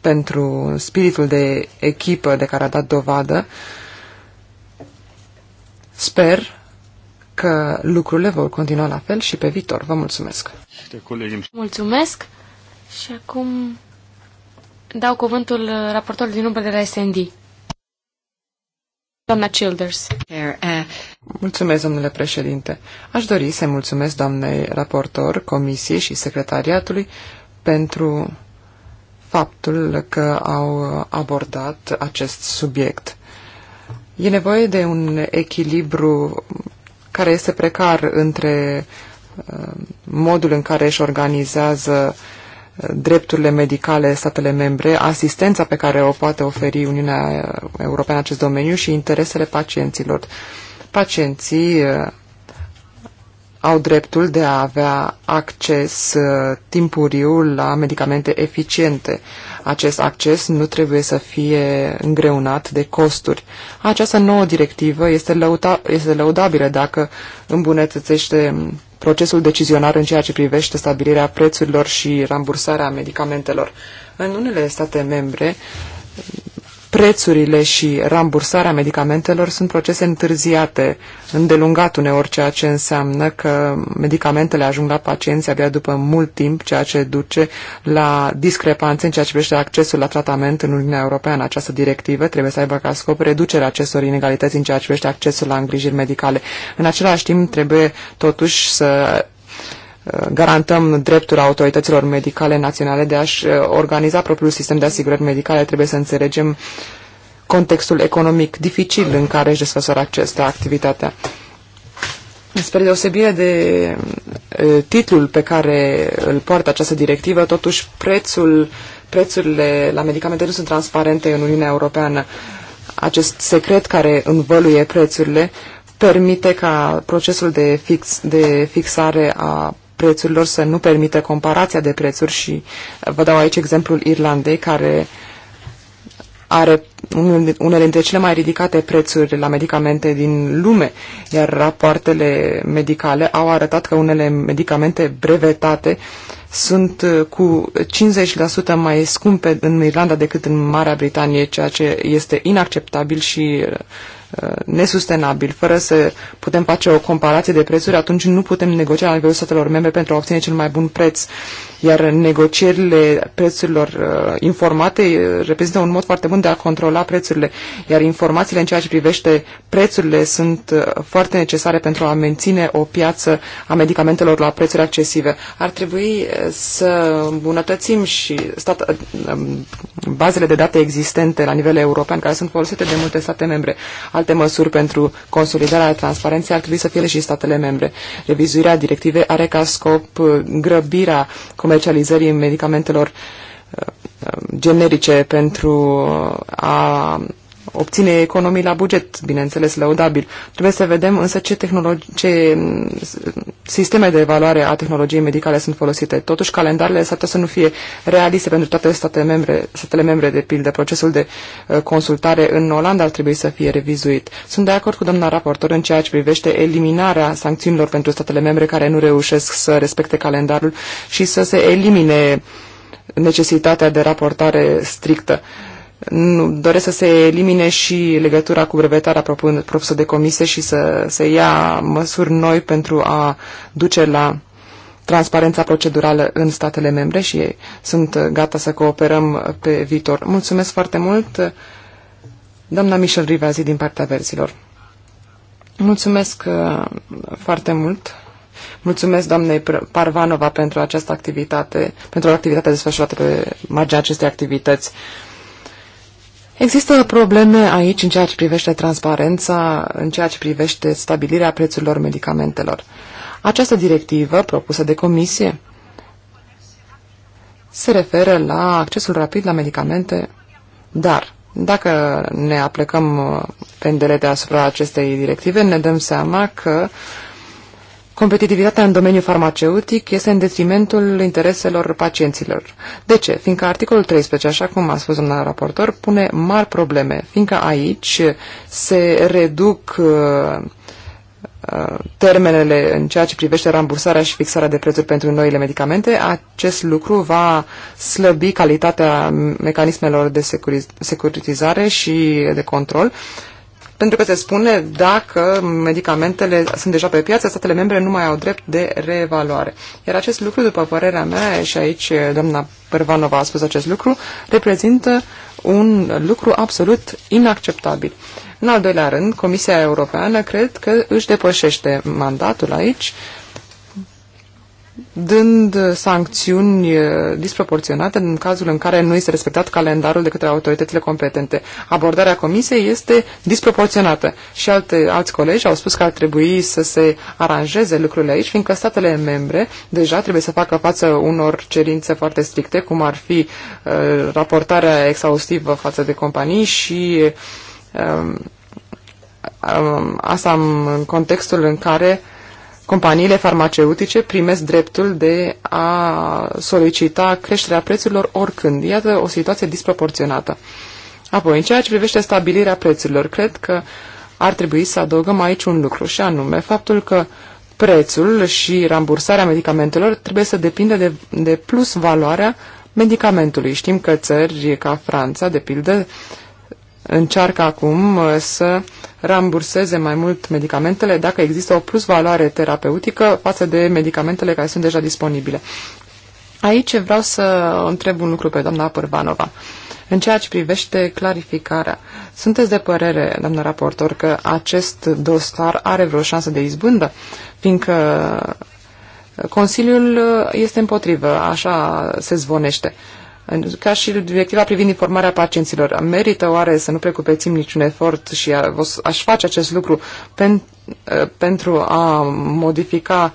pentru spiritul de echipă de care a dat dovadă Sper că lucrurile vor continua la fel și pe viitor. Vă mulțumesc!
Mulțumesc și acum dau cuvântul raportorului din umbră de la SND. Doamna Childers.
Mulțumesc, domnule președinte. Aș dori să mulțumesc doamnei raportor, comisiei și secretariatului pentru faptul că au abordat acest subiect. E nevoie de un echilibru care este precar între uh, modul în care își organizează uh, drepturile medicale statele membre, asistența pe care o poate oferi Uniunea Europeană în acest domeniu și interesele pacienților. Pacienții uh, au dreptul de a avea acces timpuriu la medicamente eficiente. Acest acces nu trebuie să fie îngreunat de costuri. Această nouă directivă este, lăuta, este lăudabilă dacă îmbunătățește procesul decizionar în ceea ce privește stabilirea prețurilor și rambursarea medicamentelor. În unele state membre, prețurile și rambursarea medicamentelor sunt procese întârziate, îndelungat uneori, ceea ce înseamnă că medicamentele ajung la pacienți abia după mult timp, ceea ce duce la discrepanțe în ceea ce privește accesul la tratament în Uniunea Europeană. Această directivă trebuie să aibă ca scop reducerea acestor inegalități în ceea ce privește accesul la îngrijiri medicale. În același timp, trebuie totuși să garantăm dreptul autorităților medicale naționale de a-și uh, organiza propriul sistem de asigurări medicale, trebuie să înțelegem contextul economic dificil în care își desfășoară această activitate. Spre deosebire de uh, titlul pe care îl poartă această directivă, totuși prețul, prețurile la medicamente nu sunt transparente în Uniunea Europeană. Acest secret care învăluie prețurile permite ca procesul de, fix, de fixare a prețurilor să nu permită comparația de prețuri și uh, vă dau aici exemplul Irlandei care are unele dintre cele mai ridicate prețuri la medicamente din lume, iar rapoartele medicale au arătat că unele medicamente brevetate sunt uh, cu 50% mai scumpe în Irlanda decât în Marea Britanie, ceea ce este inacceptabil și uh, Uh, nesustenabil, fără să putem face o comparație de prețuri, atunci nu putem negocia la nivelul statelor membre pentru a obține cel mai bun preț. Iar negocierile prețurilor uh, informate uh, reprezintă un mod foarte bun de a controla prețurile, iar informațiile în ceea ce privește prețurile sunt uh, foarte necesare pentru a menține o piață a medicamentelor la prețuri accesive. Ar trebui uh, să îmbunătățim și stat, uh, bazele de date existente la nivel european, care sunt folosite de multe state membre. Ar Alte măsuri pentru consolidarea transparenței ar trebui să fie și statele membre. Revizuirea directivei are ca scop uh, grăbirea comercializării medicamentelor uh, uh, generice pentru a obține economii la buget, bineînțeles, lăudabil. Trebuie să vedem însă ce, ce sisteme de evaluare a tehnologiei medicale sunt folosite. Totuși, calendarele s-ar să nu fie realiste pentru toate statele membre, statele membre, de pildă. Procesul de uh, consultare în Olanda ar trebui să fie revizuit. Sunt de acord cu doamna raportor în ceea ce privește eliminarea sancțiunilor pentru statele membre care nu reușesc să respecte calendarul și să se elimine necesitatea de raportare strictă. Uh, nu, doresc să se elimine și legătura cu brevetarea propusă de comise și să, să ia măsuri noi pentru a duce la transparența procedurală în statele membre și sunt gata să cooperăm pe viitor. Mulțumesc foarte mult, doamna Michel Rivazi din partea verzilor. Mulțumesc uh, foarte mult. Mulțumesc doamnei Parvanova pentru această activitate, pentru activitatea desfășurată pe marginea acestei activități. Există probleme aici în ceea ce privește transparența, în ceea ce privește stabilirea prețurilor medicamentelor. Această directivă propusă de comisie se referă la accesul rapid la medicamente, dar dacă ne aplecăm uh, pendele asupra acestei directive, ne dăm seama că uh, Competitivitatea în domeniul farmaceutic este în detrimentul intereselor pacienților. De ce? Fiindcă articolul 13, așa cum a spus domnul raportor, pune mari probleme, fiindcă aici se reduc uh, uh, termenele în ceea ce privește rambursarea și fixarea de prețuri pentru noile medicamente, acest lucru va slăbi calitatea mecanismelor de securitizare și de control, pentru că se spune dacă medicamentele sunt deja pe piață, statele membre nu mai au drept de reevaluare. Iar acest lucru, după părerea mea, și aici doamna Pervanova a spus acest lucru, reprezintă un lucru absolut inacceptabil. În al doilea rând, Comisia Europeană cred că își depășește mandatul aici, uh, dând uh, sancțiuni uh, disproporționate în cazul în care nu este respectat calendarul de către autoritățile competente. Abordarea comisiei este disproporționată și alte, alți colegi au spus că ar trebui să se aranjeze lucrurile aici, fiindcă statele membre deja trebuie să facă față unor cerințe foarte stricte, cum ar fi uh, raportarea exhaustivă față de companii și uh, asta în contextul în care uh, companiile farmaceutice primesc dreptul de a solicita creșterea prețurilor oricând. Iată o situație disproporționată. Apoi, în ceea ce privește stabilirea prețurilor, cred că ar trebui să adăugăm aici un lucru, și anume faptul că prețul și rambursarea medicamentelor trebuie să depindă de, de plus valoarea medicamentului. Știm că țări ca Franța, de pildă, încearcă acum uh, să ramburseze mai mult medicamentele dacă există o plusvaloare terapeutică față de medicamentele care sunt deja disponibile. Aici vreau să întreb un lucru pe doamna Părvanova. În ceea ce privește clarificarea, sunteți de părere, doamnă raportor, că acest dosar are vreo șansă de izbândă, fiindcă Consiliul uh, este împotrivă, așa se zvonește ca și directiva privind informarea pacienților. Merită oare să nu precupețim niciun efort și aș face acest lucru pen, pentru a modifica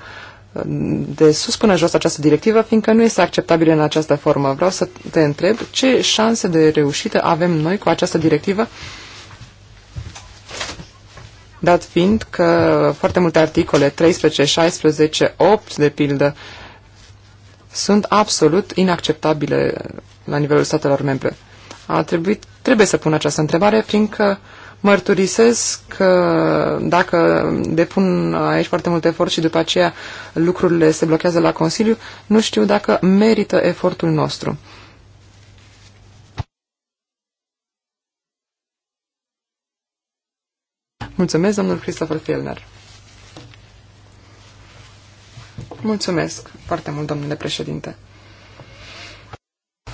de sus până jos această directivă, fiindcă nu este acceptabilă în această formă. Vreau să te întreb ce șanse de reușită avem noi cu această directivă, dat fiind că foarte multe articole, 13, 16, 8 de pildă, uh, sunt absolut inacceptabile la nivelul statelor membre. A trebuit, trebuie să pun această întrebare, fiindcă mărturisesc că dacă depun aici foarte mult efort și după aceea lucrurile se blochează la Consiliu, nu știu dacă merită efortul nostru. Mulțumesc, domnul Christopher Fielner. Mulțumesc foarte mult, domnule președinte.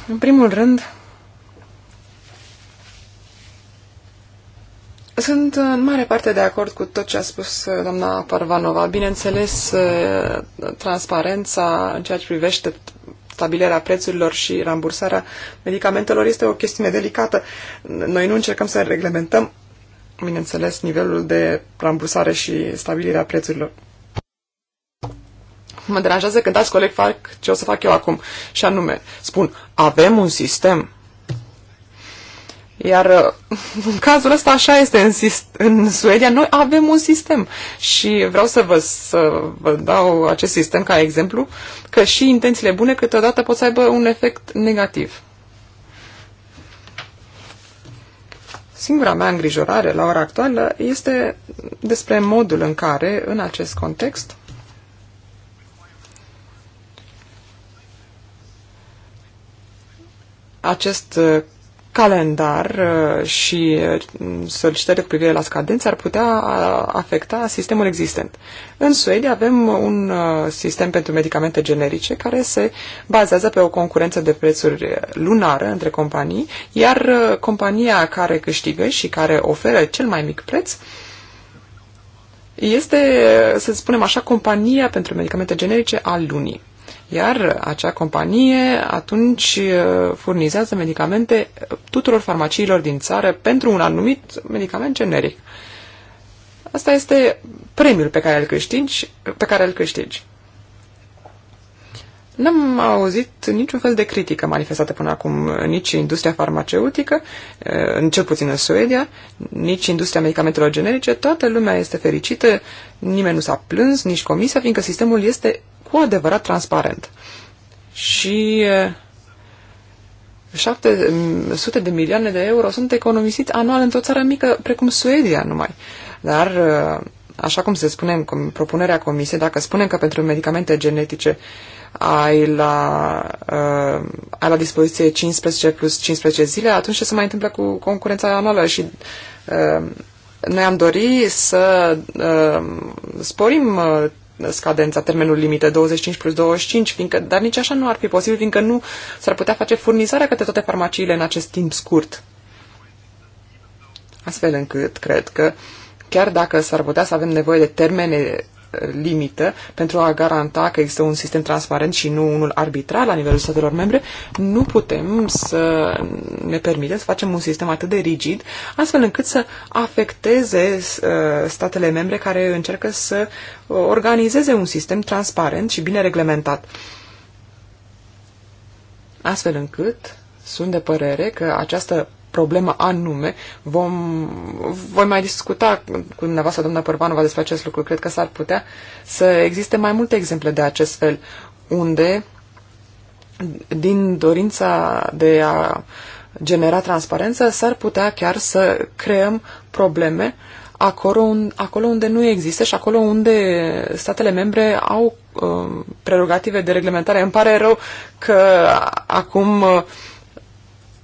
În primul rând, Sunt în mare parte de acord cu tot ce a spus uh, doamna Parvanova. Bineînțeles, uh, transparența în ceea ce privește stabilirea prețurilor și rambursarea medicamentelor este o chestiune delicată. Noi nu încercăm să reglementăm, bineînțeles, nivelul de rambursare și stabilirea prețurilor mă deranjează când alți colegi fac ce o să fac eu acum. Și anume, spun, avem un sistem. Iar uh, în cazul ăsta așa este în, în Suedia, noi avem un sistem și vreau să vă, să vă dau acest sistem ca exemplu că și intențiile bune câteodată pot să aibă un efect negativ. Singura mea îngrijorare la ora actuală este despre modul în care, în acest context, acest uh, calendar uh, și uh, solicitări cu privire la scadențe ar putea afecta sistemul existent. În Suedia avem un sistem pentru medicamente generice care se bazează pe o concurență de prețuri lunară între companii, iar compania care câștigă și care oferă cel mai mic preț este, să spunem așa, compania pentru medicamente generice a lunii. Iar acea companie atunci uh, furnizează medicamente uh, tuturor farmaciilor din țară pentru un anumit medicament generic. Asta este premiul pe care îl câștigi, uh, pe care îl câștigi. N-am auzit niciun fel de critică manifestată până acum nici industria farmaceutică, în cel puțin în Suedia, nici industria medicamentelor generice. Toată lumea este fericită, nimeni nu s-a plâns, nici comisia, fiindcă sistemul este cu adevărat transparent. Și 700 de milioane de euro sunt economisiți anual într-o țară mică precum Suedia numai. Dar, așa cum se spune în propunerea comisiei, dacă spunem că pentru medicamente genetice ai la, uh, ai la dispoziție 15 plus 15 zile, atunci ce se mai întâmplă cu concurența anuală? Și uh, noi am dori să uh, sporim uh, scadența, termenul limită 25 plus 25, fiindcă, dar nici așa nu ar fi posibil, fiindcă nu s-ar putea face furnizarea către toate farmaciile în acest timp scurt. Astfel încât, cred că, chiar dacă s-ar putea să avem nevoie de termene limită pentru a garanta că există un sistem transparent și nu unul arbitrar la nivelul statelor membre, nu putem să ne permitem să facem un sistem atât de rigid, astfel încât să afecteze uh, statele membre care încearcă să uh, organizeze un sistem transparent și bine reglementat. Astfel încât sunt de părere că această problemă anume. Vom, voi mai discuta cu dumneavoastră, doamna Părbanova, despre acest lucru. Cred că s-ar putea să existe mai multe exemple de acest fel, unde din dorința de a genera transparență, s-ar putea chiar să creăm probleme acolo, un, acolo unde nu există și acolo unde statele membre au uh, prerogative de reglementare. Îmi pare rău că acum uh,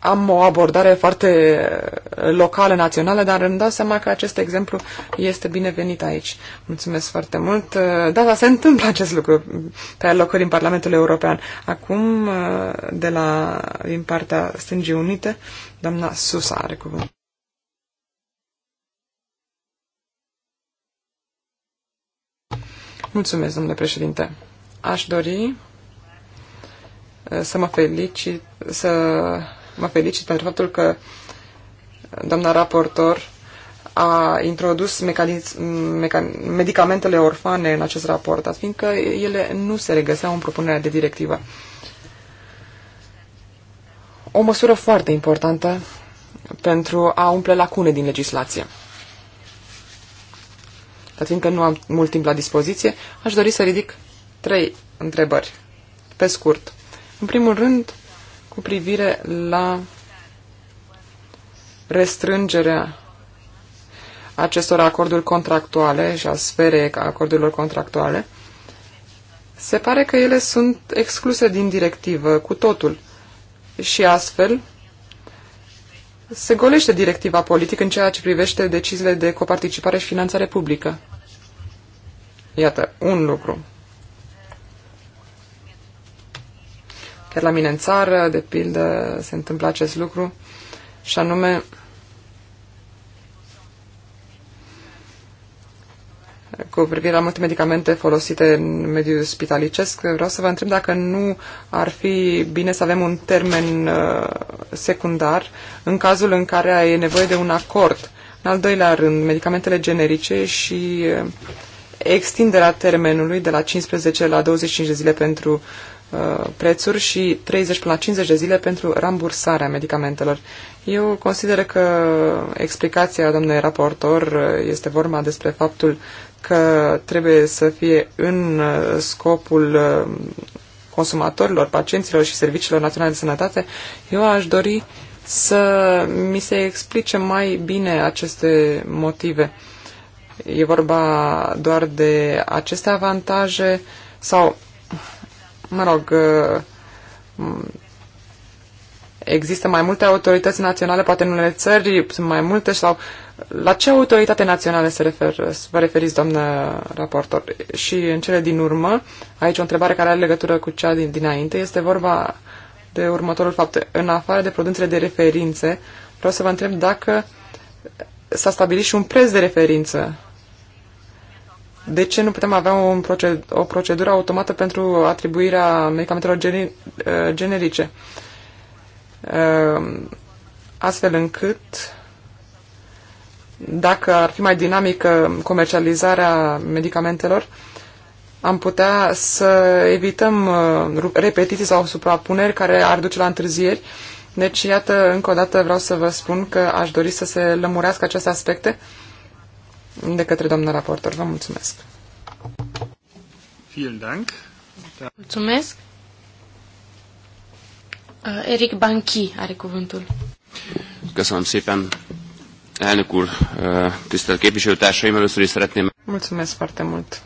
am o abordare foarte locală, națională, dar îmi dau seama că acest exemplu este binevenit aici. Mulțumesc foarte mult. Da, dar se întâmplă acest lucru pe locuri în Parlamentul European. Acum, de la, din partea Stângii Unite, doamna Susa are cuvânt. Mulțumesc, domnule președinte. Aș dori să mă felicit, să mă felicit pentru faptul că doamna raportor a introdus medicamentele orfane în acest raport, fiindcă ele nu se regăseau în propunerea de directivă. O măsură foarte importantă pentru a umple lacune din legislație. Dar fiindcă nu am mult timp la dispoziție, aș dori să ridic trei întrebări, pe scurt. În primul rând, cu privire la restrângerea acestor acorduri contractuale și a sferei acordurilor contractuale, se pare că ele sunt excluse din directivă cu totul și astfel se golește directiva politică în ceea ce privește deciziile de coparticipare și finanțare publică. Iată, un lucru. chiar la mine în țară, de pildă, se întâmplă acest lucru și anume cu privire la multe medicamente folosite în mediul spitalicesc, vreau să vă întreb dacă nu ar fi bine să avem un termen uh, secundar în cazul în care e nevoie de un acord. În al doilea rând, medicamentele generice și uh, extinderea termenului de la 15 la 25 de zile pentru Uh, prețuri și 30 până la 50 de zile pentru rambursarea medicamentelor. Eu consider că explicația domnului raportor uh, este vorba despre faptul că trebuie să fie în uh, scopul consumatorilor, pacienților și serviciilor naționale de sănătate. Eu aș dori să mi se explice mai bine aceste motive. E vorba doar de aceste avantaje sau mă rog, uh, există mai multe autorități naționale, poate în unele țări sunt mai multe sau la ce autoritate națională se refer, vă referiți, doamnă raportor? Și în cele din urmă, aici o întrebare care are legătură cu cea din, dinainte, este vorba de următorul fapt. În afară de produsele de referințe, vreau să vă întreb dacă s-a stabilit și un preț de referință de ce nu putem avea un proced- o procedură automată pentru atribuirea medicamentelor geni- uh, generice? Uh, astfel încât, dacă ar fi mai dinamică comercializarea medicamentelor, am putea să evităm uh, repetiții sau suprapuneri care ar duce la întârzieri. Deci, iată, încă o dată vreau să vă spun că aș dori să se lămurească aceste aspecte de către doamna raportor. Vă mulțumesc! Da. Mulțumesc!
Uh, Eric Banchi are cuvântul. Köszönöm szépen, elnök uh, tisztelt képviselőtársaim, először is szeretném...
Mulțumesc foarte mult,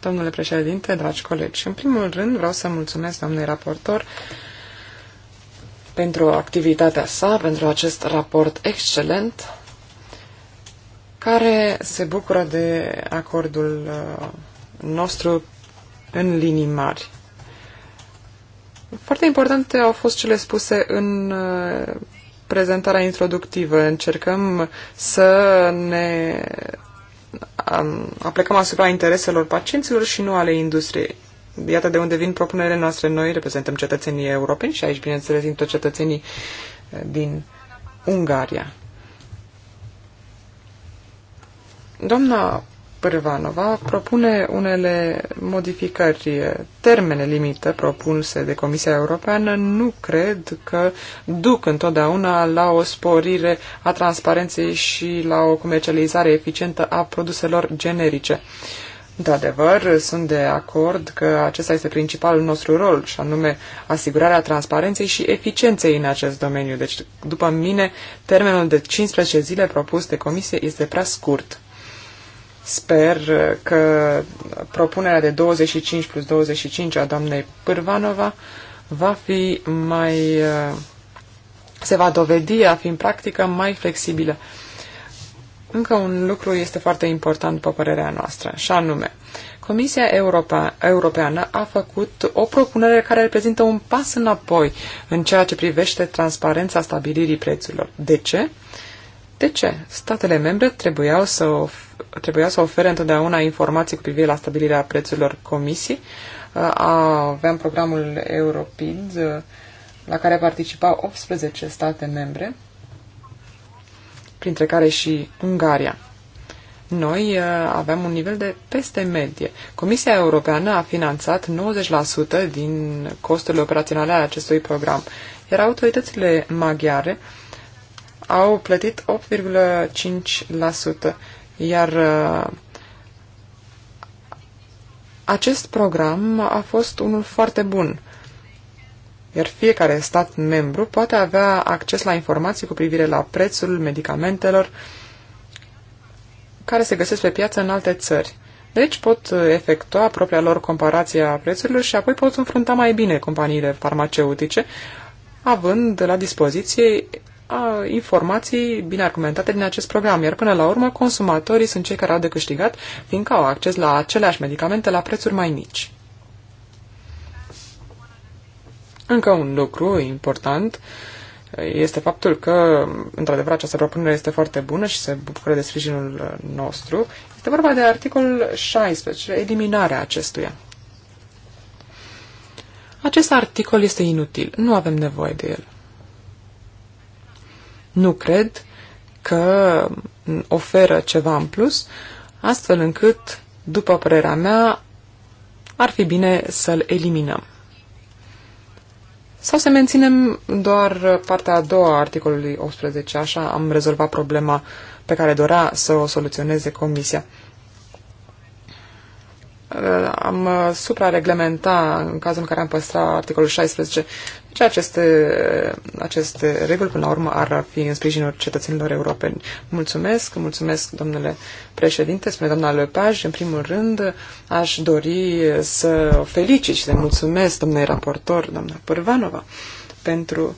domnule președinte, dragi colegi. În primul rând vreau să mulțumesc domnului raportor pentru activitatea sa, pentru acest raport excelent care se bucură de acordul uh, nostru în linii mari. Foarte importante au fost cele spuse în uh, prezentarea introductivă. Încercăm să ne um, aplicăm asupra intereselor pacienților și nu ale industriei. Iată de unde vin propunerile noastre. Noi reprezentăm cetățenii europeni și aici, bineînțeles, intră cetățenii uh, din Ungaria. Doamna Părvanova propune unele modificări. Termene limită propunse de Comisia Europeană nu cred că duc întotdeauna la o sporire a transparenței și la o comercializare eficientă a produselor generice. Într-adevăr, sunt de acord că acesta este principalul nostru rol, și anume asigurarea transparenței și eficienței în acest domeniu. Deci, după mine, termenul de 15 zile propus de comisie este prea scurt. Sper că propunerea de 25 plus 25 a doamnei Pârvanova va fi mai uh, se va dovedi a fi în practică mai flexibilă. Încă un lucru este foarte important, după părerea noastră, și anume, Comisia Europa, Europeană a făcut o propunere care reprezintă un pas înapoi în ceea ce privește transparența stabilirii prețurilor. De ce? De ce? Statele membre trebuiau să, of- trebuiau să ofere întotdeauna informații cu privire la stabilirea prețurilor comisii. Aveam programul Europid uh, la care participau 18 state membre, printre care și Ungaria. Noi uh, aveam un nivel de peste medie. Comisia Europeană a finanțat 90% din costurile operaționale ale acestui program, iar autoritățile maghiare uh, au plătit 8,5%, iar uh, acest program a fost unul foarte bun, iar fiecare stat membru poate avea acces la informații cu privire la prețul medicamentelor care se găsesc pe piață în alte țări. Deci pot uh, efectua propria lor comparație a prețurilor și apoi pot înfrunta mai bine companiile farmaceutice, având la dispoziție a, informații bine argumentate din acest program, iar până la urmă consumatorii sunt cei care au de câștigat, fiindcă au acces la aceleași medicamente la prețuri mai mici. Încă un lucru important este faptul că, într-adevăr, această propunere este foarte bună și se bucură de sprijinul nostru. Este vorba de articolul 16, eliminarea acestuia. Acest articol este inutil, nu avem nevoie de el nu cred că oferă ceva în plus, astfel încât, după părerea mea, ar fi bine să-l eliminăm. Sau să menținem doar partea a doua a articolului 18, așa am rezolvat problema pe care dorea să o soluționeze Comisia. Uh, am uh, suprareglementa în cazul în care am păstrat articolul 16. Deci aceste, aceste reguli, până la urmă, ar fi în sprijinul cetățenilor europeni. Mulțumesc, mulțumesc, domnule președinte, spune doamna Lepaj. În primul rând, aș dori să o felicit și să mulțumesc, domnule raportor, doamna Părvanova, pentru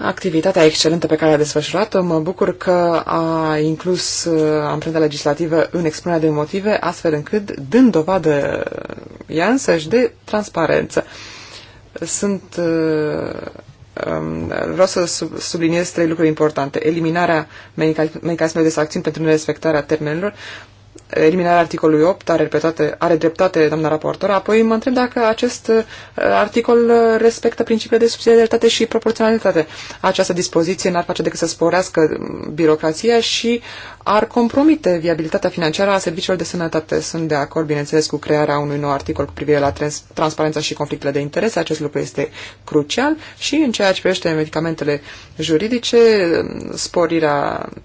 activitatea excelentă pe care a desfășurat-o. Mă bucur că a inclus uh, amprenta legislativă în expunerea de motive, astfel încât, dând dovadă ea însăși de transparență. Sunt uh, um, vreau să subliniez trei lucruri importante. Eliminarea mecanismelor de sancțiuni pentru nerespectarea termenelor, eliminarea articolului 8 are, repetate, are dreptate doamna raportor, apoi mă întreb dacă acest uh, articol uh, respectă principiile de subsidiaritate și proporționalitate. Această dispoziție n-ar face decât să sporească um, birocrația și ar compromite viabilitatea financiară a serviciilor de sănătate. Sunt de acord, bineînțeles, cu crearea unui nou articol cu privire la trans- transparența și conflictele de interese. Acest lucru este crucial și în ceea ce privește medicamentele juridice, um, sporirea uh,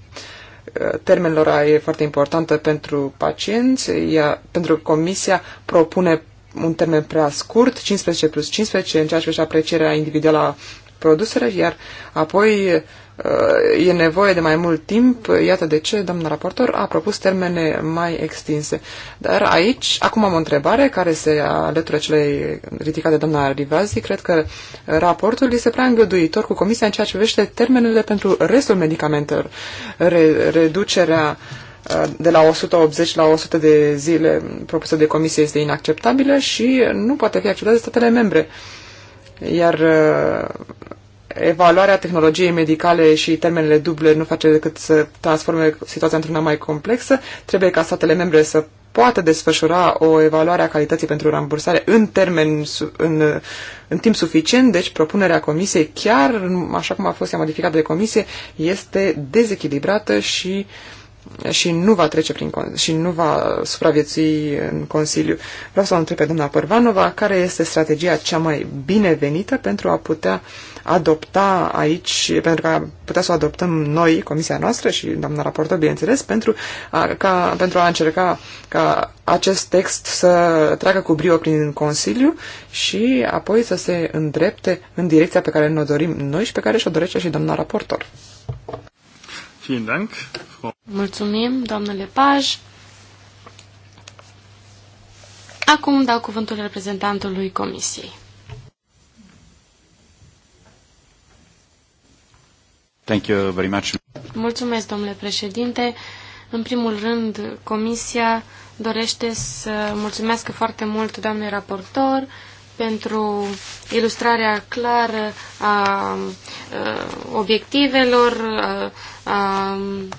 termenilor e foarte importantă pentru pacienți, ea, pentru comisia propune un termen prea scurt, 15 plus 15, în ceea ce privește aprecierea individuală a produselor, iar apoi e nevoie de mai mult timp, iată de ce doamna raportor a propus termene mai extinse. Dar aici, acum am o întrebare care se alătură celei ridicate de doamna Rivazi. Cred că raportul este prea îngăduitor cu Comisia în ceea ce privește termenele pentru restul medicamentelor. Re- reducerea uh, de la 180 la 100 de zile propusă de comisie este inacceptabilă și nu poate fi acceptată de statele membre. Iar uh, evaluarea tehnologiei medicale și termenele duble nu face decât să transforme situația într-una mai complexă. Trebuie ca statele membre să poată desfășura o evaluare a calității pentru rambursare în termen, în, în timp suficient, deci propunerea comisiei, chiar așa cum a fost ea modificată de comisie, este dezechilibrată și uh, și nu va trece prin și nu va supraviețui în Consiliu. Vreau să o întreb pe doamna Părvanova care este strategia cea mai binevenită pentru a putea adopta aici, pentru că putea să o adoptăm noi, comisia noastră și doamna raportor, bineînțeles, pentru a, ca, pentru a încerca ca acest text să treacă cu brio prin Consiliu și apoi să se îndrepte în direcția pe care ne-o dorim noi și pe care și-o dorește și doamna raportor.
Mulțumim, domnule Paj. Acum dau cuvântul reprezentantului Comisiei.
Thank you very much.
Mulțumesc, domnule președinte. În primul rând, Comisia dorește să mulțumească foarte mult doamnei raportor pentru ilustrarea clară a, a obiectivelor, a, a um,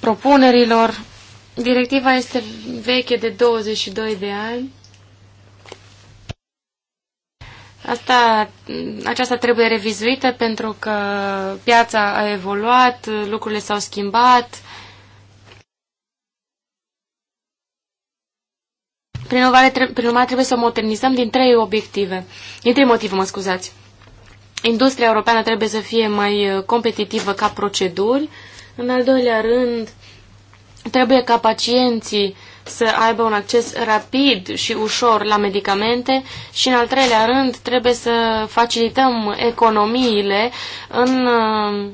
propunerilor. Directiva este veche de 22 de ani. Asta, aceasta trebuie revizuită pentru că piața a evoluat, lucrurile s-au schimbat. Prin urmare, trebuie, prin urmare, trebuie să o modernizăm din trei obiective, din trei motive, mă scuzați. Industria europeană trebuie să fie mai uh, competitivă ca proceduri. În al doilea rând, trebuie ca pacienții să aibă un acces rapid și ușor la medicamente și, în al treilea rând, trebuie să facilităm economiile în uh,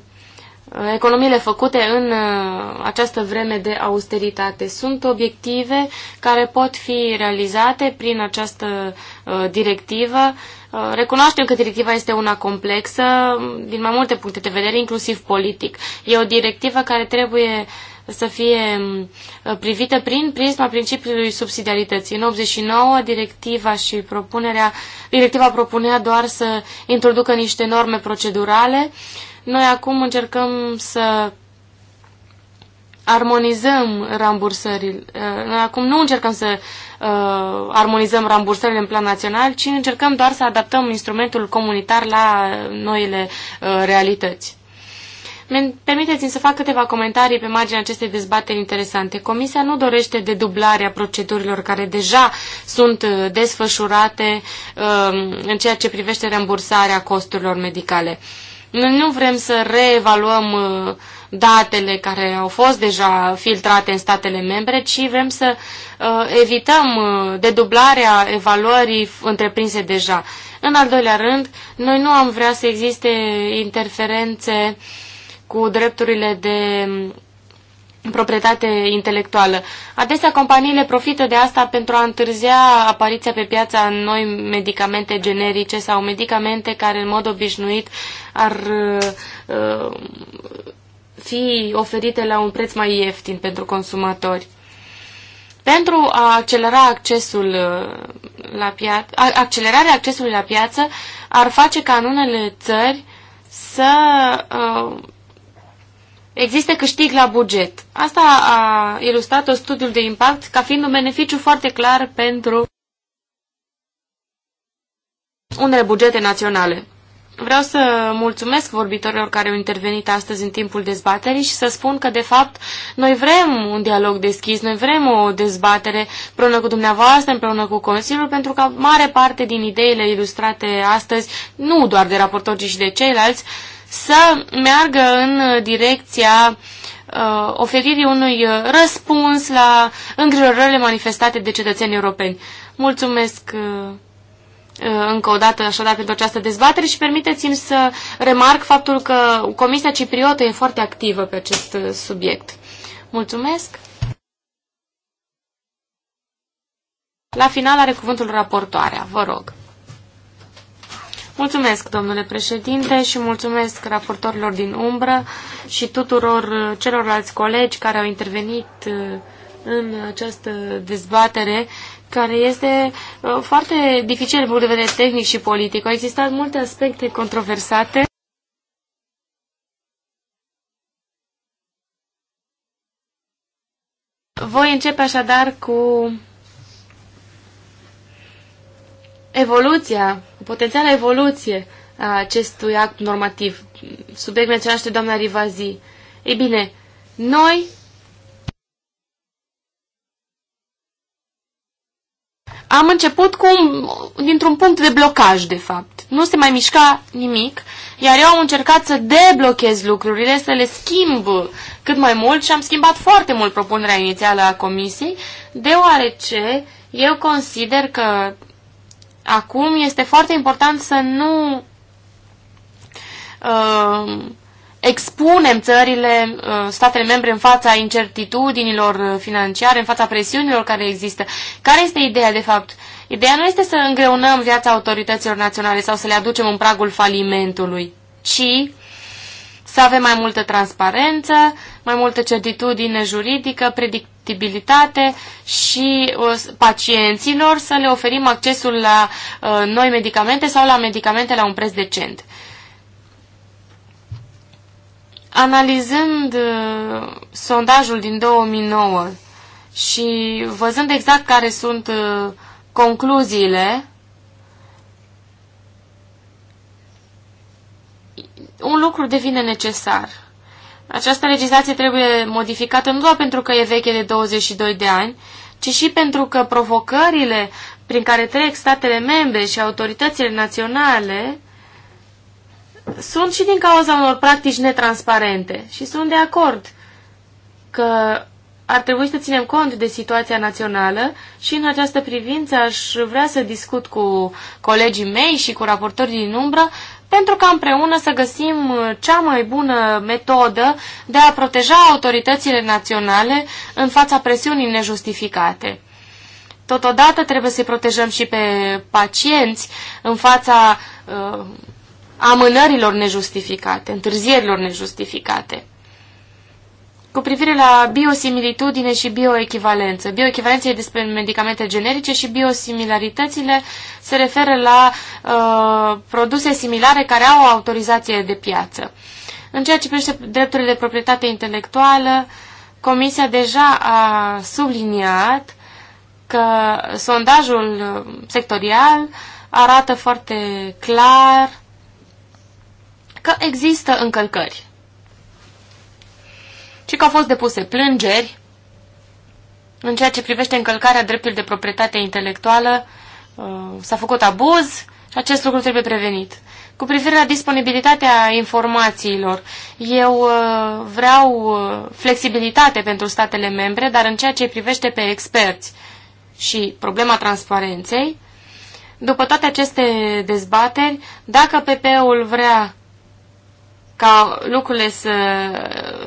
economiile făcute în uh, această vreme de austeritate. Sunt obiective care pot fi realizate prin această directivă Uh, recunoaștem că directiva este una complexă din mai multe puncte de vedere, inclusiv politic. E o directivă care trebuie să fie uh, privită prin prisma principiului subsidiarității. În 89, directiva și propunerea, directiva propunea doar să introducă niște norme procedurale. Noi acum încercăm să armonizăm rambursările. Uh, noi acum nu încercăm să uh, armonizăm rambursările în plan național, ci încercăm doar să adaptăm instrumentul comunitar la noile uh, realități. Permiteți-mi să fac câteva comentarii pe marginea acestei dezbateri interesante. Comisia nu dorește dedublarea procedurilor care deja sunt uh, desfășurate um, în ceea ce privește rambursarea costurilor medicale. Noi nu vrem să reevaluăm uh, datele care au fost deja filtrate în statele membre, ci vrem să uh, evităm uh, dedublarea evaluării întreprinse deja. În al doilea rând, noi nu am vrea să existe interferențe cu drepturile de um, proprietate intelectuală. Adesea companiile profită de asta pentru a întârzia apariția pe piața noi medicamente generice sau medicamente care în mod obișnuit ar uh, fi oferite la un preț mai ieftin pentru consumatori. Pentru a accelera accesul uh, la piață, accelerarea accesului la piață ar face ca în unele țări să uh, existe câștig la buget. Asta a ilustrat-o studiul de impact ca fiind un beneficiu foarte clar pentru unele bugete naționale. Vreau să mulțumesc vorbitorilor care au intervenit astăzi în timpul dezbaterii și să spun că, de fapt, noi vrem un dialog deschis, noi vrem o dezbatere împreună cu dumneavoastră, împreună cu Consiliul, pentru că mare parte din ideile ilustrate astăzi, nu doar de raportori, ci și de ceilalți, să meargă în direcția uh, oferirii unui răspuns la îngrijorările manifestate de cetățenii europeni. Mulțumesc! Uh Uh, încă o dată așadar pentru această dezbatere și permiteți-mi să remarc faptul că Comisia Cipriotă e foarte activă pe acest uh, subiect. Mulțumesc! La final are cuvântul raportoarea, vă rog. Mulțumesc, domnule președinte, și mulțumesc raportorilor din umbră și tuturor uh, celorlalți colegi care au intervenit în această dezbatere care este uh, foarte dificil din punct de vedere tehnic și politic. Au existat multe aspecte controversate. Voi începe așadar cu evoluția, potențiala evoluție a acestui act normativ, subiect menționat de doamna Rivazi. Ei bine, noi am început cu un, dintr-un punct de blocaj, de fapt. Nu se mai mișca nimic, iar eu am încercat să deblochez lucrurile, să le schimb cât mai mult și am schimbat foarte mult propunerea inițială a comisiei, deoarece eu consider că acum este foarte important să nu uh, expunem țările, uh, statele membre în fața incertitudinilor uh, financiare, în fața presiunilor care există. Care este ideea, de fapt? Ideea nu este să îngreunăm viața autorităților naționale sau să le aducem în pragul falimentului, ci să avem mai multă transparență, mai multă certitudine juridică, predictibilitate și uh, pacienților să le oferim accesul la noi medicamente sau la medicamente la un preț decent. Analizând uh, sondajul din 2009 și văzând exact care sunt uh, concluziile, un lucru devine necesar. Această legislație trebuie modificată nu doar pentru că e veche de 22 de ani, ci și pentru că provocările prin care trec statele membre și autoritățile naționale sunt și din cauza unor practici netransparente și sunt de acord că ar trebui să ținem cont de situația națională și în această privință aș vrea să discut cu colegii mei și cu raportorii din umbră pentru ca împreună să găsim cea mai bună metodă de a proteja autoritățile naționale în fața presiunii nejustificate. Totodată trebuie să protejăm și pe pacienți în fața uh, amânărilor nejustificate, întârzierilor nejustificate. Cu privire la biosimilitudine și bioechivalență. Bioechivalența e despre medicamente generice și biosimilaritățile se referă la uh, produse similare care au o autorizație de piață. În ceea ce privește drepturile de proprietate intelectuală, Comisia deja a subliniat că sondajul sectorial arată foarte clar uh, că există încălcări ci că au fost depuse plângeri în ceea ce privește încălcarea dreptului de proprietate intelectuală, uh, s-a făcut abuz și acest lucru trebuie prevenit. Cu privire la disponibilitatea informațiilor, eu uh, vreau uh, flexibilitate pentru statele membre, dar în ceea ce privește pe experți și problema transparenței, după toate aceste dezbateri, dacă PP-ul vrea ca lucrurile să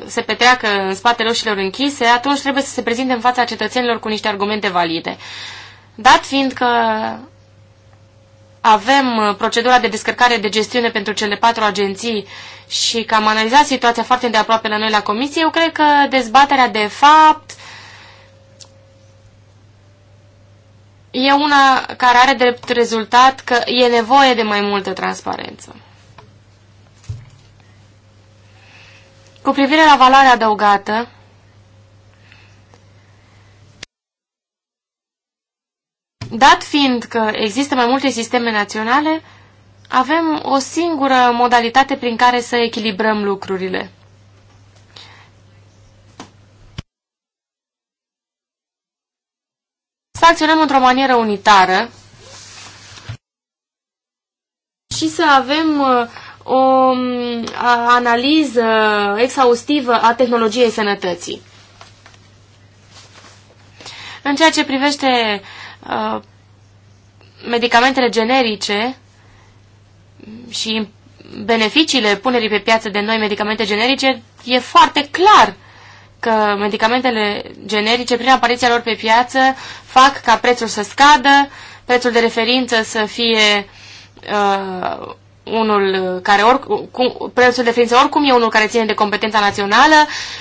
se petreacă în spatele ușilor închise, atunci trebuie să se prezinte în fața cetățenilor cu niște argumente valide. Dat fiind că avem procedura de descărcare de gestiune pentru cele patru agenții și că am analizat situația foarte de aproape la noi la comisie, eu cred că dezbaterea de fapt e una care are drept rezultat că e nevoie de mai multă transparență. Cu privire la valoarea adăugată, dat fiind că există mai multe sisteme naționale, avem o singură modalitate prin care să echilibrăm lucrurile. Să acționăm într-o manieră unitară și să avem uh, o um, analiză exhaustivă a tehnologiei sănătății. În ceea ce privește uh, medicamentele generice și beneficiile punerii pe piață de noi medicamente generice, e foarte clar că medicamentele generice, prin apariția lor pe piață, fac ca prețul să scadă, prețul de referință să fie uh, unul care oricum, prețul de ființă oricum e unul care ține de competența națională,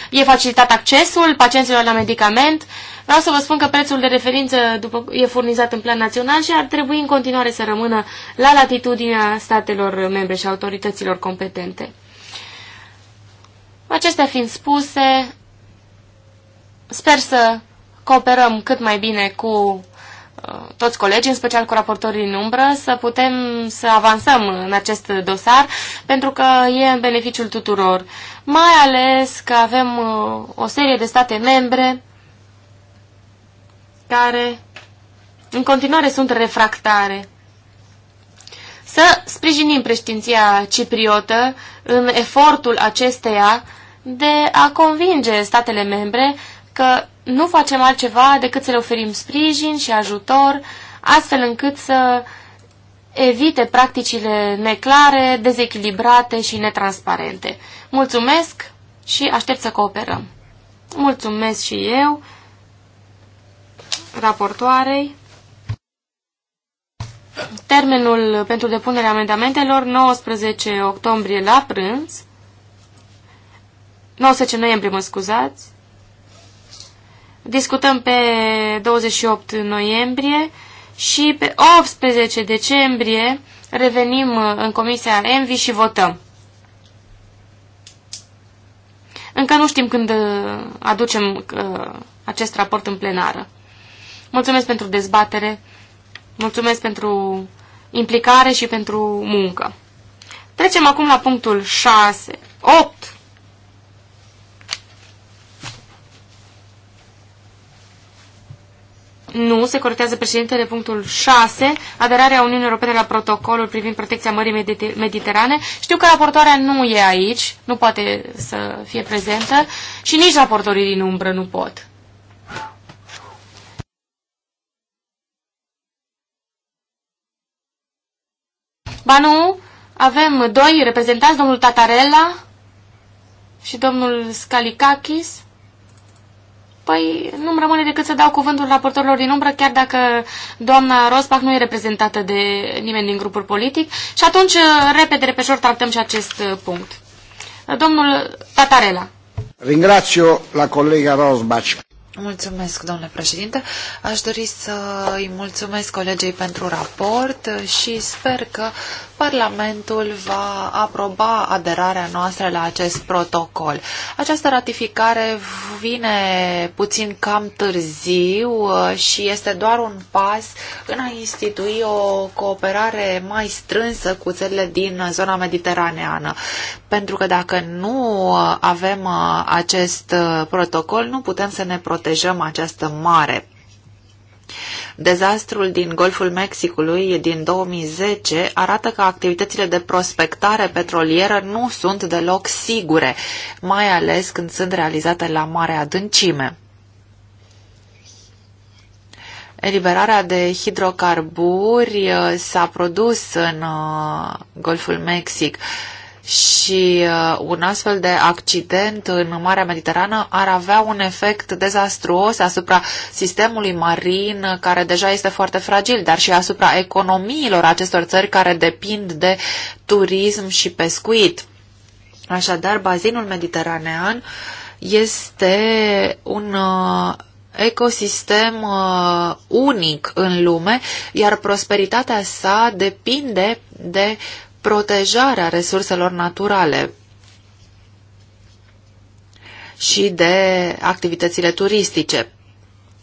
e facilitat accesul pacienților la medicament. Vreau să vă spun că prețul de referință după, e furnizat în plan național și ar trebui în continuare să rămână la latitudinea statelor membre și autorităților competente. Acestea fiind spuse, sper să cooperăm cât mai bine cu toți colegii, în special cu raportorii în umbră, să putem să avansăm în acest dosar, pentru că e în beneficiul tuturor. Mai ales că avem uh, o serie de state membre care în continuare sunt refractare. Să sprijinim preștinția cipriotă în efortul acesteia de a convinge statele membre că nu facem altceva decât să le oferim sprijin și ajutor, astfel încât să evite practicile neclare, dezechilibrate și netransparente. Mulțumesc și aștept să cooperăm. Mulțumesc și eu raportoarei. Termenul pentru depunerea amendamentelor 19 octombrie la prânz, 19 noiembrie, mă scuzați, Discutăm pe 28 noiembrie și pe 18 decembrie revenim uh, în Comisia Envi și votăm. Încă nu știm când uh, aducem uh, acest raport în plenară. Mulțumesc pentru dezbatere, mulțumesc pentru implicare și pentru muncă. Trecem acum la punctul 6, 8 Nu, se corectează președintele punctul 6, aderarea Uniunii Europene la protocolul privind protecția Mării Mediter Mediterane. Știu că raportoarea nu e aici, nu poate să fie prezentă și nici raportorii din umbră nu pot. Ba nu, avem doi reprezentanți, domnul Tatarella și domnul Scalicakis. Păi nu-mi rămâne decât să dau cuvântul raportorilor din umbră, chiar dacă doamna Rosbach nu e reprezentată de nimeni din grupul politic. Și atunci, uh, repede, repejor, tratăm și acest uh, punct. Domnul Tatarela.
Ringrazio la colega Rosbach.
Mulțumesc, domnule președinte. Aș dori să îi mulțumesc colegei pentru raport și sper că Parlamentul va aproba aderarea noastră la acest protocol. Această ratificare vine puțin cam târziu și este doar un pas în a institui o cooperare mai strânsă cu țările din zona mediteraneană. Pentru că dacă nu avem acest protocol, nu putem să ne protejăm protejăm această mare. Dezastrul din Golful Mexicului din 2010 arată că activitățile de prospectare petrolieră nu sunt deloc sigure, mai ales când sunt realizate la mare adâncime. Eliberarea de hidrocarburi uh, s-a produs în uh, Golful Mexic și uh, un astfel de accident în Marea Mediterană ar avea un efect dezastruos asupra sistemului marin, uh, care deja este foarte fragil, dar și asupra economiilor acestor țări care depind de turism și pescuit. Așadar, bazinul mediteranean este un uh, ecosistem unic în lume, iar prosperitatea sa depinde de protejarea resurselor naturale și de activitățile turistice.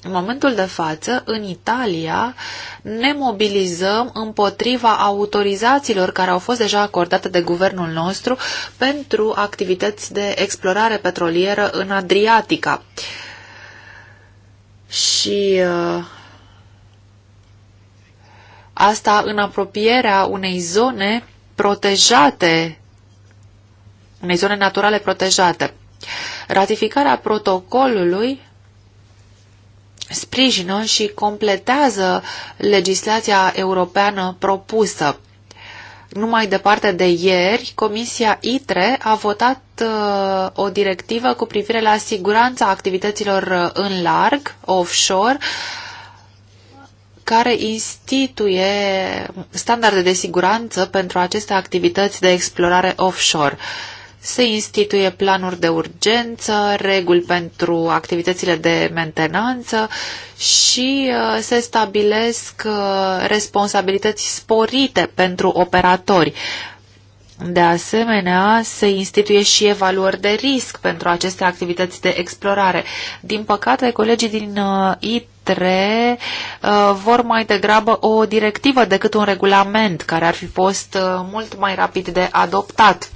În momentul de față, în Italia, ne mobilizăm împotriva autorizațiilor care au fost deja acordate de guvernul nostru pentru activități de explorare petrolieră în Adriatica. Și uh, asta în apropierea unei zone protejate, unei zone naturale protejate. Ratificarea protocolului sprijină și completează legislația europeană propusă. Nu mai departe de ieri, Comisia ITRE a votat uh, o directivă cu privire la siguranța activităților uh, în larg, offshore, uh, care instituie standarde de siguranță pentru aceste activități de explorare offshore. Se instituie planuri de urgență, reguli pentru activitățile de mentenanță și uh, se stabilesc uh, responsabilități sporite pentru operatori de asemenea, se instituie și evaluări de risc pentru aceste activități de explorare. Din păcate, colegii din uh, ITRE uh, vor mai degrabă o directivă decât un regulament care ar fi fost uh, mult mai rapid de adoptat.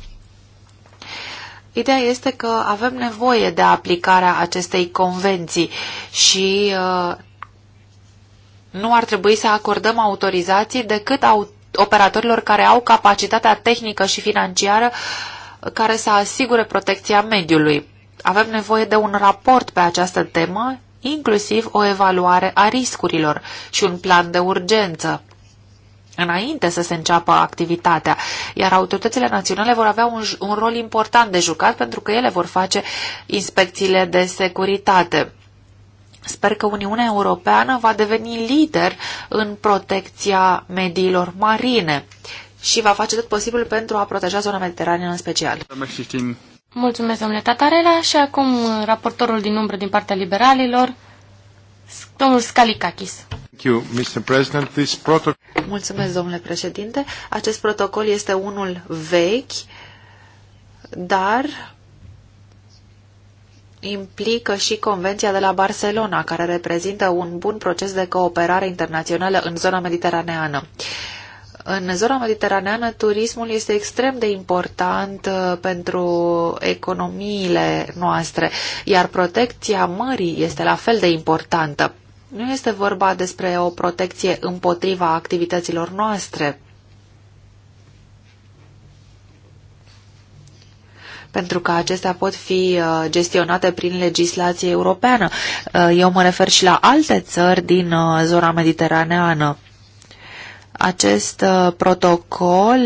Ideea este că avem nevoie de aplicarea acestei convenții și nu ar trebui să acordăm autorizații decât autorizații operatorilor care au capacitatea tehnică și financiară care să asigure protecția mediului. Avem nevoie de un raport pe această temă, inclusiv o evaluare a riscurilor și un plan de urgență înainte să se înceapă activitatea, iar autoritățile naționale vor avea un, un rol important de jucat pentru că ele vor face inspecțiile de securitate. Sper că Uniunea Europeană va deveni lider în protecția mediilor marine și va face tot posibil pentru a proteja zona mediteraneană în special.
Mulțumesc, domnule Tatarela, și acum raportorul din umbră din partea liberalilor, domnul Scalicakis.
Mulțumesc, domnule președinte. Acest protocol este unul vechi, dar implică și Convenția de la Barcelona, care reprezintă un bun proces de cooperare internațională în zona mediteraneană. În zona mediteraneană, turismul este extrem de important uh, pentru economiile noastre, iar protecția mării este la fel de importantă. Nu este vorba despre o protecție împotriva activităților noastre, pentru că acestea pot fi uh, gestionate prin legislație europeană. Uh, eu mă refer și la alte țări din uh, zona mediteraneană. Acest protocol,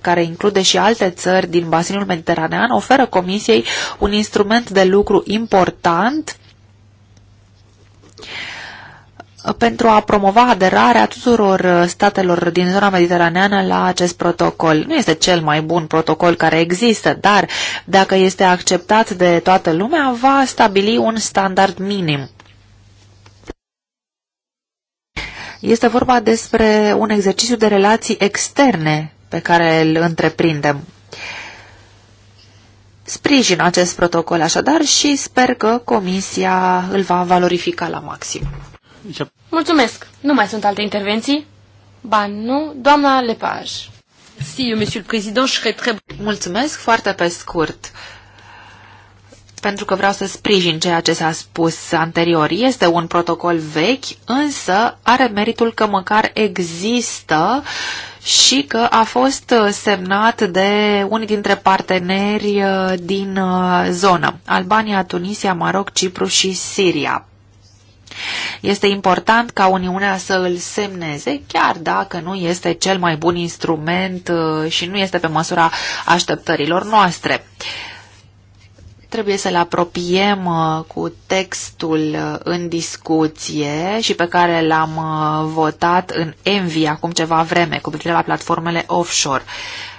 care include și alte țări din basinul mediteranean, oferă Comisiei un instrument de lucru important pentru a promova aderarea tuturor uh, statelor din zona mediteraneană la acest protocol. Nu este cel mai bun protocol care există, dar dacă este acceptat de toată lumea, va stabili un standard minim. Este vorba despre un exercițiu de relații externe pe care îl întreprindem. Sprijin acest protocol așadar și sper că Comisia îl va valorifica la maxim. Mulțumesc. Nu
mai sunt alte intervenții? Ba nu, doamna
Lepage. Si, monsieur le président, je serai très... Mulțumesc foarte pe scurt pentru că vreau să sprijin ceea ce s-a spus anterior. Este un protocol vechi, însă are meritul că măcar există și că a fost semnat de unii dintre parteneri uh, din uh, zonă, Albania, Tunisia, Maroc, Cipru și Siria. Este important ca Uniunea să îl semneze, chiar dacă nu este cel mai bun instrument uh, și nu este pe măsura așteptărilor noastre. Trebuie să-l apropiem uh, cu textul uh, în discuție și pe care l-am votat în Envi acum ceva vreme cu privire la platformele offshore.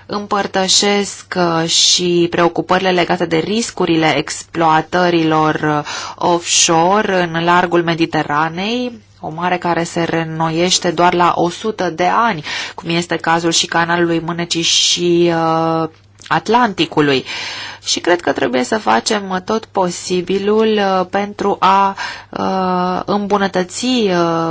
Împărtășesc uh, și preocupările legate de riscurile exploatărilor uh, offshore în largul Mediteranei, o mare care se renoiește doar la 100 de ani, cum este cazul și canalului Mânecii și uh, Atlanticului. Și cred că trebuie să facem uh, tot posibilul uh, pentru a uh, îmbunătăți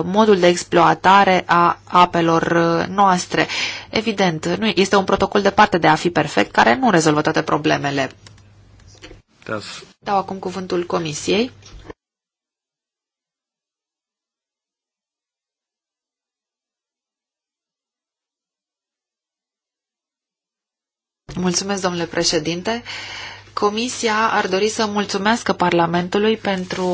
modul de exploatare a apelor noastre. Evident, nu este un protocol departe de a fi perfect care nu rezolvă toate problemele. Da. Dau acum cuvântul Comisiei. Mulțumesc, domnule președinte. Comisia ar dori să mulțumească Parlamentului pentru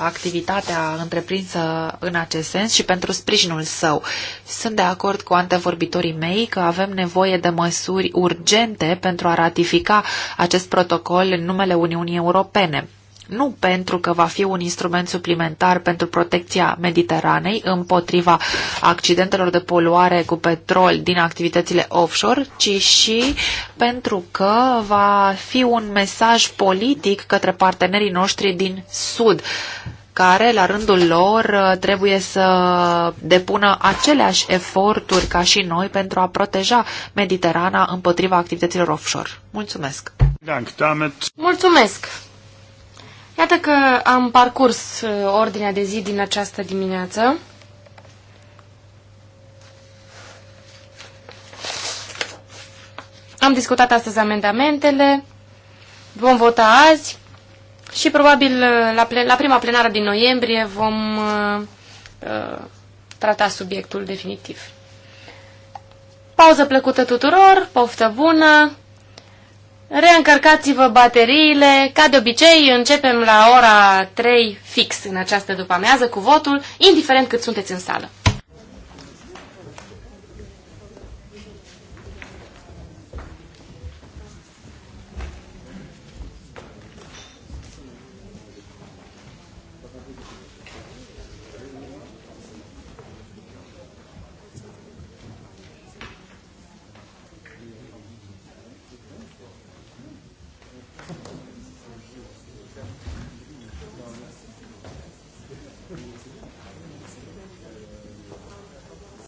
activitatea întreprinsă în acest sens și pentru sprijinul său. Sunt de acord cu antevorbitorii mei că avem nevoie de măsuri urgente pentru a ratifica acest protocol în numele Uniunii Europene nu pentru că va fi un instrument suplimentar pentru protecția Mediteranei împotriva accidentelor de poluare cu petrol din activitățile offshore, ci și pentru că va fi un mesaj politic către partenerii noștri din Sud care, la rândul lor, trebuie să depună aceleași eforturi ca și noi pentru a proteja Mediterana împotriva activităților offshore. Mulțumesc! Mulțumesc!
Iată că am parcurs uh, ordinea de zi din această dimineață. Am discutat astăzi amendamentele, vom vota azi și probabil uh, la, plen la prima plenară din noiembrie vom uh, uh trata subiectul definitiv. Pauză plăcută tuturor, poftă bună! Reîncărcați-vă bateriile, ca de obicei începem la ora 3 fix în această după-amiază cu votul, indiferent cât sunteți în sală.